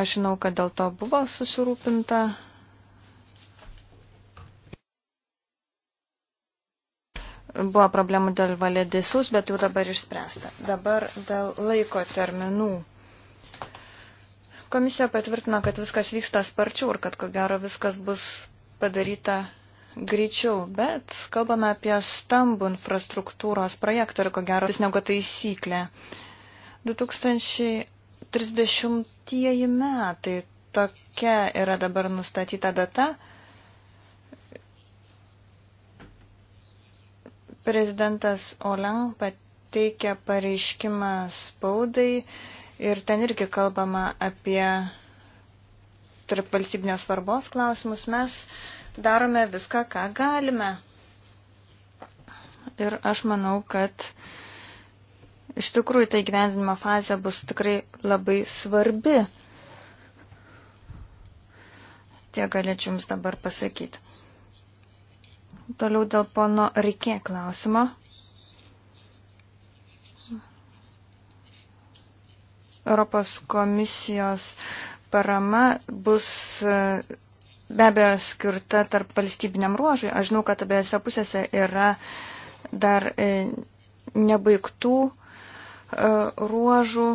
Speaker 4: Aš žinau, kad dėl to buvo susirūpinta. Buvo problemų dėl valėdėsus, bet jau dabar išspręsta. Dabar dėl laiko terminų. Komisija patvirtino, kad viskas vyksta sparčiau ir kad ko gero viskas bus padaryta greičiau, bet kalbame apie stambų infrastruktūros projektą ir ko gero jis negu taisyklė. 2030 metai tokia yra dabar nustatyta data. Prezidentas Olan pateikė pareiškimą spaudai ir ten irgi kalbama apie tarp valstybinės svarbos klausimus, mes darome viską, ką galime. Ir aš manau, kad iš tikrųjų tai gyvendinimo fazė bus tikrai labai svarbi. Tie galėčiau jums dabar pasakyti. Toliau dėl pono Rikė klausimo. Europos komisijos parama bus e, be abejo skirta tarp valstybiniam ruožui. Aš žinau, kad abiejose pusėse yra dar e, nebaigtų e, ruožų.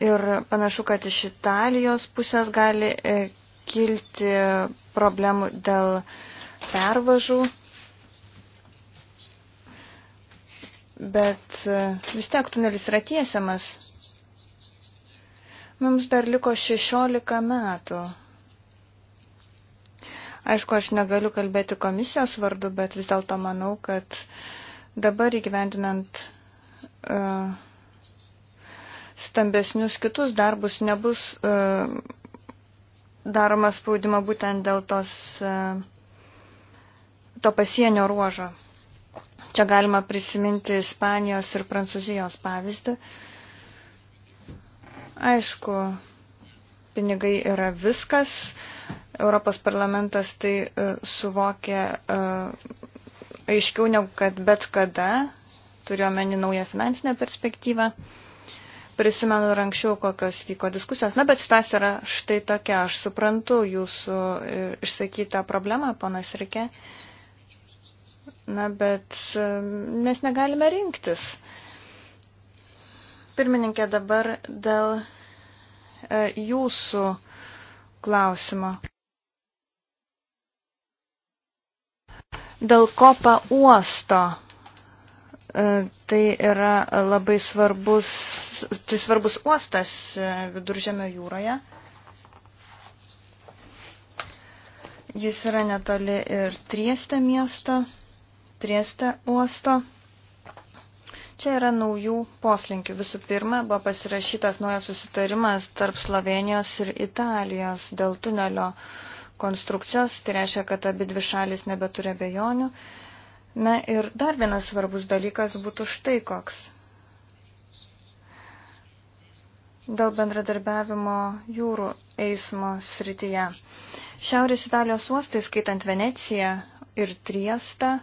Speaker 4: Ir panašu, kad iš Italijos pusės gali kilti problemų dėl pervažų. Bet vis tiek tunelis yra tiesiamas Mums dar liko 16 metų. Aišku, aš negaliu kalbėti komisijos vardu, bet vis dėlto manau, kad dabar įgyvendinant uh, stambesnius kitus darbus nebus uh, daroma spaudima būtent dėl tos, uh, to pasienio ruožo. Čia galima prisiminti Ispanijos ir Prancūzijos pavyzdį. Uh, Aišku, pinigai yra viskas. Europos parlamentas tai e, suvokė e, aiškiau negu kad bet kada. Turiuomenį naują finansinę perspektyvą. Prisimenu ir anksčiau, kokios vyko diskusijos. Na, bet situacija yra štai tokia. Aš suprantu jūsų e, išsakytą problemą, ponas Rikė. Na, bet mes negalime rinktis. Uh, Pirmininkė, dabar dėl e, jūsų klausimo. Dėl kopa uosto. E, tai yra labai svarbus, tai svarbus uostas e, viduržėmio jūroje. Jis yra netoli ir Trieste miesto, Trieste uosto. Čia yra naujų poslinkių. Visų pirma, buvo pasirašytas naujas susitarimas tarp Slovenijos ir Italijos dėl tunelio konstrukcijos. Tai reiškia, kad abi dvi šalis nebeturi abejonių. Na ir dar vienas svarbus dalykas būtų štai koks. Dėl bendradarbiavimo jūrų eismo srityje. Šiaurės Italijos uostai, skaitant Veneciją ir Triestą,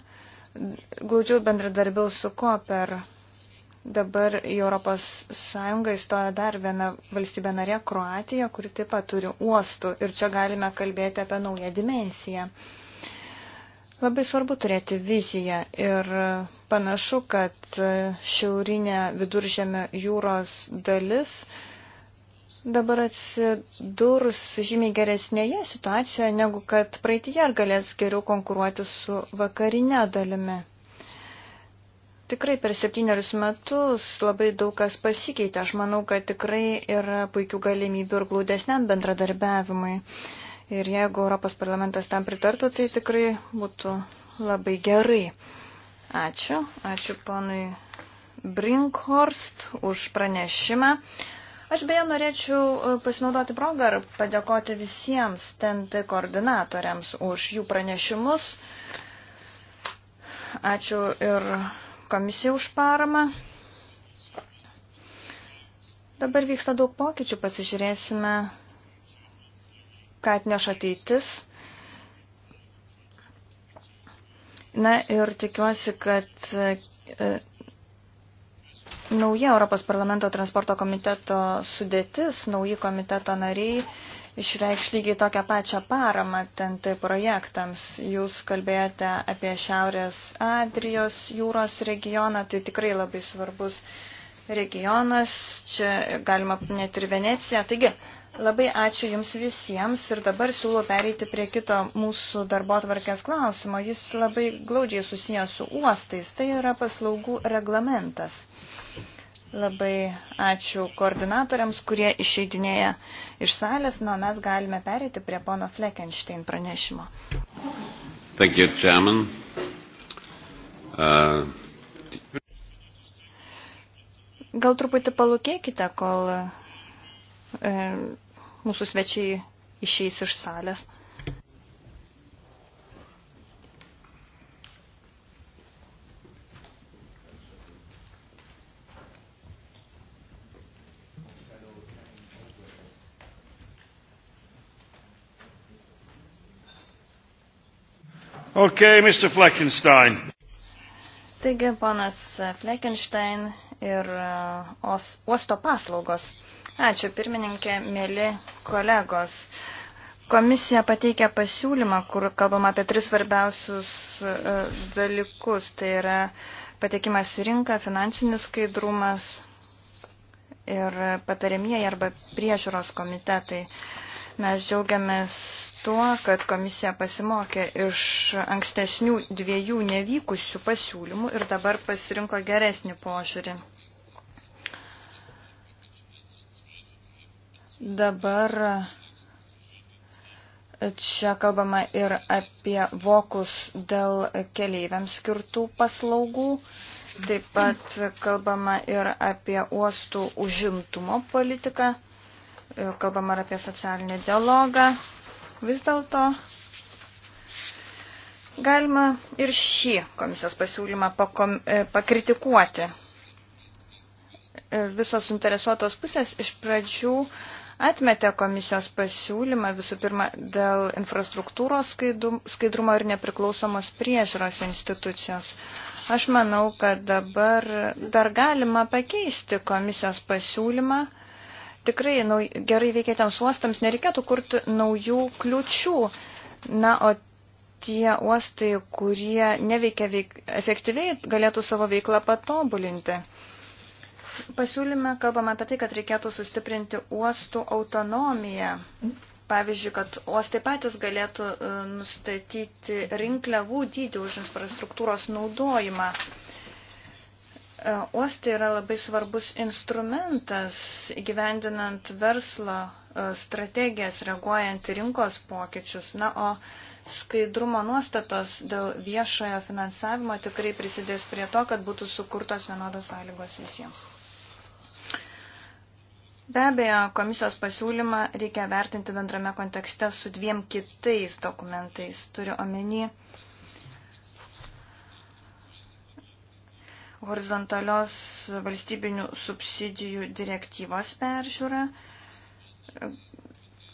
Speaker 4: glaudžiau bendradarbiau su Koper Dabar į ES įstojo dar viena valstybė narė - Kroatija, kuri taip pat turi uostų. Ir čia galime kalbėti apie naują dimensiją. Labai svarbu turėti viziją ir panašu, kad šiaurinė viduržėmio jūros dalis dabar atsidurs žymiai geresnėje situacijoje, negu kad praeitie ar galės geriau konkuruoti su vakarinė dalimi. Tikrai per septynerius metus labai daug kas pasikeitė. Aš manau, kad tikrai yra puikių galimybių ir glaudesniam bendradarbiavimui. Ir jeigu Europos parlamentas tam pritartų, tai tikrai būtų labai gerai. Ačiū. Ačiū ponui Brinkhorst už pranešimą. Aš beje norėčiau e, pasinaudoti progą ir padėkoti visiems TNT koordinatoriams už jų pranešimus. Ačiū ir komisijai už paramą. Dabar vyksta daug pokyčių, pasižiūrėsime, ką atneš ateitis. Na ir tikiuosi, kad
Speaker 5: e,
Speaker 4: nauja Europos parlamento transporto komiteto sudėtis, nauji komiteto nariai išreikš lygiai tokią pačią paramą TNT projektams. Jūs kalbėjote apie Šiaurės Adrijos jūros regioną, tai tikrai labai svarbus regionas, čia galima net ir Veneciją. Taigi, labai ačiū Jums visiems ir dabar siūlau pereiti prie kito mūsų darbo tvarkės klausimo. Jis labai glaudžiai susijęs su uostais, tai yra paslaugų reglamentas. Labai ačiū koordinatoriams, kurie išeidinėja iš salės, nuo mes galime perėti prie pono Fleckenstein pranešimo.
Speaker 5: Thank you, Chairman. Uh...
Speaker 4: Gal truputį palūkėkite, kol e, mūsų svečiai išeis iš salės.
Speaker 1: Okay, Mr. Fleckenstein.
Speaker 4: Taigi, ponas Fleckenstein ir uh, os, uosto paslaugos. Ačiū, pirmininkė, mėly kolegos. Komisija pateikia pasiūlymą, kur kalbama apie tris svarbiausius uh, dalykus. Tai yra patekimas į rinką, finansinis skaidrumas ir uh, patarėmieji arba priežiūros komitetai. Uh, Mes džiaugiamės tuo, kad komisija pasimokė iš ankstesnių dviejų nevykusių pasiūlymų ir dabar pasirinko geresnį požiūrį. Dabar čia kalbama ir apie vokus dėl keleiviams skirtų paslaugų. Taip pat kalbama ir apie uostų užimtumo politiką. E, kalbama ir apie socialinį dialogą. Vis dėlto galima ir šį komisijos pasiūlymą pakom, e, pakritikuoti. E, visos suinteresuotos pusės iš pradžių atmetė komisijos pasiūlymą visų pirma dėl infrastruktūros skaidrumo ir nepriklausomos priežiūros institucijos. Aš manau, kad dabar dar galima pakeisti komisijos pasiūlymą tikrai nau, gerai veikiantiems uostams nereikėtų kurti naujų kliučių. Na, o tie uostai, kurie neveikia veik, efektyviai, galėtų savo veiklą patobulinti. Pasiūlyme kalbama apie tai, kad reikėtų sustiprinti uostų autonomiją. Pavyzdžiui, kad uostai patys galėtų e, nustatyti rinkliavų dydį už infrastruktūros naudojimą. E, uostai yra labai svarbus instrumentas įgyvendinant verslo e, strategijas, reaguojant į rinkos pokyčius. Na, o skaidrumo nuostatos dėl viešojo finansavimo tikrai prisidės prie to, kad būtų sukurtos vienodos sąlygos visiems. Be abejo, komisijos pasiūlymą reikia vertinti bendrame kontekste su dviem kitais dokumentais. Turiu omeny horizontalios valstybinių subsidijų direktyvos peržiūra.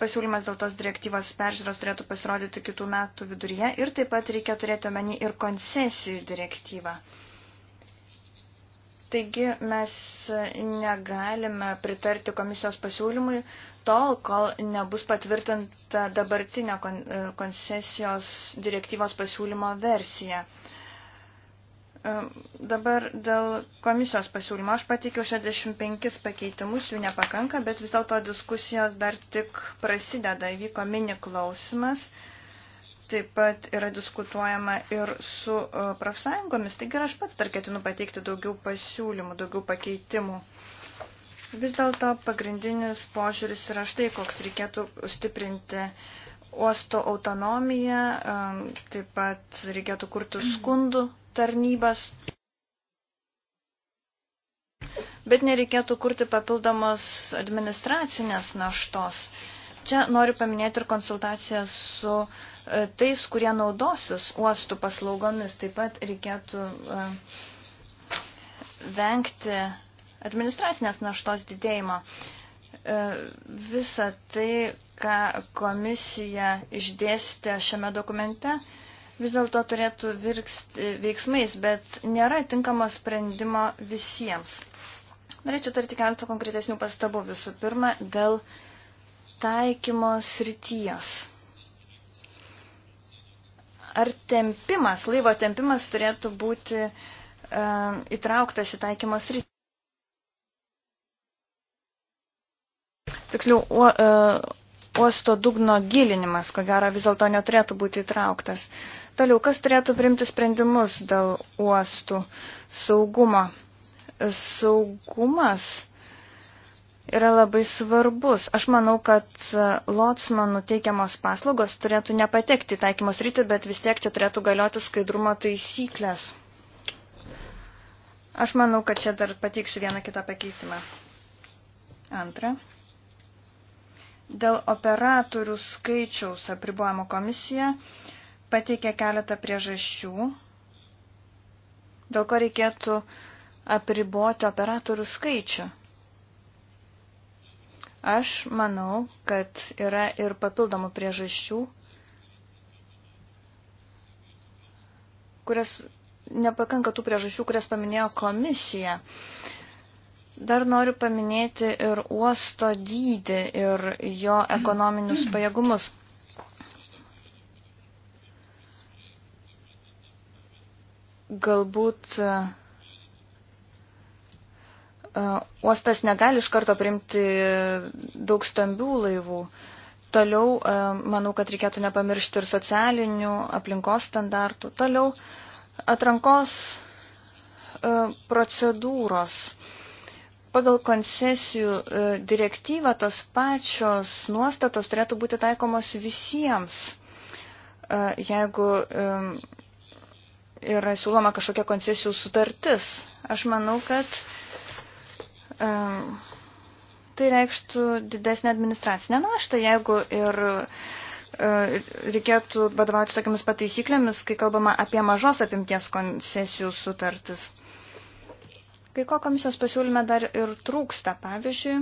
Speaker 4: Pasiūlymas dėl tos direktyvos peržiūros turėtų pasirodyti kitų metų viduryje ir taip pat reikia turėti omeny ir koncesijų direktyvą. Taigi mes negalime pritarti komisijos pasiūlymui tol, kol nebus patvirtinta dabartinė e, koncesijos direktyvos pasiūlymo versija. Dabar dėl komisijos pasiūlymo. Aš pateikiau 65 pakeitimus, jų nepakanka, bet vis dėlto diskusijos dar tik prasideda. Įvyko mini klausimas. Taip pat yra diskutuojama ir su e, profsąjungomis. Taigi ir aš pats dar ketinu pateikti daugiau pasiūlymų, daugiau pakeitimų. Vis dėlto pagrindinis požiūris yra štai, koks reikėtų stiprinti uosto autonomiją, taip pat reikėtų kurti skundų tarnybas. Bet nereikėtų kurti papildomos administracinės naštos. Čia noriu paminėti ir konsultaciją su e, tais, kurie naudosius uostų paslaugomis. Taip pat reikėtų e, vengti administracinės naštos didėjimo. E, visa tai, ką komisija išdėstė šiame dokumente, vis dėlto turėtų virksti veiksmais, bet nėra tinkamo sprendimo visiems. Norėčiau tarti keletą konkretesnių pastabų. Visų pirma, dėl taikymo srities. Ar tempimas, laivo tempimas turėtų būti e, įtrauktas į taikymo sritį? Tiksliau, o, e, uh, uosto dugno gilinimas, ko gero, vis dėlto neturėtų būti įtrauktas. E, Toliau, kas turėtų primti sprendimus dėl uostų saugumo? Saugumas yra labai svarbus. Aš manau, kad lotsmanų teikiamos paslaugos turėtų nepatekti taikymos rytį, bet vis tiek čia turėtų galioti skaidrumo taisyklės. Aš manau, kad čia dar pateiksiu vieną kitą pakeitimą. Antra. Dėl operatorių skaičiaus apribojimo komisija pateikė keletą priežasčių, dėl ko reikėtų apriboti operatorių skaičių. Aš manau, kad yra ir papildomų priežasčių, kurias nepakanka tų priežasčių, kurias paminėjo komisija. Dar noriu paminėti ir uosto dydį ir jo ekonominius pajėgumus. galbūt e, e, uostas negali iš karto priimti daug stambių laivų. Toliau, e, manau, kad reikėtų nepamiršti ir socialinių aplinkos standartų. Toliau, atrankos procedūros. Pagal koncesijų direktyvą tos pačios nuostatos turėtų būti taikomos visiems, jeigu yra siūloma kažkokia koncesijų sutartis. Aš manau, kad um, tai reikštų didesnį administracinę naštą, jeigu ir uh, reikėtų vadovauti tokiamis pataisyklėmis, kai kalbama apie mažos apimties koncesijų sutartis. Kai ko komisijos pasiūlyme dar ir trūksta, pavyzdžiui,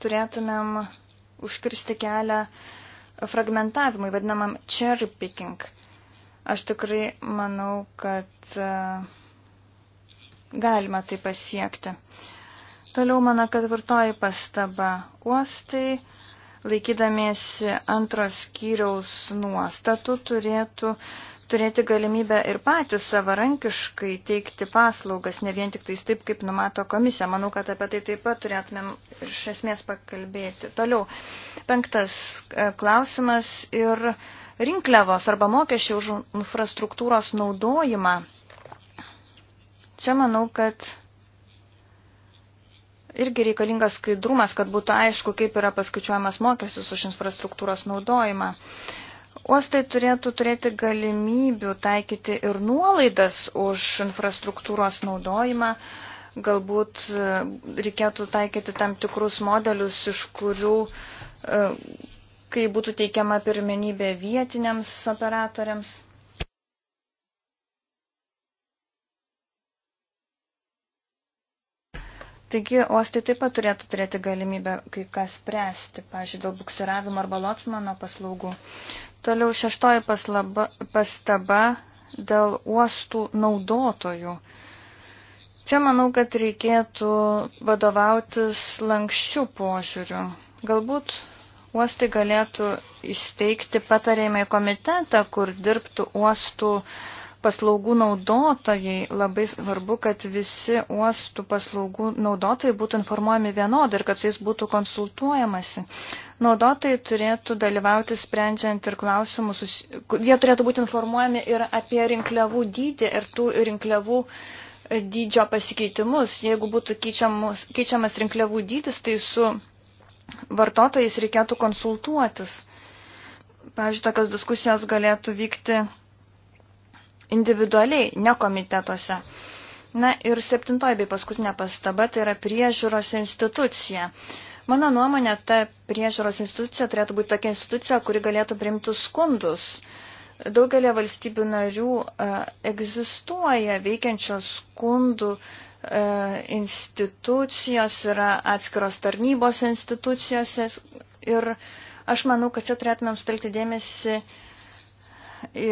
Speaker 4: turėtumėm užkirsti kelią fragmentavimui, vadinamam cherry picking. Uh, Aš tikrai manau, kad e, galima tai pasiekti. Toliau mano ketvirtoji pastaba. Uostai, laikydamiesi antros skyriaus nuostatų, turėtų turėti galimybę ir patys savarankiškai teikti paslaugas, ne vien tik tais taip, kaip numato komisija. Manau, kad apie tai taip pat turėtumėm iš esmės pakalbėti. Toliau, penktas e, klausimas ir rinkliavos arba mokesčiai už infrastruktūros naudojimą. Čia manau, kad irgi reikalingas skaidrumas, kad būtų aišku, kaip yra paskaičiuojamas mokestis už infrastruktūros naudojimą. Uostai turėtų turėti galimybių taikyti ir nuolaidas už infrastruktūros naudojimą. Galbūt e, reikėtų taikyti tam tikrus modelius, iš kurių e, kai būtų teikiama pirmenybė vietiniams operatoriams. Taigi, uostai taip pat turėtų turėti galimybę kai ką spręsti, pažiūrėjau, dėl buksiravimo arba lotsmano paslaugų. Toliau šeštoji paslaba, pastaba dėl uostų naudotojų. Čia manau, kad reikėtų vadovautis lankščių požiūrių. Galbūt uostai galėtų įsteigti patarėjimai komitetą, kur dirbtų uostų paslaugų naudotojai. Labai svarbu, kad visi uostų paslaugų naudotojai būtų informuojami vienodai ir kad su jais būtų konsultuojamasi. Naudotojai turėtų dalyvauti sprendžiant ir klausimus, jie turėtų būti informuojami ir apie rinkliavų dydį ir tų rinkliavų e, dydžio pasikeitimus. Jeigu būtų keičiamas, keičiamas rinkliavų dydis, tai su vartotojais reikėtų konsultuotis. Pavyzdžiui, tokios diskusijos galėtų vykti individualiai, ne komitetuose. Na ir septintoji bei paskutinė pastaba tai yra priežiūros institucija. Mano nuomonė, ta priežiūros institucija turėtų būti tokia institucija, kuri galėtų priimti skundus. Daugelio valstybių narių a, egzistuoja veikiančios skundų E, institucijos, yra atskiros tarnybos institucijose ir aš manau, kad čia turėtumėm stelkti dėmesį į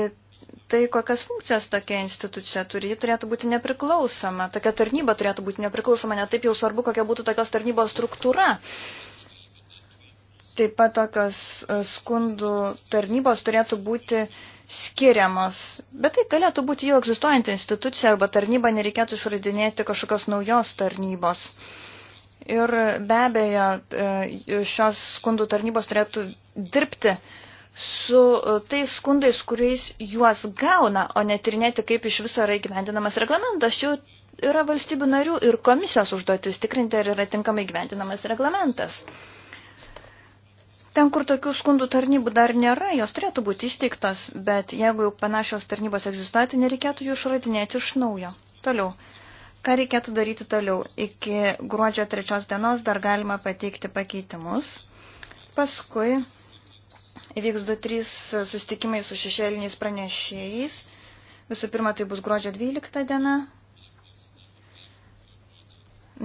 Speaker 4: tai, kokias funkcijas tokia institucija turi. Ji turėtų būti nepriklausoma, tokia tarnyba turėtų būti nepriklausoma, netaip jau svarbu, kokia būtų tokios tarnybos struktūra. Taip pat tokios e, skundų tarnybos turėtų būti uh, skiriamos. Bet tai galėtų būti jau egzistuojanti institucija arba tarnyba, nereikėtų išradinėti kažkokios naujos tarnybos. Ir be abejo, e, šios skundų tarnybos turėtų dirbti su e, tais skundais, kuriais juos gauna, o netirinėti, kaip iš viso yra įgyvendinamas reglamentas. Čia yra valstybių narių ir komisijos užduotis tikrinti, ar yra tinkamai įgyvendinamas reglamentas. Ten, kur tokių skundų tarnybų dar nėra, jos turėtų būti įsteigtas, bet jeigu jau panašios tarnybos egzistuoja, tai nereikėtų jų išradinėti iš naujo. Toliau. Ką reikėtų daryti toliau? Iki gruodžio trečios dienos dar galima pateikti pakeitimus. Paskui įvyks 2-3 susitikimai su šešėliniais pranešėjais. Visų pirma, tai bus gruodžio 12 diena.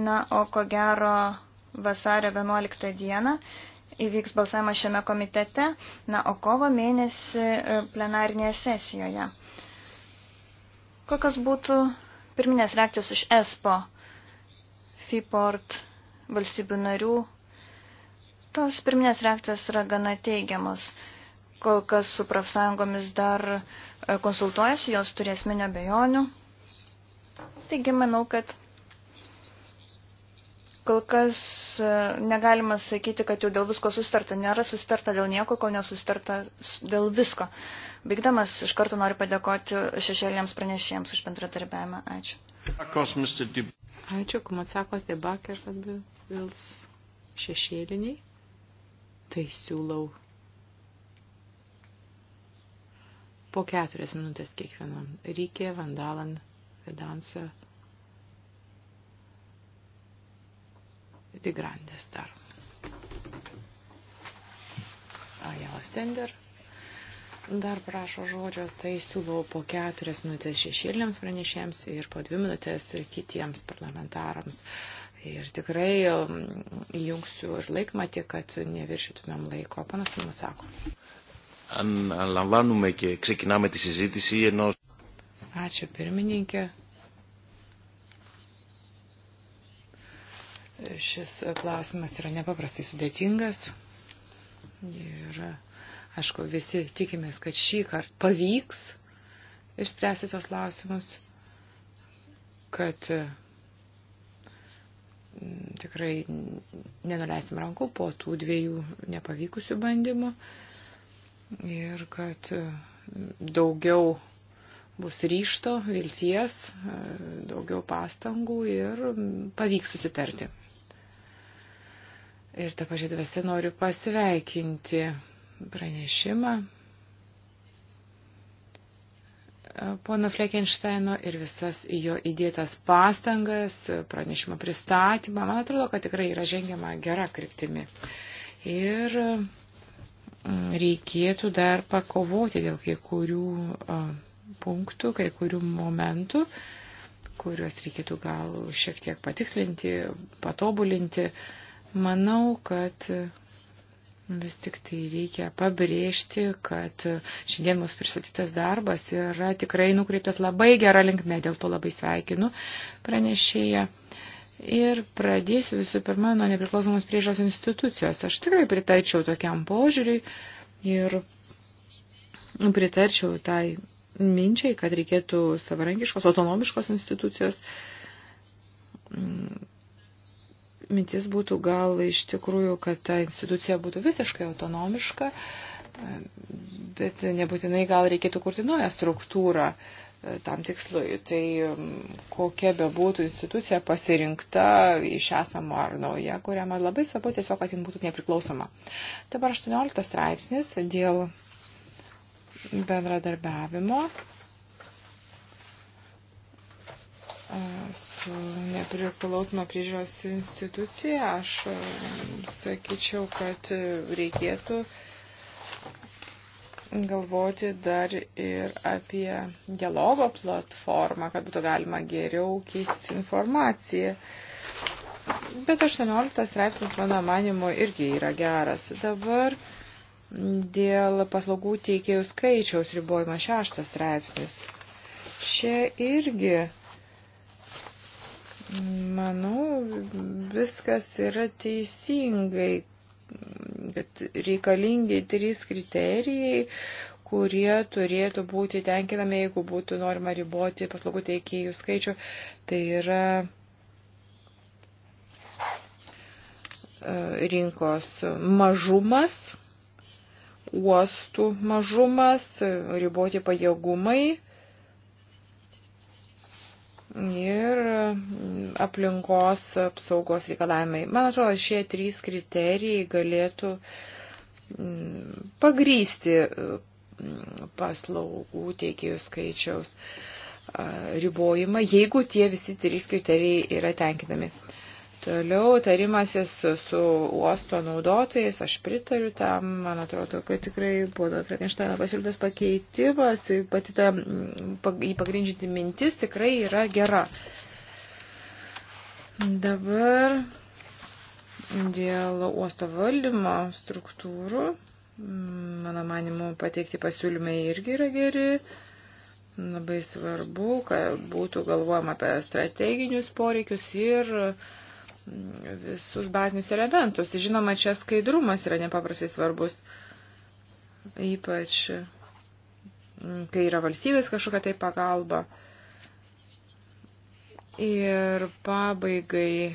Speaker 4: Na, o ko gero vasario 11 dieną įvyks balsavimas šiame komitete, na, o kovo mėnesį e, plenarinėje sesijoje. Kokios būtų pirminės reakcijos iš ESPO, FIPORT valstybių narių? Tos pirminės reakcijos yra gana teigiamos. Kol kas su profsąjungomis dar e, konsultuojasi, jos turės minio bejonių. Taigi manau, kad Kol kas e, negalima sakyti, kad jau dėl visko sustarta. Nėra sustarta dėl nieko, kol nesustarta dėl visko. Baigdamas, iš karto noriu padėkoti šešėlėms pranešėjams už bendradarbiavimą.
Speaker 2: Ačiū.
Speaker 1: Ačiū,
Speaker 2: Kumatsakos debakė ir vils šešėliniai. Tai siūlau po keturias minutės kiekvienam. Rykė, Vandalan, Vedansa. Digrandės dar. Ajala Sender dar prašo žodžio, tai siūlau po keturias minutės šešėliams pranešėms ir po dvi minutės kitiems parlamentarams. Ir tikrai um, įjungsiu ir laikmatį, kad neviršytumėm laiko. Panas mums sako.
Speaker 1: Αν λαμβάνουμε και ξεκινάμε τη συζήτηση ενός...
Speaker 2: Ačiū pirmininkė. Šis klausimas yra nepaprastai sudėtingas ir, aišku, visi tikimės, kad šį kartą pavyks išspręsti tos klausimus, kad mm, tikrai nenuleisim rankų po tų dviejų nepavykusių bandymų ir kad mm, daugiau bus ryšto, vilties, daugiau pastangų ir mm, pavyks susitarti. Ir tą pačią dvasę noriu pasveikinti pranešimą pono Fleckensteino ir visas jo įdėtas pastangas, pranešimo pristatymą. Man atrodo, kad tikrai yra žengiama gera kryptimi. Ir mm, reikėtų dar pakovoti dėl kai kurių punktų, kai kurių momentų, kuriuos reikėtų gal šiek tiek patikslinti, patobulinti. Uh, Manau, kad vis tik tai reikia pabrėžti, kad šiandien mūsų pristatytas darbas yra tikrai nukreiptas labai gerą linkmę, dėl to labai sveikinu pranešėją. Ir pradėsiu visų pirma nuo nepriklausomos priežos institucijos. Aš tikrai pritarčiau tokiam požiūriui ir pritarčiau tai minčiai, kad reikėtų savarankiškos, autonomiškos institucijos mintis būtų gal iš tikrųjų, kad ta institucija būtų visiškai autonomiška, bet nebūtinai gal reikėtų kurti naują struktūrą e, tam tikslui. Tai kokia be būtų institucija pasirinkta iš esamo ar nauja, kurią man labai svarbu tiesiog, kad jin būtų nepriklausoma. Dabar 18 straipsnis dėl bendradarbiavimo e, nepriklausomą priežiūros instituciją, aš e, sakyčiau, kad reikėtų galvoti dar ir apie dialogo platformą, kad būtų galima geriau keistis informaciją. Bet 18 straipsnis, mano manimo, irgi yra geras. Dabar dėl paslaugų teikėjų skaičiaus ribojimas šeštas straipsnis. Čia irgi Manau, viskas yra teisingai, kad reikalingi trys kriterijai, kurie turėtų būti tenkinami, jeigu būtų norima riboti paslaugų teikėjų skaičių. Tai yra e, rinkos mažumas, uostų mažumas, riboti pajėgumai ir mm, aplinkos apsaugos reikalavimai. Man atrodo, šie trys kriterijai galėtų mm, pagrysti mm, paslaugų teikėjų skaičiaus ribojimą, jeigu tie visi trys kriterijai yra tenkinami. Toliau tarimasis su uosto naudotojais, aš pritariu tam, man atrodo, kad tikrai pono Frekenštaino pasiūlytas pakeitimas, pati ta mm, jį pagrindžinti mintis tikrai yra gera. Dabar dėl uosto valdymo struktūrų, mm, mano manimu, pateikti pasiūlymai irgi yra geri. Labai svarbu, kad būtų galvojama apie strateginius poreikius ir uh, visus bazinius elementus. Žinoma, čia skaidrumas yra nepaprastai svarbus, ypač mm, kai yra valstybės kažkokia tai pagalba. Ir pabaigai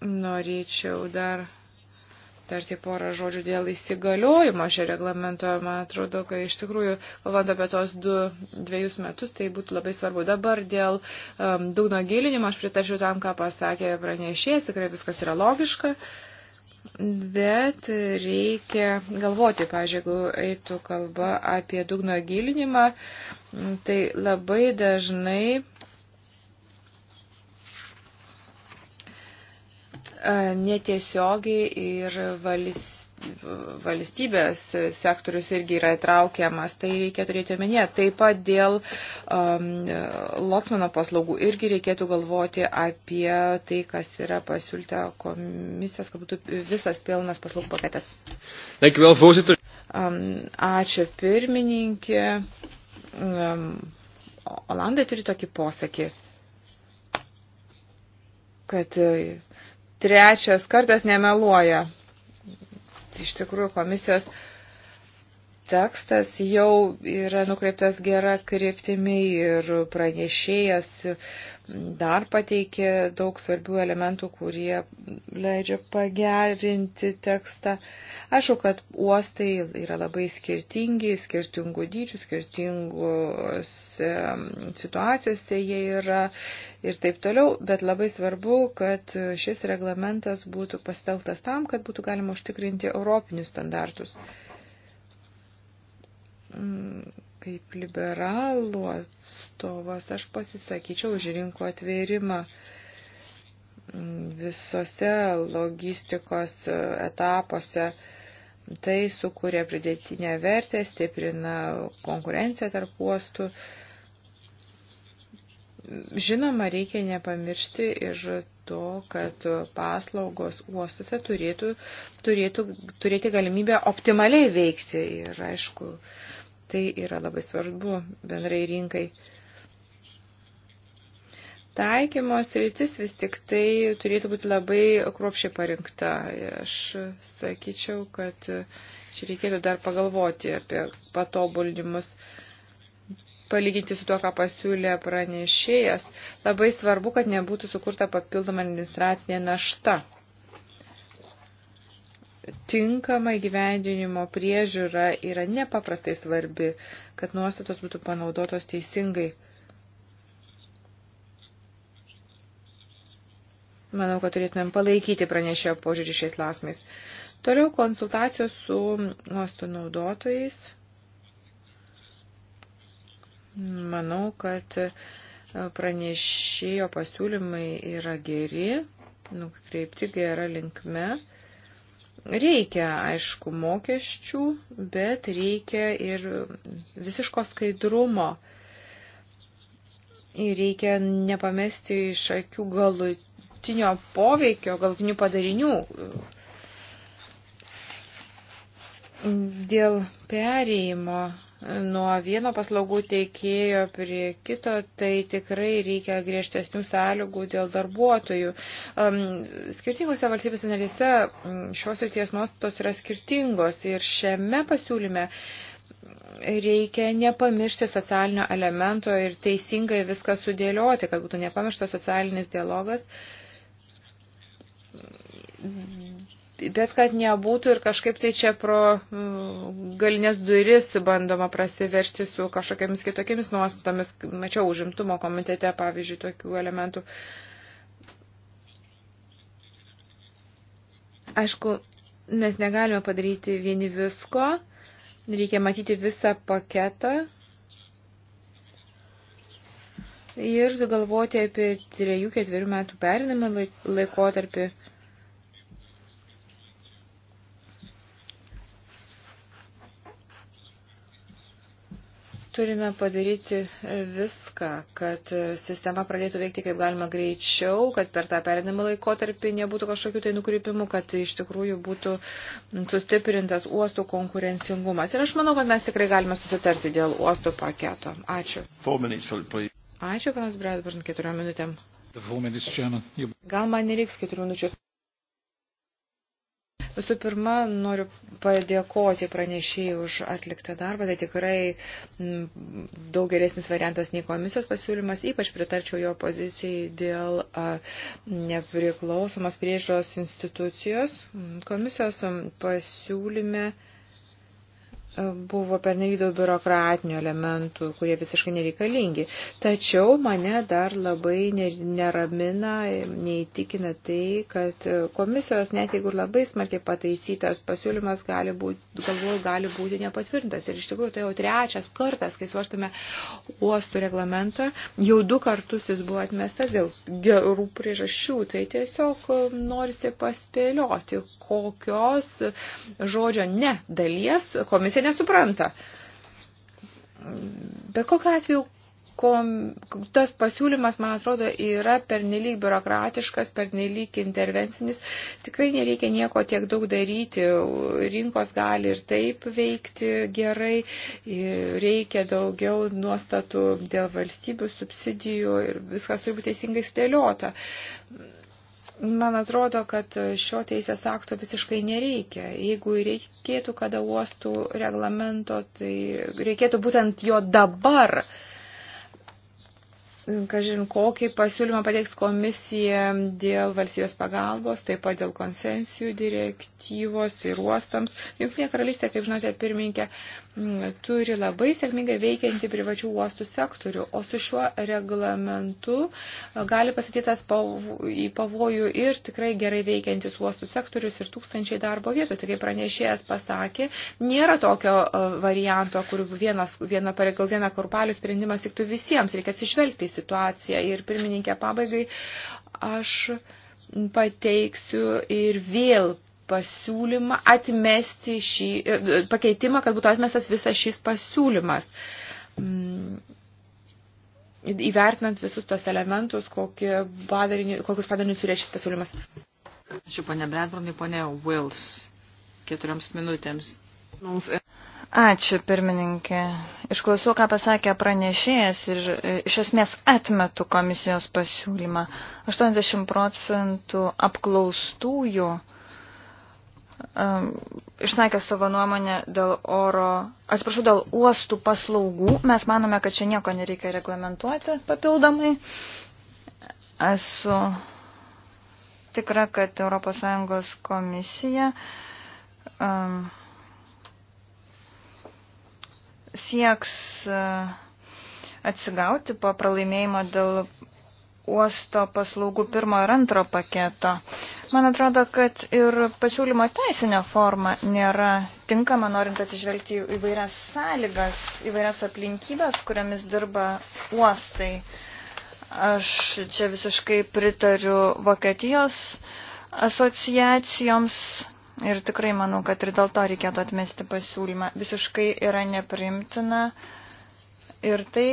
Speaker 2: norėčiau dar tarti porą žodžių dėl įsigaliojimo šio reglamento. Man atrodo, kad iš tikrųjų, kalbant apie tos du, dviejus metus, tai būtų labai svarbu. Dabar dėl um, dugno gilinimo aš pritarčiau tam, ką pasakė pranešėjas, tikrai viskas yra logiška. Bet reikia galvoti, pažiūrėjau, jeigu eitų kalba apie dugno gilinimą, tai labai dažnai E, netiesiogiai ir valstybės valstybės sektorius irgi yra įtraukiamas, tai reikia turėti omenyje. Taip pat dėl um, Lotsmano paslaugų irgi reikėtų galvoti apie tai, kas yra pasiūlyta komisijos, kad būtų visas pilnas paslaugų paketas. Um, ačiū pirmininkė. Um, Olandai turi tokį posakį, kad uh, trečias kartas nemeluoja. Iš tikrųjų, komisijos tekstas jau yra nukreiptas gera kryptimi ir pranešėjas dar pateikė daug svarbių elementų, kurie leidžia pagerinti tekstą. Aišku, kad uostai yra labai skirtingi, skirtingų dydžių, skirtingos situacijose jie yra ir taip toliau, bet labai svarbu, kad šis reglamentas būtų pasteltas tam, kad būtų galima užtikrinti europinius standartus mm, Kaip liberalų atstovas aš pasisakyčiau už rinkų atvėrimą visose logistikos etapuose. Tai sukuria pridėtinę vertę, stiprina konkurenciją tarp uostų. Žinoma, reikia nepamiršti ir to, kad paslaugos uostuose turėtų, turėtų turėti galimybę optimaliai veikti. Ir aišku, uh, Tai yra labai svarbu bendrai rinkai. Taikymo sritis vis tik tai turėtų būti labai kruopšiai parinkta. Aš sakyčiau, kad čia reikėtų dar pagalvoti apie patobulinimus palyginti su tuo, ką pasiūlė pranešėjas, labai svarbu, kad nebūtų sukurta papildoma administracinė našta tinkama įgyvendinimo priežiūra yra nepaprastai svarbi, kad nuostatos būtų panaudotos teisingai. Manau, kad turėtumėm palaikyti pranešėjo požiūrį šiais klausimais. Toliau konsultacijos su nuostų naudotojais. Manau, kad pranešėjo pasiūlymai yra geri, nukreipti gera linkme. Reikia, aišku, mokesčių, bet reikia ir visiško skaidrumo. Ir reikia nepamesti iš akių galutinio poveikio, galutinių padarinių, Dėl perėjimo nuo vieno paslaugų teikėjo prie kito, tai tikrai reikia griežtesnių sąlygų dėl darbuotojų. Skirtingose valstybės narėse šios ryties nuostatos yra skirtingos ir šiame pasiūlyme reikia nepamiršti socialinio elemento ir teisingai viską sudėlioti, kad būtų nepamirštas socialinis dialogas bet kad nebūtų ir kažkaip tai čia pro mm, galinės duris bandoma prasiveršti su kažkokiamis kitokiamis nuostatomis. Mačiau užimtumo komitete, pavyzdžiui, tokių elementų. Aišku, mes negalime padaryti vieni visko, reikia matyti visą paketą ir galvoti apie trejų ketverių metų perinamą laikotarpį. Laiko Turime padaryti viską, kad sistema pradėtų veikti kaip galima greičiau, kad per tą perinamą laikotarpį nebūtų kažkokių tai nukrypimų, kad iš tikrųjų būtų sustiprintas uostų konkurencingumas. Ir aš manau, kad mes tikrai galime susitarti dėl uostų paketo. Ačiū.
Speaker 1: Ačiū,
Speaker 2: panas Bradburn, keturiom minutėm. Gal man nereiks keturių minučių. Visų pirma, noriu padėkoti pranešėjai už atliktą darbą. Tai tikrai mm, daug geresnis variantas nei komisijos pasiūlymas. Ypač pritarčiau jo pozicijai dėl nepriklausomos priežos institucijos. Mm, komisijos mm, pasiūlyme buvo pernelyg daug biurokratinių elementų, kurie visiškai nereikalingi. Tačiau mane dar labai neramina, neįtikina tai, kad komisijos, net jeigu ir labai smarkiai pataisytas pasiūlymas, gali būti, galvoju, gali būti nepatvirtintas. Ir iš tikrųjų tai jau trečias kartas, kai svarstame uostų reglamentą, jau du kartus jis buvo atmestas dėl gerų priežasčių. Tai tiesiog um, norisi paspėlioti, kokios žodžio ne dalies komisija komisija nesupranta. Bet kokiu atveju kom, tas pasiūlymas, man atrodo, yra pernelyg biurokratiškas, pernelyg intervencinis. Tikrai nereikia nieko tiek daug daryti. Rinkos gali ir taip veikti gerai. Reikia daugiau nuostatų dėl valstybių subsidijų ir viskas turi būti teisingai sudėliota. Man atrodo, kad šio teisės akto visiškai nereikia. Jeigu reikėtų kada uostų reglamento, tai reikėtų būtent jo dabar uh, kažin kokį pasiūlymą pateiks komisija dėl valstybės pagalbos, taip pat dėl konsensijų direktyvos ir uostams. Junktinė karalystė, kaip žinote, pirmininkė, mm, turi labai sėkmingai veikianti privačių uostų sektorių, o su šiuo reglamentu gali pasakytas į pavojų ir tikrai gerai veikiantis uostų sektorius ir tūkstančiai darbo vietų. Tai kaip pranešėjas pasakė, nėra tokio varianto, kur vienas, viena pareigal, viena kurpalių sprendimas tiktų visiems, reikia atsižvelgti į situaciją situaciją. Ir pirmininkė pabaigai aš pateiksiu ir vėl pasiūlymą atmesti šį e, pakeitimą, kad būtų atmestas visas šis pasiūlymas. Mm, įvertinant visus tos elementus, kokie padarinių, kokius padarinius turės šis
Speaker 3: pasiūlymas. Ačiū, ponė Bradburnai, ponė Wills, keturioms minutėms. Mums
Speaker 4: Ačiū, pirmininkė. Išklausiau, ką pasakė pranešėjas ir e, iš esmės atmetu komisijos pasiūlymą. 80 procentų apklaustųjų um, išsakė savo nuomonę dėl oro, atsiprašau, dėl uostų paslaugų. Mes manome, kad čia nieko nereikia reglamentuoti papildomai. Esu tikra, kad ES komisija. Um, sieks e, atsigauti po pralaimėjimo dėl uosto paslaugų pirmo ir antro paketo. Man atrodo, kad ir pasiūlymo teisinė forma nėra tinkama, norint atsižvelgti į vairias sąlygas, įvairias aplinkybės, kuriamis dirba uostai. Aš čia visiškai pritariu Vokietijos asociacijoms, Ir tikrai manau, kad ir dėl to reikėtų atmesti pasiūlymą. Visiškai yra neprimtina ir tai,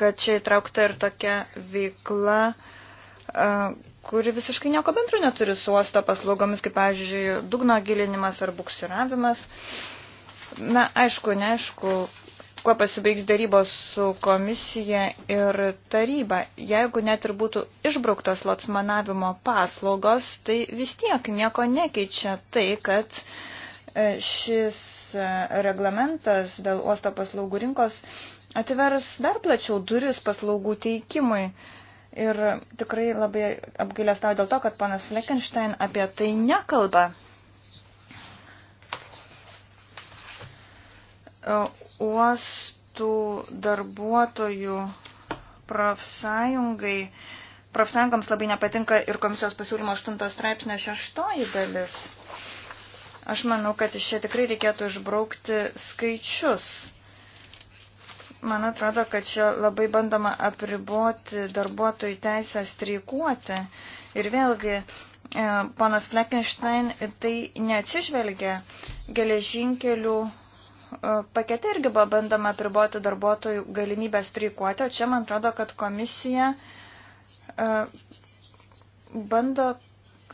Speaker 4: kad čia įtraukta ir tokia veikla, kuri visiškai nieko bendro neturi su uosto paslaugomis, kaip, pavyzdžiui, dugno gilinimas ar buksiravimas. Na, aišku, neaišku, kuo pasibaigs darybos su komisija ir taryba. Jeigu net ir būtų išbrauktos lotsmanavimo paslaugos, tai vis tiek nieko nekeičia tai, kad e, šis e, reglamentas dėl uosto paslaugų rinkos atvers dar plačiau duris paslaugų teikimui. Ir tikrai labai apgailestau dėl to, kad panas Fleckenstein apie tai nekalba. uostų darbuotojų profsąjungai, profsąjungams labai nepatinka ir komisijos pasiūlymo 8 straipsnio 6 dalis. Aš manau, kad iš čia tikrai reikėtų išbraukti skaičius. Man atrodo, kad čia labai bandoma apriboti darbuotojų teisę streikuoti. Ir vėlgi, e, ponas Fleckenstein tai neatsižvelgia geležinkelių E, pakete irgi buvo bandoma priboti darbuotojų galimybę streikuoti, o čia man atrodo, kad komisija e, bando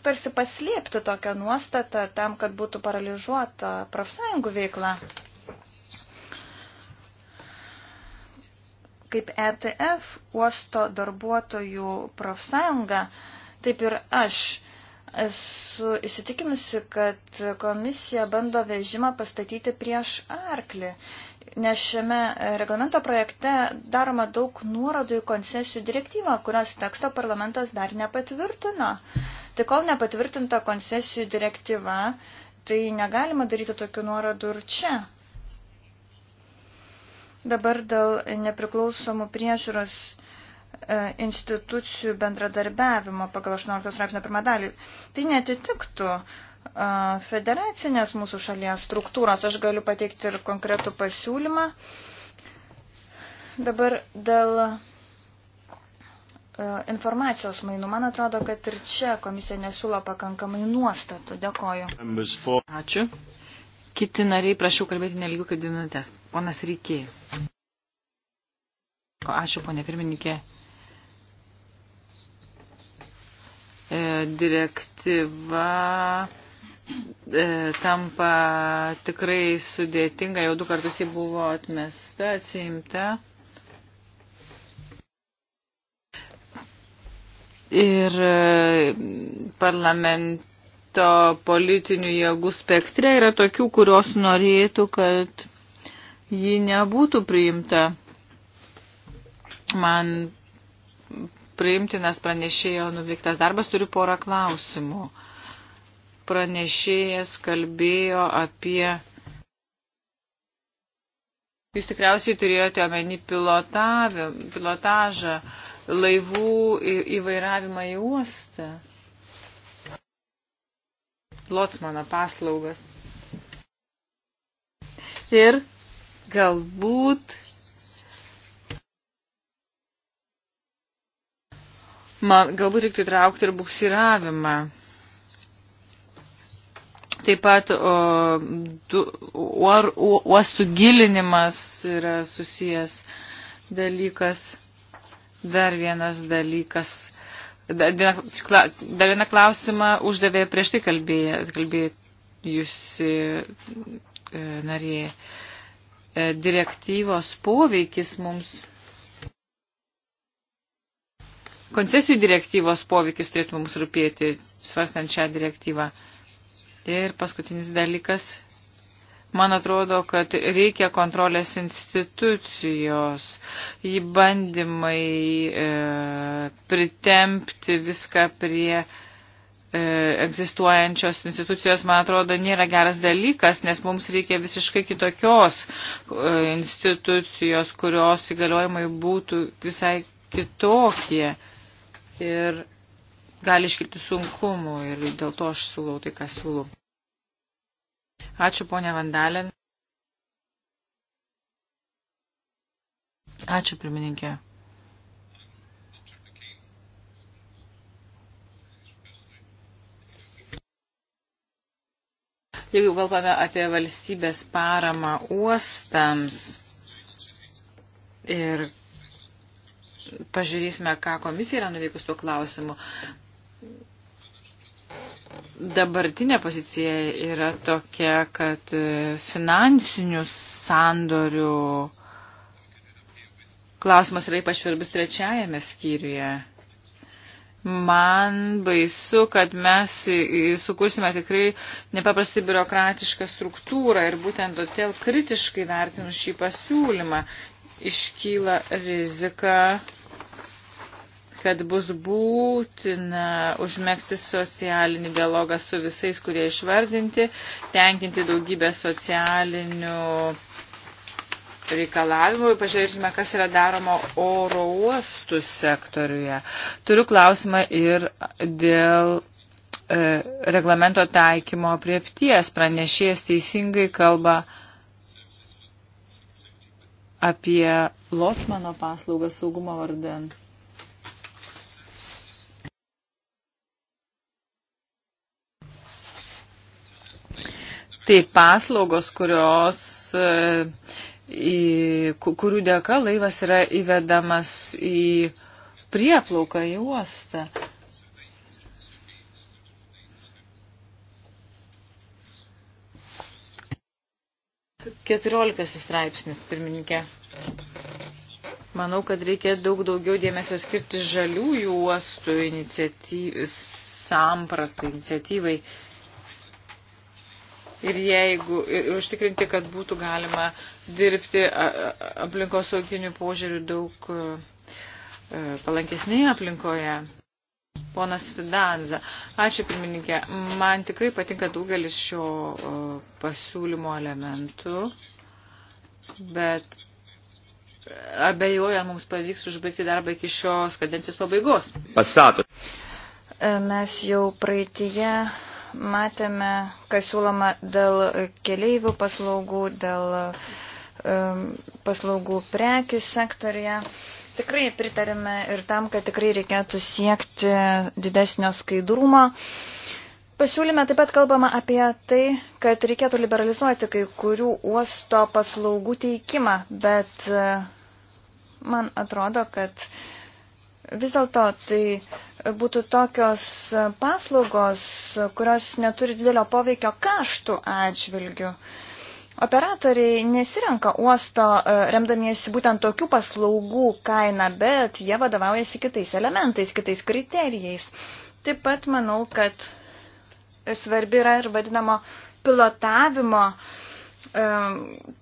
Speaker 4: tarsi paslėpti tokią nuostatą tam, kad būtų paralyžuota profsąjungų veikla. Kaip ETF, uosto darbuotojų profsąjunga, taip ir aš Esu įsitikinusi, kad komisija bando vežimą pastatyti prieš arklį, nes šiame reglamento projekte daroma daug nuorodų į koncesijų direktyvą, kurios teksto parlamentas dar nepatvirtino. Tai kol nepatvirtinta koncesijų direktyva, tai negalima daryti tokių nuorodų ir čia. Dabar dėl nepriklausomų priežiūros E, institucijų bendradarbiavimo pagal 18 straipsnio pirmą dalį. Tai netitiktų e, federacinės mūsų šalies struktūros. Aš galiu pateikti ir konkretų pasiūlymą. Dabar dėl e, informacijos mainų. Man atrodo, kad ir čia komisija nesiūlo pakankamai nuostatų.
Speaker 3: Dėkoju. Ačiū. Kiti nariai, prašau kalbėti nelgiau kaip dvi minutės. Ponas Rykė. Ačiū, ponė pirmininkė. E, direktyva e, tampa tikrai sudėtinga, jau du kartus ji buvo atmesta, atsiimta. Ir e, parlamento politinių jėgų spektre yra tokių, kurios norėtų, kad ji nebūtų priimta. Man priimtinas pranešėjo nuveiktas darbas. Turiu porą klausimų. Pranešėjas kalbėjo apie. Jūs tikriausiai turėjote omeny pilotažą, laivų įvairavimą į uostą. Lotsmano paslaugas. Ir galbūt Man, galbūt reiktų įtraukti ir buksiravimą. Taip pat o, du, uor, u, uostų gilinimas yra susijęs dalykas. Dar vienas dalykas. Dar vieną klausimą uždavė prieš tai kalbėję, kalbėjusi e, narė. E, direktyvos poveikis mums koncesijų direktyvos poveikis turėtų mums rūpėti, svarstant šią direktyvą. Ir paskutinis dalykas, man atrodo, kad reikia kontrolės institucijos, jį bandymai e, pritempti viską prie e, egzistuojančios institucijos, man atrodo, nėra geras dalykas, nes mums reikia visiškai kitokios e, institucijos, kurios įgaliojimai būtų visai kitokie ir gali iškilti sunkumų ir dėl to aš siūlau tai, ką siūlau. Ačiū, ponė Vandalin. Ačiū, pirmininkė. Jeigu kalbame apie valstybės paramą uostams ir pažiūrėsime, ką komisija yra nuveikus tuo klausimu. Dabartinė pozicija yra tokia, kad finansinių sandorių klausimas yra ypač svarbus trečiajame skyriuje. Man baisu, kad mes sukursime tikrai nepaprastai biurokratišką struktūrą ir būtent todėl kritiškai vertinu šį pasiūlymą, iškyla rizika, kad bus būtina užmėgsti socialinį dialogą su visais, kurie išvardinti, tenkinti daugybę socialinių reikalavimų ir pažiūrėkime, kas yra daroma oro uostų sektoriuje. Turiu klausimą ir dėl e, reglamento taikymo priepties. Pranešėjas teisingai kalba apie Locmano paslaugą saugumo vardan. Tai paslaugos, kurios, e, kurių dėka laivas yra įvedamas į prieplauką į uostą. 14 straipsnis, pirmininkė. Manau, kad reikia daug daugiau dėmesio skirti žaliųjų uostų iniciatyv... sampratai, iniciatyvai. Ir jeigu ir užtikrinti, kad būtų galima dirbti aplinkosauginių požiūrių daug e, palankesnėje aplinkoje. Ponas Fidanza, ačiū pirmininkė. Man tikrai patinka daugelis šio pasiūlymo elementų, bet abejoju, ar mums pavyks užbaigti darbą iki šios kadencijos pabaigos.
Speaker 5: Pasato. E,
Speaker 4: mes jau praeitie matėme, kas siūloma dėl keleivių paslaugų, dėl e, paslaugų prekių sektorija. Tikrai pritarime ir tam, kad tikrai reikėtų siekti didesnio skaidrumo. Pasiūlyme taip pat kalbama apie tai, kad reikėtų liberalizuoti kai kurių uosto paslaugų teikimą, bet e, man atrodo, kad vis dėlto tai būtų tokios paslaugos, kurios neturi didelio poveikio kaštų atžvilgių. Uh, Operatoriai nesirenka uosto e, remdamiesi būtent tokių paslaugų kainą, bet jie vadovaujasi kitais elementais, kitais kriterijais. Taip pat manau, kad svarbi yra ir vadinamo pilotavimo e,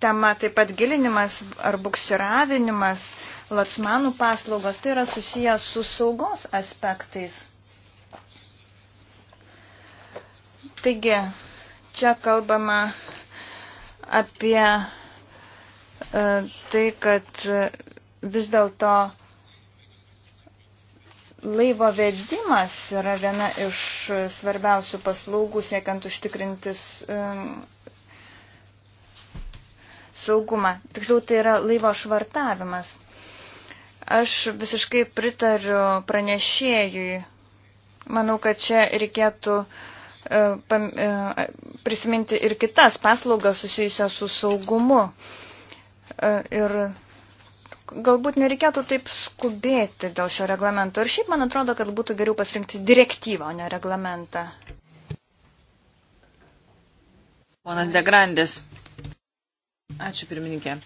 Speaker 4: tema, taip pat gilinimas ar buksiravinimas, latsmanų paslaugos, tai yra susijęs su saugos aspektais. Taigi, čia kalbama apie e, tai, kad e, vis dėlto laivo vedimas yra viena iš svarbiausių paslaugų siekiant užtikrintis e, saugumą. Tiksliau, tai yra laivo švartavimas. Aš visiškai pritariu pranešėjui. Manau, kad čia reikėtų uh, E, e, prisiminti ir kitas paslaugas susijusias su saugumu. E, ir galbūt nereikėtų taip skubėti dėl šio reglamento. Ir šiaip man atrodo, kad būtų geriau pasirinkti direktyvą, o ne reglamentą. Ponas Degrandės.
Speaker 3: Ačiū pirmininkė.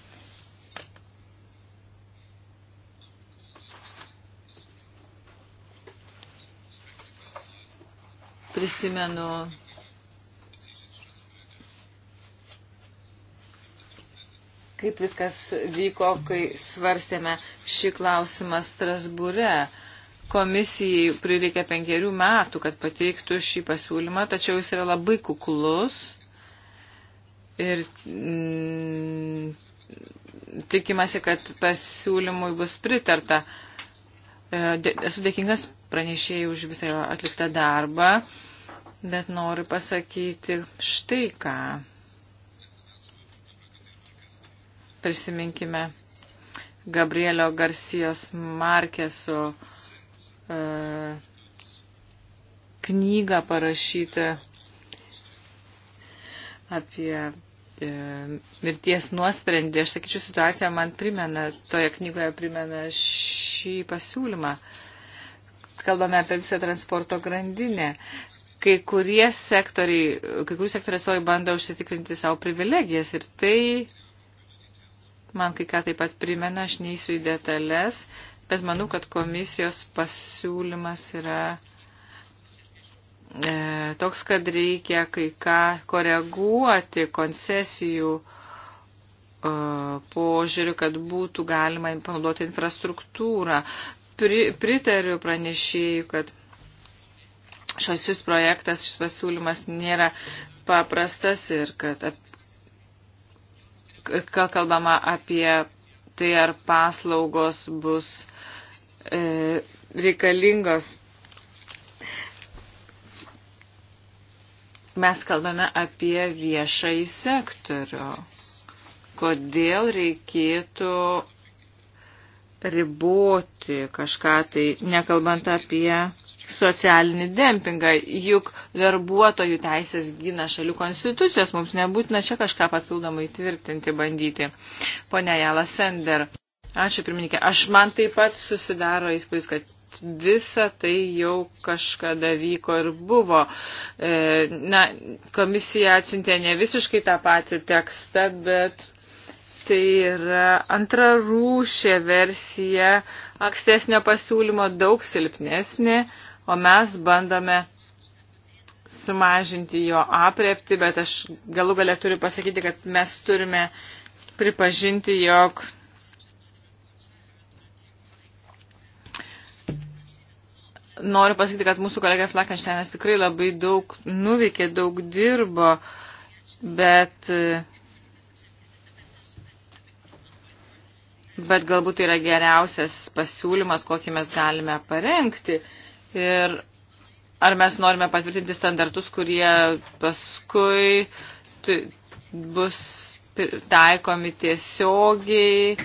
Speaker 3: prisimenu kaip viskas vyko, kai svarstėme šį klausimą Strasbūre. Komisijai prireikė penkerių metų, kad pateiktų šį pasiūlymą, tačiau jis yra labai kuklus ir mm, tikimasi, kad pasiūlymui bus pritarta. E, esu dėkingas pranešėjai už visą atliktą darbą bet noriu pasakyti štai ką. Prisiminkime Gabrielio Garcijos Markeso e, knygą parašytą apie e, mirties nuosprendį. Aš sakyčiau, situacija man primena, toje knygoje primena šį pasiūlymą. Kalbame apie visą transporto grandinę kai kurie sektoriai, kai kurių sektorių atstovai bando užsitikrinti savo privilegijas ir tai man kai ką taip pat primena, aš neįsiu į detalės, bet manau, kad komisijos pasiūlymas yra e, toks, kad reikia kai ką koreguoti koncesijų e, požiūriu, kad būtų galima panaudoti infrastruktūrą. Pri, pritariu pranešėjų, kad šis projektas, šis pasiūlymas nėra paprastas ir kad, kad kalbama apie tai, ar paslaugos bus e, reikalingos. Mes kalbame apie viešąjį sektorių. Kodėl reikėtų riboti kažką, tai nekalbant apie socialinį dempingą, juk darbuotojų teisės gina šalių konstitucijos, mums nebūtina čia kažką papildomai tvirtinti, bandyti. Pone Jala Sender, ačiū pirmininkė, aš man taip pat susidaro įspūdis, kad visa tai jau kažkada vyko ir buvo. E, na, komisija atsiuntė ne visiškai tą patį tekstą, bet Tai yra antra rūšė versija, ankstesnio pasiūlymo daug silpnesnė, o mes bandome sumažinti jo aprepti, bet aš galų galę turiu pasakyti, kad mes turime pripažinti, jog noriu pasakyti, kad mūsų kolega Flakensteinas tikrai labai daug nuveikė, daug dirbo, bet uh, bet galbūt tai yra geriausias pasiūlymas, kokį mes galime parengti. Ir ar mes norime patvirtinti standartus, kurie paskui bus taikomi tiesiogiai.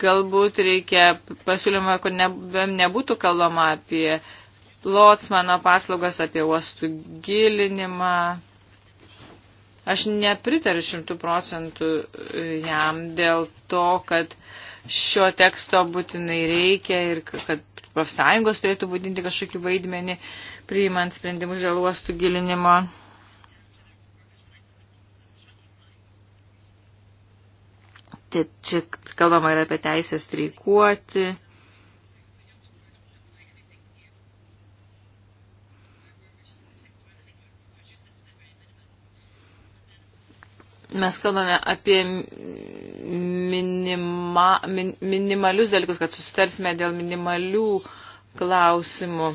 Speaker 3: Galbūt reikia pasiūlymą, kur ne, nebūtų kalbama apie lotsmano paslaugas, apie uostų gilinimą. Aš nepritariu šimtų procentų jam dėl to, kad uh, šio teksto būtinai reikia ir kad profsąjungos turėtų būdinti kažkokį vaidmenį, priimant sprendimus dėl uostų gilinimo. Tai čia kalbama ir apie teisę streikuoti. mes kalbame apie minima, min, minimalius dalykus, kad susitarsime dėl minimalių klausimų.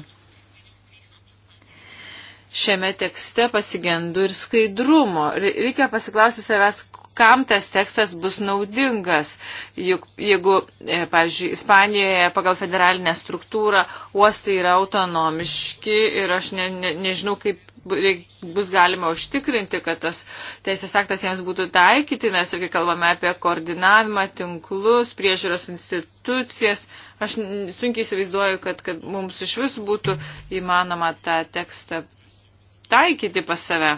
Speaker 3: Šiame tekste pasigendu ir skaidrumo. Reikia pasiklausyti savęs, kam tas tekstas bus naudingas. Juk, jeigu, e, pavyzdžiui, Ispanijoje pagal federalinę struktūrą uostai yra autonomiški ir aš ne, ne, nežinau, kaip bus galima užtikrinti, kad tas teisės aktas jiems būtų taikytinas ir kai kalbame apie koordinavimą, tinklus, priežiūros institucijas, aš sunkiai įsivaizduoju, kad, kad mums iš vis būtų įmanoma tą tekstą taikyti pas save.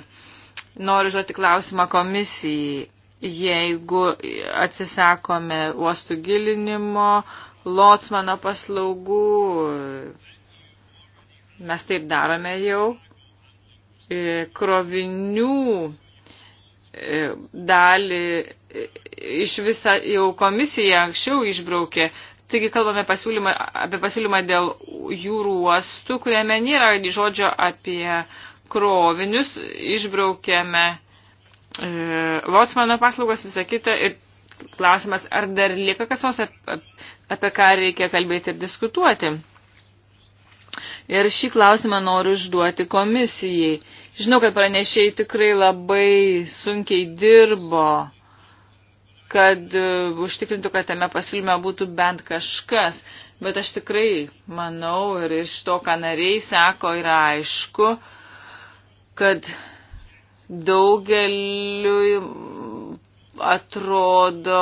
Speaker 3: Noriu žodį klausimą komisijai. Jeigu atsisakome uostų gilinimo, lotsmano paslaugų, mes taip darome jau, E, krovinių e, dalį e, iš visą jau komisija anksčiau išbraukė. Taigi kalbame pasiūlymą, apie pasiūlymą dėl jūrų uostų, kuriame nėra žodžio apie krovinius, išbraukėme e, Lotsmano paslaugas, visą kitą ir klausimas, ar dar lieka kas nors, apie ką reikia kalbėti ir diskutuoti. Ir šį klausimą noriu užduoti komisijai. Žinau, kad pranešėjai tikrai labai sunkiai dirbo, kad e, užtikrintų, kad tame pasiūlyme būtų bent kažkas. Bet aš tikrai manau ir iš to, ką nariai sako, yra aišku, kad daugeliu atrodo,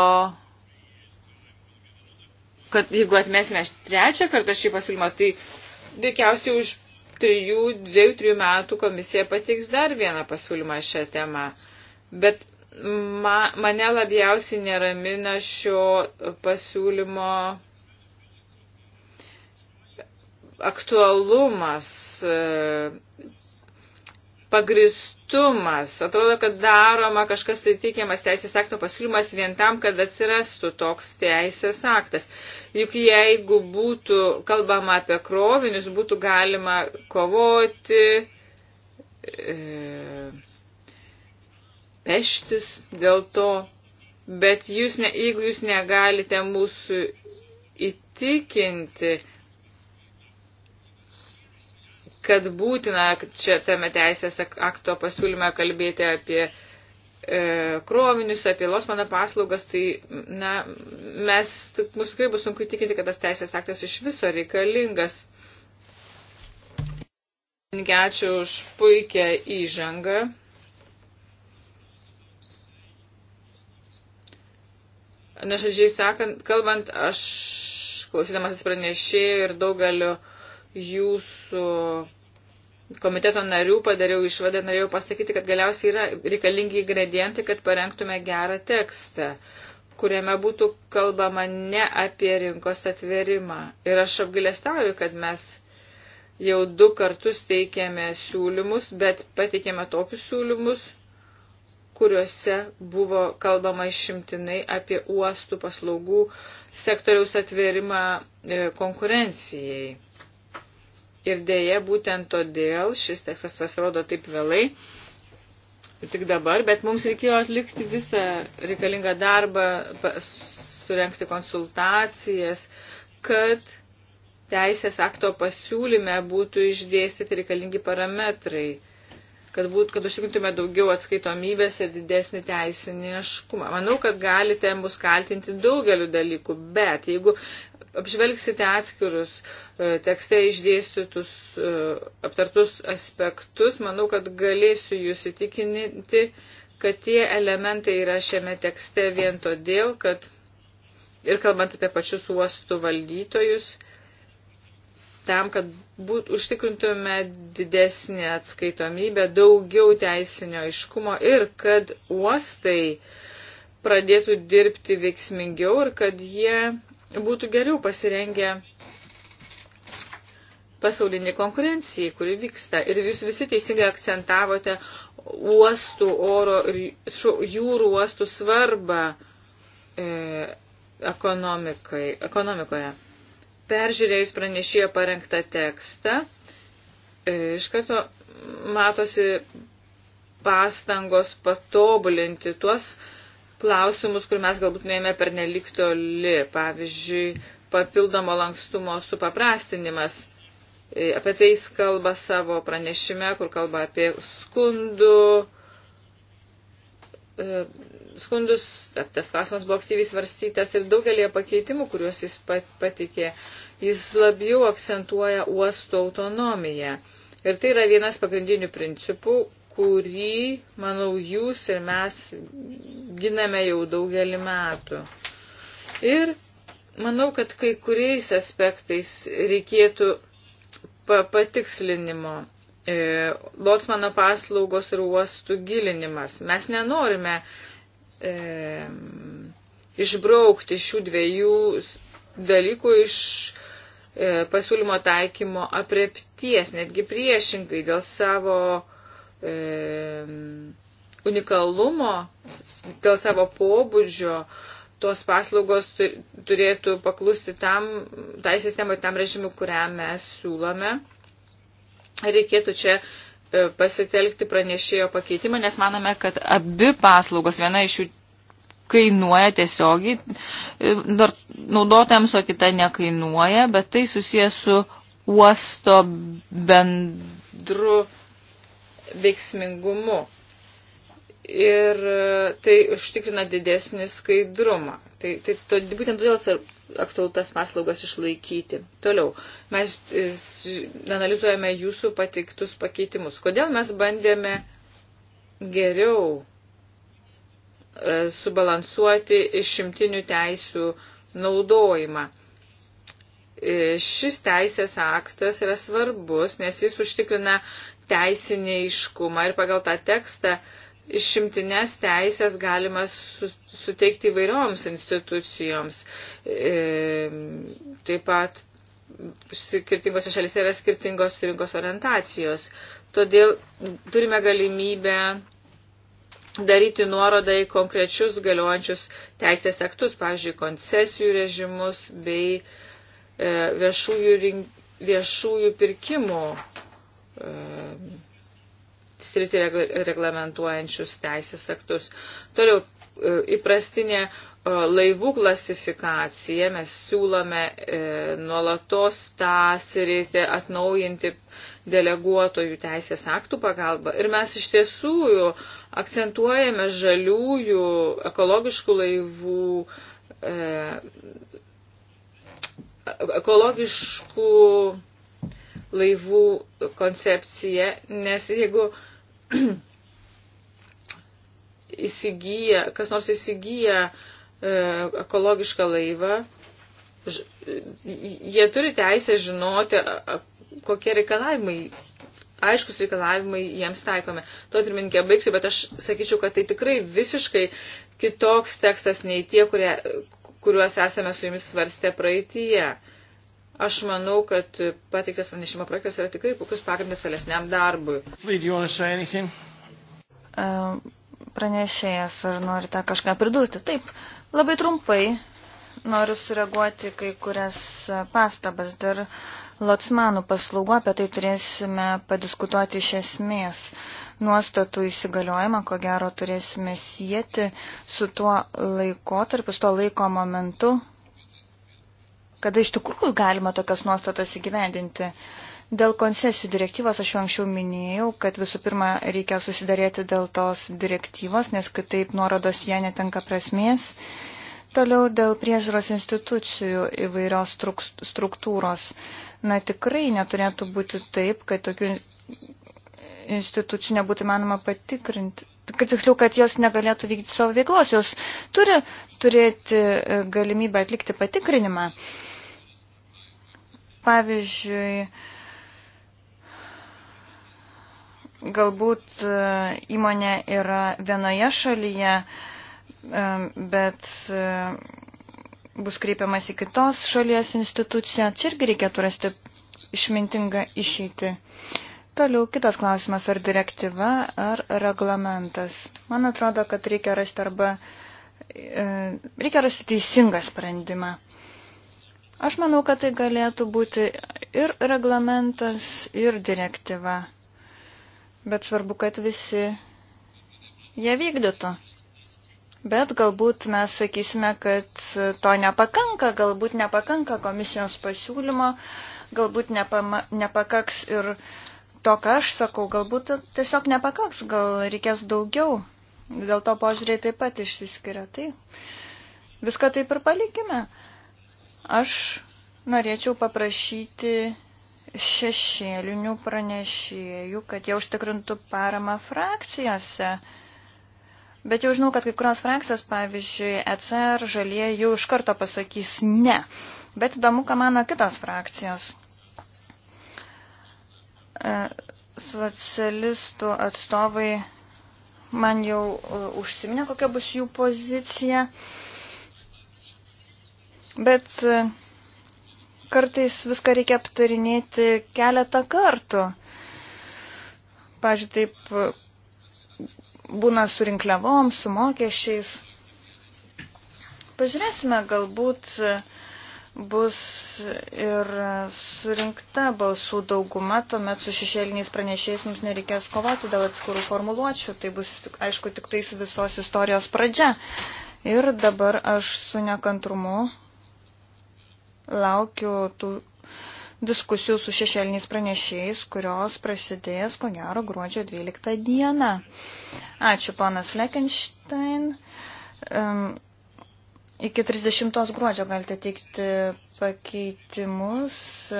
Speaker 3: kad jeigu atmesime trečią kartą šį pasiūlymą, tai Tikiausiai už 2-3 metų komisija patiks dar vieną pasiūlymą šią temą. Bet ma, mane labiausiai neramina šio pasiūlymo aktualumas e, pagris, lankstumas. Atrodo, kad daroma kažkas įtikiamas tai teisės akto pasiūlymas vien tam, kad atsirastų toks teisės aktas. Juk jeigu būtų kalbama apie krovinius, būtų galima kovoti, e, peštis dėl to. Bet jūs ne, jeigu jūs negalite mūsų įtikinti, kad būtina čia tame teisės akto pasiūlyme kalbėti apie e, krovinius, apie losmano paslaugas, tai na, mes, mūsų tikrai bus sunku įtikinti, kad tas teisės aktas iš viso reikalingas. Ačiū už puikią įžangą. Nešažiai sakant, kalbant, aš klausydamasis pranešėjų ir daugeliu uh, jūsų komiteto narių padariau išvadą, norėjau pasakyti, kad galiausiai yra reikalingi ingredientai, kad parengtume gerą tekstą, kuriame būtų kalbama ne apie rinkos atverimą. Ir aš apgailestauju, kad mes jau du kartus teikėme siūlymus, bet pateikėme tokius siūlymus, kuriuose buvo kalbama išimtinai apie uostų paslaugų sektoriaus atverimą e, konkurencijai. Ir dėje būtent todėl šis tekstas pasirodo taip vėlai, tik dabar, bet mums reikėjo atlikti visą reikalingą darbą, surenkti konsultacijas, kad teisės akto pasiūlyme būtų išdėstyti reikalingi parametrai kad, būt, kad užtikrintume daugiau atskaitomybės ir didesnį teisinį aškumą. Manau, kad galite mus kaltinti daugeliu dalykų, bet jeigu apžvelgsite atskirus e, tekste išdėstytus e, aptartus aspektus, manau, kad galėsiu jūs įtikinti, kad tie elementai yra šiame tekste vien todėl, kad ir kalbant apie pačius uostų valdytojus, tam, kad būt, užtikrintume didesnį atskaitomybę, daugiau teisinio iškumo ir kad uostai pradėtų dirbti veiksmingiau ir kad jie būtų geriau pasirengę pasaulinį konkurenciją, kuri vyksta. Ir jūs visi teisingai akcentavote uostų, oro ir jūrų uostų svarbą e, ekonomikoje Peržiūrėjus pranešėjo parengtą tekstą, e, iš karto matosi pastangos patobulinti tuos klausimus, kur mes galbūt neėmė per nelik toli. Pavyzdžiui, papildomo lankstumo supaprastinimas. E, apie tai jis kalba savo pranešime, kur kalba apie skundų E, skundus, tas klausimas buvo aktyviai svarstytas ir daugelie pakeitimų, kuriuos jis patikė, jis labiau akcentuoja uosto autonomiją. Ir tai yra vienas pagrindinių principų, kurį, manau, jūs ir mes giname jau daugelį metų. Ir manau, kad kai kuriais aspektais reikėtų patikslinimo e, lotsmano paslaugos ir uostų gilinimas. Mes nenorime e, išbraukti šių dviejų dalykų iš e, pasiūlymo taikymo aprepties, netgi priešingai dėl savo e, unikalumo, dėl savo pobūdžio. Tos paslaugos turėtų paklusti tam, tai sistemai, tam režimui, kurią mes siūlome reikėtų čia e, pasitelkti pranešėjo pakeitimą, nes manome, kad abi paslaugos, viena iš jų kainuoja tiesiogiai, e, dar naudotojams, o kita nekainuoja, bet tai susijęs su uosto bendru veiksmingumu ir e, tai užtikrina didesnį skaidrumą. Tai, tai to, būtent todėl aktualu tas paslaugas išlaikyti. Toliau, mes e, analizuojame jūsų pateiktus pakeitimus. Kodėl mes bandėme geriau e, subalansuoti išimtinių teisių naudojimą. Šis teisės aktas yra svarbus, nes jis užtikrina teisinį iškumą ir pagal tą tekstą uh, išimtines teisės galima su, suteikti įvairioms institucijoms. E, taip pat skirtingose šalise yra skirtingos rinkos orientacijos. Todėl turime galimybę daryti nuorodą į konkrečius galiojančius teisės aktus, pavyzdžiui, koncesijų režimus bei e, viešųjų, rink, viešųjų pirkimų e, sritį reglamentuojančius teisės aktus. Toliau e, įprastinė e, laivų klasifikacija, mes siūlome e, nuolatos tą sritį atnaujinti deleguotojų teisės aktų pagalba. Ir mes iš tiesų akcentuojame žaliųjų ekologiškų laivų ekologiškų laivų koncepciją, nes jeigu uh, įsigyja, kas nors įsigyja e, ekologišką laivą, jie turi teisę žinoti, kokie reikalavimai, aiškus reikalavimai jiems taikomi. Tuo pirmininkė baigsiu, bet aš sakyčiau, kad tai tikrai visiškai kitoks tekstas nei tie, kurie, kuriuos esame su jumis svarstę praeitįje. Aš manau, kad pateiktas pranešimo projektas yra tikrai puikus pagrindas tolesniam darbui.
Speaker 4: Pranešėjas, ar norite kažką pridurti? Taip, labai trumpai noriu sureaguoti kai kurias pastabas. Dar lotsmanų paslaugų apie tai turėsime padiskutuoti iš esmės. Nuostatų įsigaliojimą, ko gero, turėsime sieti su tuo laikotarpiu, su tuo laiko momentu, kada iš tikrųjų galima tokias nuostatas įgyvendinti. Dėl koncesijų direktyvos aš jau anksčiau minėjau, kad visų pirma reikia susidarėti dėl tos direktyvos, nes kitaip nuorodos jie netenka prasmės. Toliau dėl priežiūros institucijų įvairios struktūros. Na tikrai neturėtų būti taip, kad tokių institucijų nebūtų manoma patikrinti kad tiksliau, kad jos negalėtų vykdyti savo veiklos, jos turi turėti e, galimybę atlikti patikrinimą. Pavyzdžiui, galbūt e, įmonė yra vienoje šalyje, e, bet bus kreipiamas į kitos šalies instituciją. Čia irgi reikėtų rasti išmintingą išeitį. Toliau kitas klausimas, ar direktyva, ar reglamentas. Man atrodo, kad reikia rasti arba e, reikia rasti teisingą sprendimą. Aš manau, kad tai galėtų būti ir reglamentas, ir direktyva. Bet svarbu, kad visi jie vykdytų. Bet galbūt mes sakysime, kad to nepakanka, galbūt nepakanka komisijos pasiūlymo, galbūt nepama, nepakaks ir uh, to, ką aš sakau, galbūt tiesiog nepakaks, gal reikės daugiau. Dėl to požiūrėjai taip pat išsiskiria. Tai viską taip ir palikime. Aš norėčiau paprašyti šešėlinių pranešėjų, kad jie užtikrintų paramą frakcijose. Bet jau žinau, kad kai kurios frakcijos, pavyzdžiui, ECR, žalie, jau iš karto pasakys ne. Bet įdomu, ką mano kitos frakcijos. E, socialistų atstovai man jau e, užsiminė, kokia bus jų pozicija. Bet e, kartais viską reikia aptarinėti keletą kartų. Pavyzdžiui, taip būna su rinkliavom, su mokesčiais. Pažiūrėsime, galbūt uh, bus ir surinkta balsų dauguma, tuomet su šešėliniais pranešėjais mums nereikės kovoti dėl atskirų formuluočių, tai bus, aišku, tik tais visos istorijos pradžia. Ir dabar aš su nekantrumu laukiu tų diskusijų su šešėliniais pranešėjais, kurios prasidės, ko gero, gruodžio 12 dieną. Ačiū, ponas Lekenstein. Um, Iki 30 gruodžio galite teikti pakeitimus.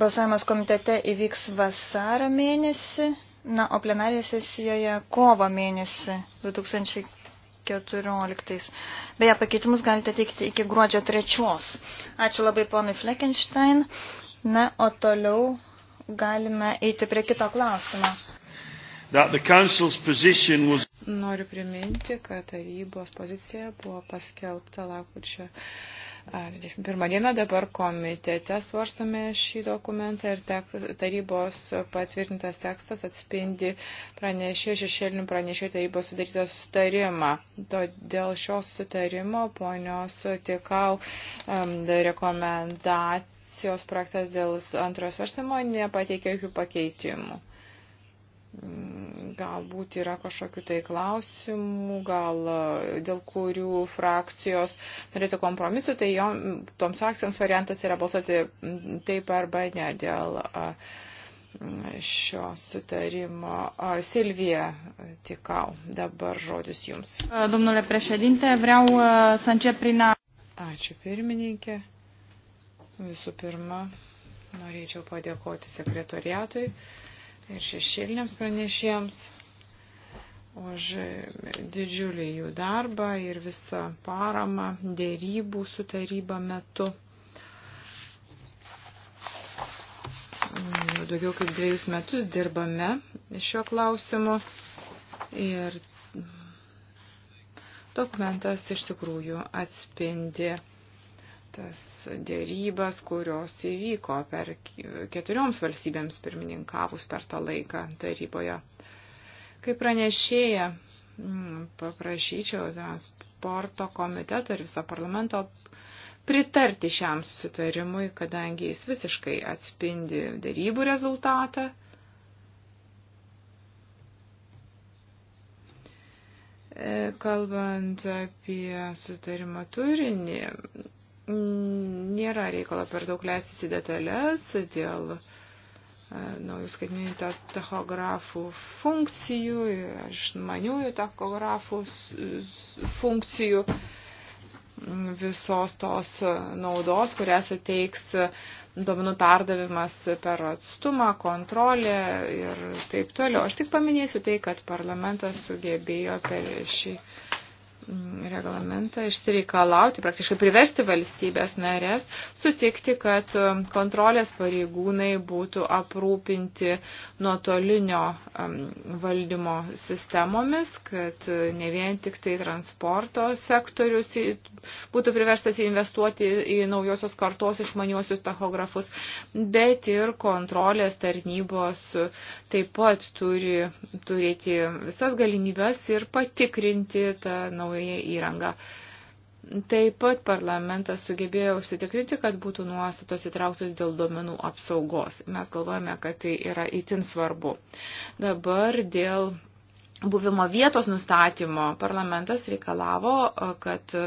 Speaker 4: Balsavimas komitete įvyks vasario mėnesį, na, o plenarėje sesijoje kovo mėnesį 2014. Beje, pakeitimus galite teikti iki gruodžio 3. Ačiū labai ponui Fleckenstein. Na, o toliau galime eiti prie kito klausimo.
Speaker 1: That the council's position was
Speaker 2: Noriu priminti, kad tarybos pozicija buvo paskelbta lakučio 21 dieną. Dabar komitete svarstome šį dokumentą ir tek, tarybos patvirtintas tekstas atspindi pranešė, šešėlinių pranešė tarybos sudarytą sutarimą. Dėl šio sutarimo ponios tikau um, rekomendacijos projektas dėl antrojo svarstymo nepateikė jokių pakeitimų galbūt yra kažkokių tai klausimų, gal e, dėl kurių frakcijos norėtų kompromisų, tai jo, toms frakcijoms variantas yra balsuoti taip arba ne dėl šio sutarimo. Silvija Tikau, dabar žodis jums.
Speaker 4: Domnule președinte, vreau să încep
Speaker 2: prin a... Ačiū pirmininkė. Visų pirma, norėčiau padėkoti sekretoriatui. Uh, ir šešėliniams pranešėjams už didžiulį jų darbą ir visą paramą dėrybų su taryba metu. Jau daugiau kaip dviejus metus dirbame šiuo klausimu ir dokumentas iš tikrųjų atspindi tas dėrybas, kurios įvyko per keturioms valstybėms pirmininkavus per tą laiką taryboje. Kaip pranešėja, mm, paprašyčiau transporto komiteto ir viso parlamento pritarti šiam susitarimui, kadangi jis visiškai atspindi dėrybų rezultatą. E, kalbant apie sutarimo turinį, nėra reikalo per daug leistis į detalės dėl e, naujų skaitmeninių tachografų funkcijų, išmaniųjų tachografų funkcijų visos tos naudos, kurią suteiks duomenų perdavimas per atstumą, kontrolę ir taip toliau. Aš tik paminėsiu tai, kad parlamentas sugebėjo per šį Mm, reglamentą išsireikalauti, praktiškai priversti valstybės narės sutikti, kad um, kontrolės pareigūnai būtų aprūpinti nuotolinio um, valdymo sistemomis, kad uh, ne vien tik tai transporto sektorius būtų priverstas investuoti į naujosios kartos išmaniuosius tachografus, bet ir kontrolės tarnybos uh, taip pat turi turėti visas galimybės ir patikrinti tą naują naują įrangą. Taip pat parlamentas sugebėjo užsitikrinti, kad būtų nuostatos įtrauktos dėl duomenų apsaugos. Mes galvojame, kad tai yra itin svarbu. Dabar dėl buvimo vietos nustatymo parlamentas reikalavo, kad e,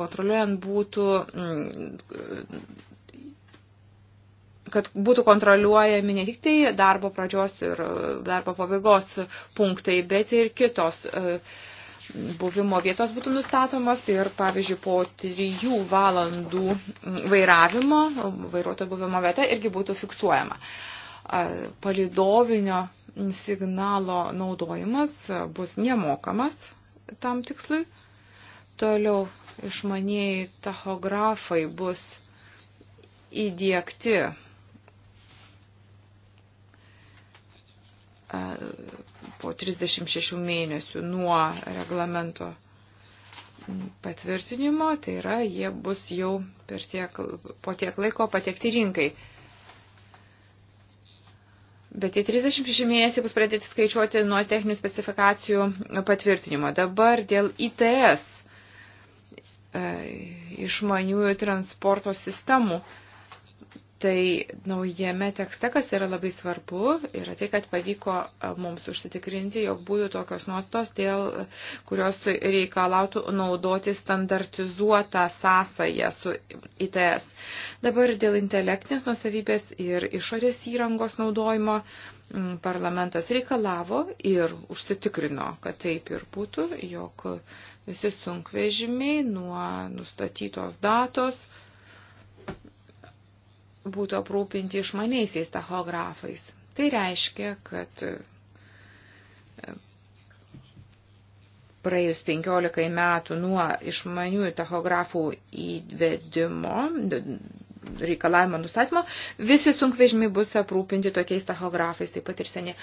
Speaker 2: kontroliuojant būtų mm, kad būtų kontroliuojami ne tik tai darbo pradžios ir e, darbo pabaigos punktai, bet ir kitos uh, buvimo vietos būtų nustatomos ir, pavyzdžiui, po trijų valandų vairavimo vairuotojo buvimo vieta irgi būtų fiksuojama. Palidovinio signalo naudojimas bus nemokamas tam tikslui. Toliau išmaniai tachografai bus įdėkti po 36 mėnesių nuo reglamento patvirtinimo, tai yra jie bus jau per tiek, po tiek laiko patekti rinkai. Bet tie 36 mėnesiai bus pradėti skaičiuoti nuo techninių specifikacijų patvirtinimo. Dabar dėl ITS e, išmaniųjų transporto sistemų. E, Tai naujame tekste, kas yra labai svarbu, yra tai, kad pavyko e, mums užsitikrinti, jog būtų tokios nuostos, dėl kurios reikalautų naudoti standartizuotą sąsąją su ITS. Dabar dėl intelektinės nusavybės ir išorės įrangos naudojimo parlamentas reikalavo ir užsitikrino, kad taip ir būtų, jog visi sunkvežimiai nuo nustatytos datos būtų aprūpinti išmaniaisiais tachografais. Tai reiškia, kad e, praėjus 15 metų nuo išmaniųjų tachografų įvedimo, reikalavimo nustatymo, visi sunkvežimiai bus aprūpinti tokiais tachografais, taip pat ir seniai.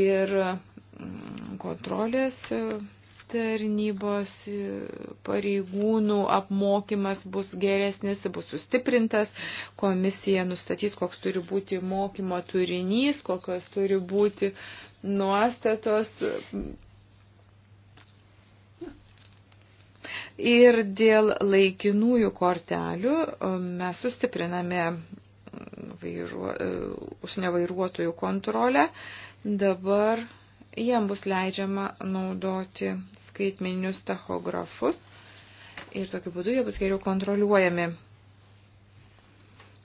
Speaker 2: Ir mm, kontrolės e, tarnybos e, pareigūnų apmokymas bus geresnis, bus sustiprintas, komisija nustatys, koks turi būti mokymo turinys, kokios turi būti nuostatos. Ir dėl laikinųjų kortelių e, mes sustipriname vairuo, e, užnevairuotojų kontrolę. Dabar jiem bus leidžiama naudoti skaitmeninius tachografus ir tokiu būdu jie bus geriau kontroliuojami.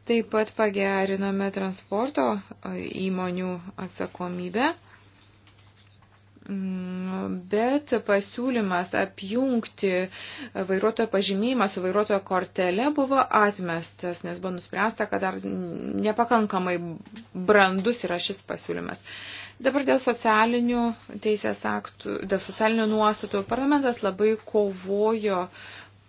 Speaker 2: Taip pat pagerinome transporto e, įmonių atsakomybę, mm, bet pasiūlymas apjungti vairuotojo pažymėjimą su vairuotojo kortele buvo atmestas, nes buvo nuspręsta, kad dar nepakankamai brandus yra šis pasiūlymas. Dabar dėl socialinių teisės aktų, dėl socialinių nuostatų parlamentas labai kovojo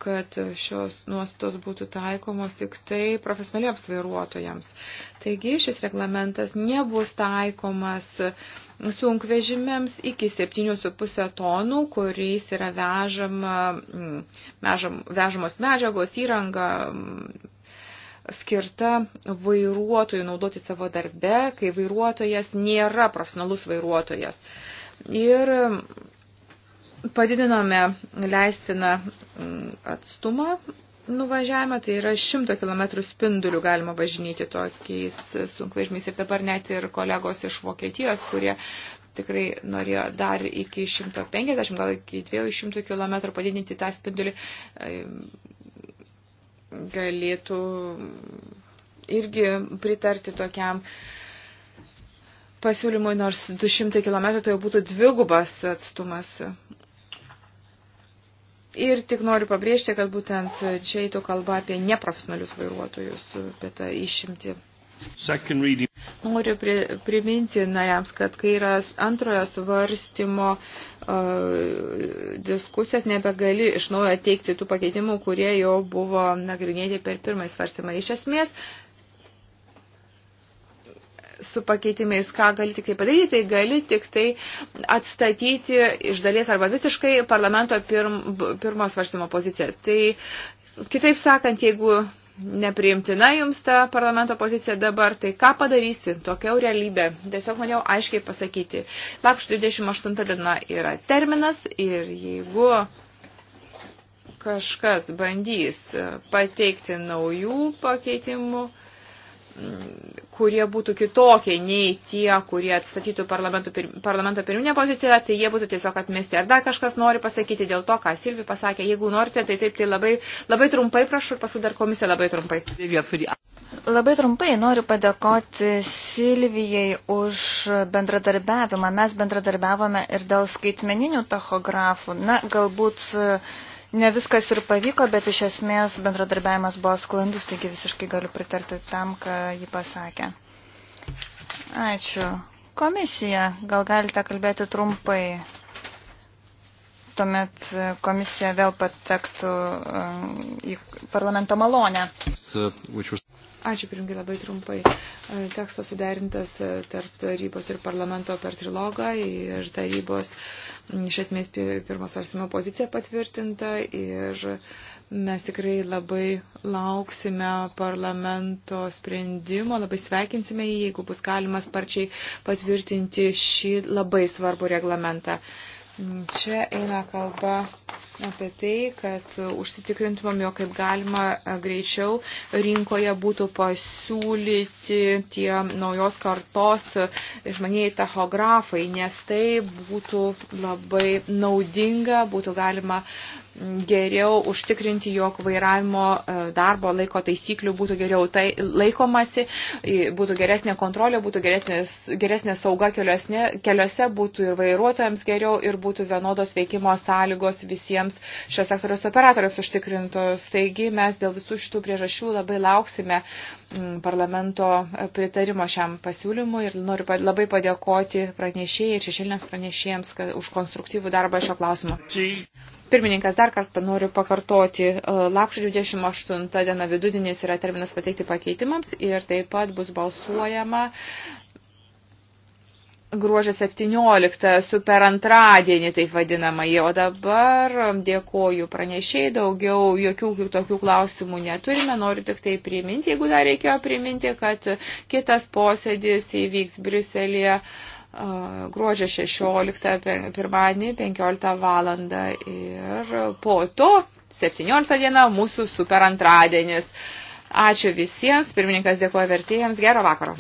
Speaker 2: kad šios nuostatos būtų taikomos tik tai profesionaliems vairuotojams. Taigi šis reglamentas nebus taikomas sunkvežimėms iki 7,5 tonų, kuriais yra vežama, vežam, vežamos medžiagos įranga, skirta vairuotojui naudoti savo darbe, kai vairuotojas nėra profesionalus vairuotojas. Ir padidinome leistiną mm, atstumą nuvažiavimą, tai yra 100 km spindulių galima važinėti tokiais sunkvežimiais. Ir dabar net ir kolegos iš Vokietijos, kurie tikrai norėjo dar iki 150, gal iki 200 km padidinti tą spindulį, galėtų irgi pritarti tokiam pasiūlymui, nors 200 km tai jau būtų dvigubas atstumas. Ir tik noriu pabrėžti, kad būtent čia eitų kalba apie neprofesionalius vairuotojus, apie tą išimtį. Noriu pri, priminti nariams, kad kai yra antrojo svarstymo uh, diskusijos, nebegali iš naujo teikti tų pakeitimų, kurie jau buvo nagrinėti per pirmąjį svarstymą. Iš esmės, su pakeitimais, ką gali tik tai padaryti, tai gali tik tai atstatyti iš dalies arba visiškai parlamento pirm, pirmo svarstymo poziciją. Tai Kitaip sakant, jeigu nepriimtina jums ta parlamento pozicija dabar, tai ką padarysi, tokia realybė. Tiesiog norėjau aiškiai pasakyti. Lapkričio 28 diena yra terminas ir jeigu kažkas bandys pateikti naujų pakeitimų, kurie būtų kitokie nei tie, kurie atstatytų parlamento pirminę poziciją, tai jie būtų tiesiog atmesti. Ar dar kažkas nori pasakyti dėl to, ką Silvi pasakė? Jeigu norite, tai taip, tai labai, labai trumpai prašau ir paskui dar komisija labai trumpai. Labai
Speaker 4: trumpai noriu padėkoti Silvijai už bendradarbiavimą. Mes bendradarbiavome ir dėl skaitmeninių tachografų. Na, galbūt uh, Ne viskas ir pavyko, bet iš esmės bendradarbiavimas buvo sklandus, taigi visiškai galiu pritarti tam, ką ji pasakė. Ačiū. Komisija, gal galite kalbėti trumpai? Tuomet e, komisija vėl patektų
Speaker 2: e, į parlamento malonę. Ačiū, pirmingai, labai trumpai. E, tekstas suderintas e, tarp tarybos ir parlamento per trilogą ir tarybos iš esmės pirmos arsimo pozicija patvirtinta ir mes tikrai labai lauksime parlamento sprendimo, labai sveikinsime jį, jeigu bus galima sparčiai patvirtinti šį labai svarbų reglamentą. Čia eina kalba apie tai, kad užsitikrintumėm, jog kaip galima greičiau rinkoje būtų pasiūlyti tie naujos kartos išmaniai tachografai, nes tai būtų labai naudinga, būtų galima geriau užtikrinti, jog vairavimo e, darbo laiko taisyklių būtų geriau tai, laikomasi, būtų geresnė kontrolė, būtų geresnės, geresnė sauga keliuose, keliuose, būtų ir vairuotojams geriau ir būtų vienodos veikimo sąlygos visiems visiems šios sektoriaus operatoriams užtikrintos. Taigi mes dėl visų šitų priežasčių labai lauksime mm, parlamento pritarimo šiam pasiūlymui ir noriu labai padėkoti pranešėjai ir šešėlinėms pranešėjams už konstruktyvų darbą šio klausimo. Pirmininkas, dar kartą noriu pakartoti, e, lapkričio 28 diena vidudienis yra terminas pateikti pakeitimams ir taip pat bus balsuojama gruožio 17, super antradienį taip vadinamąjį. O dabar dėkoju pranešiai, daugiau jokių tokių klausimų neturime. Noriu tik tai priminti, jeigu dar reikėjo priminti, kad kitas posėdis įvyks Briuselėje gruodžio 16, pirmadienį 15 valandą ir po to 17 diena mūsų super antradienis. Ačiū visiems, pirmininkas dėkoja vertėjams, gero vakaro.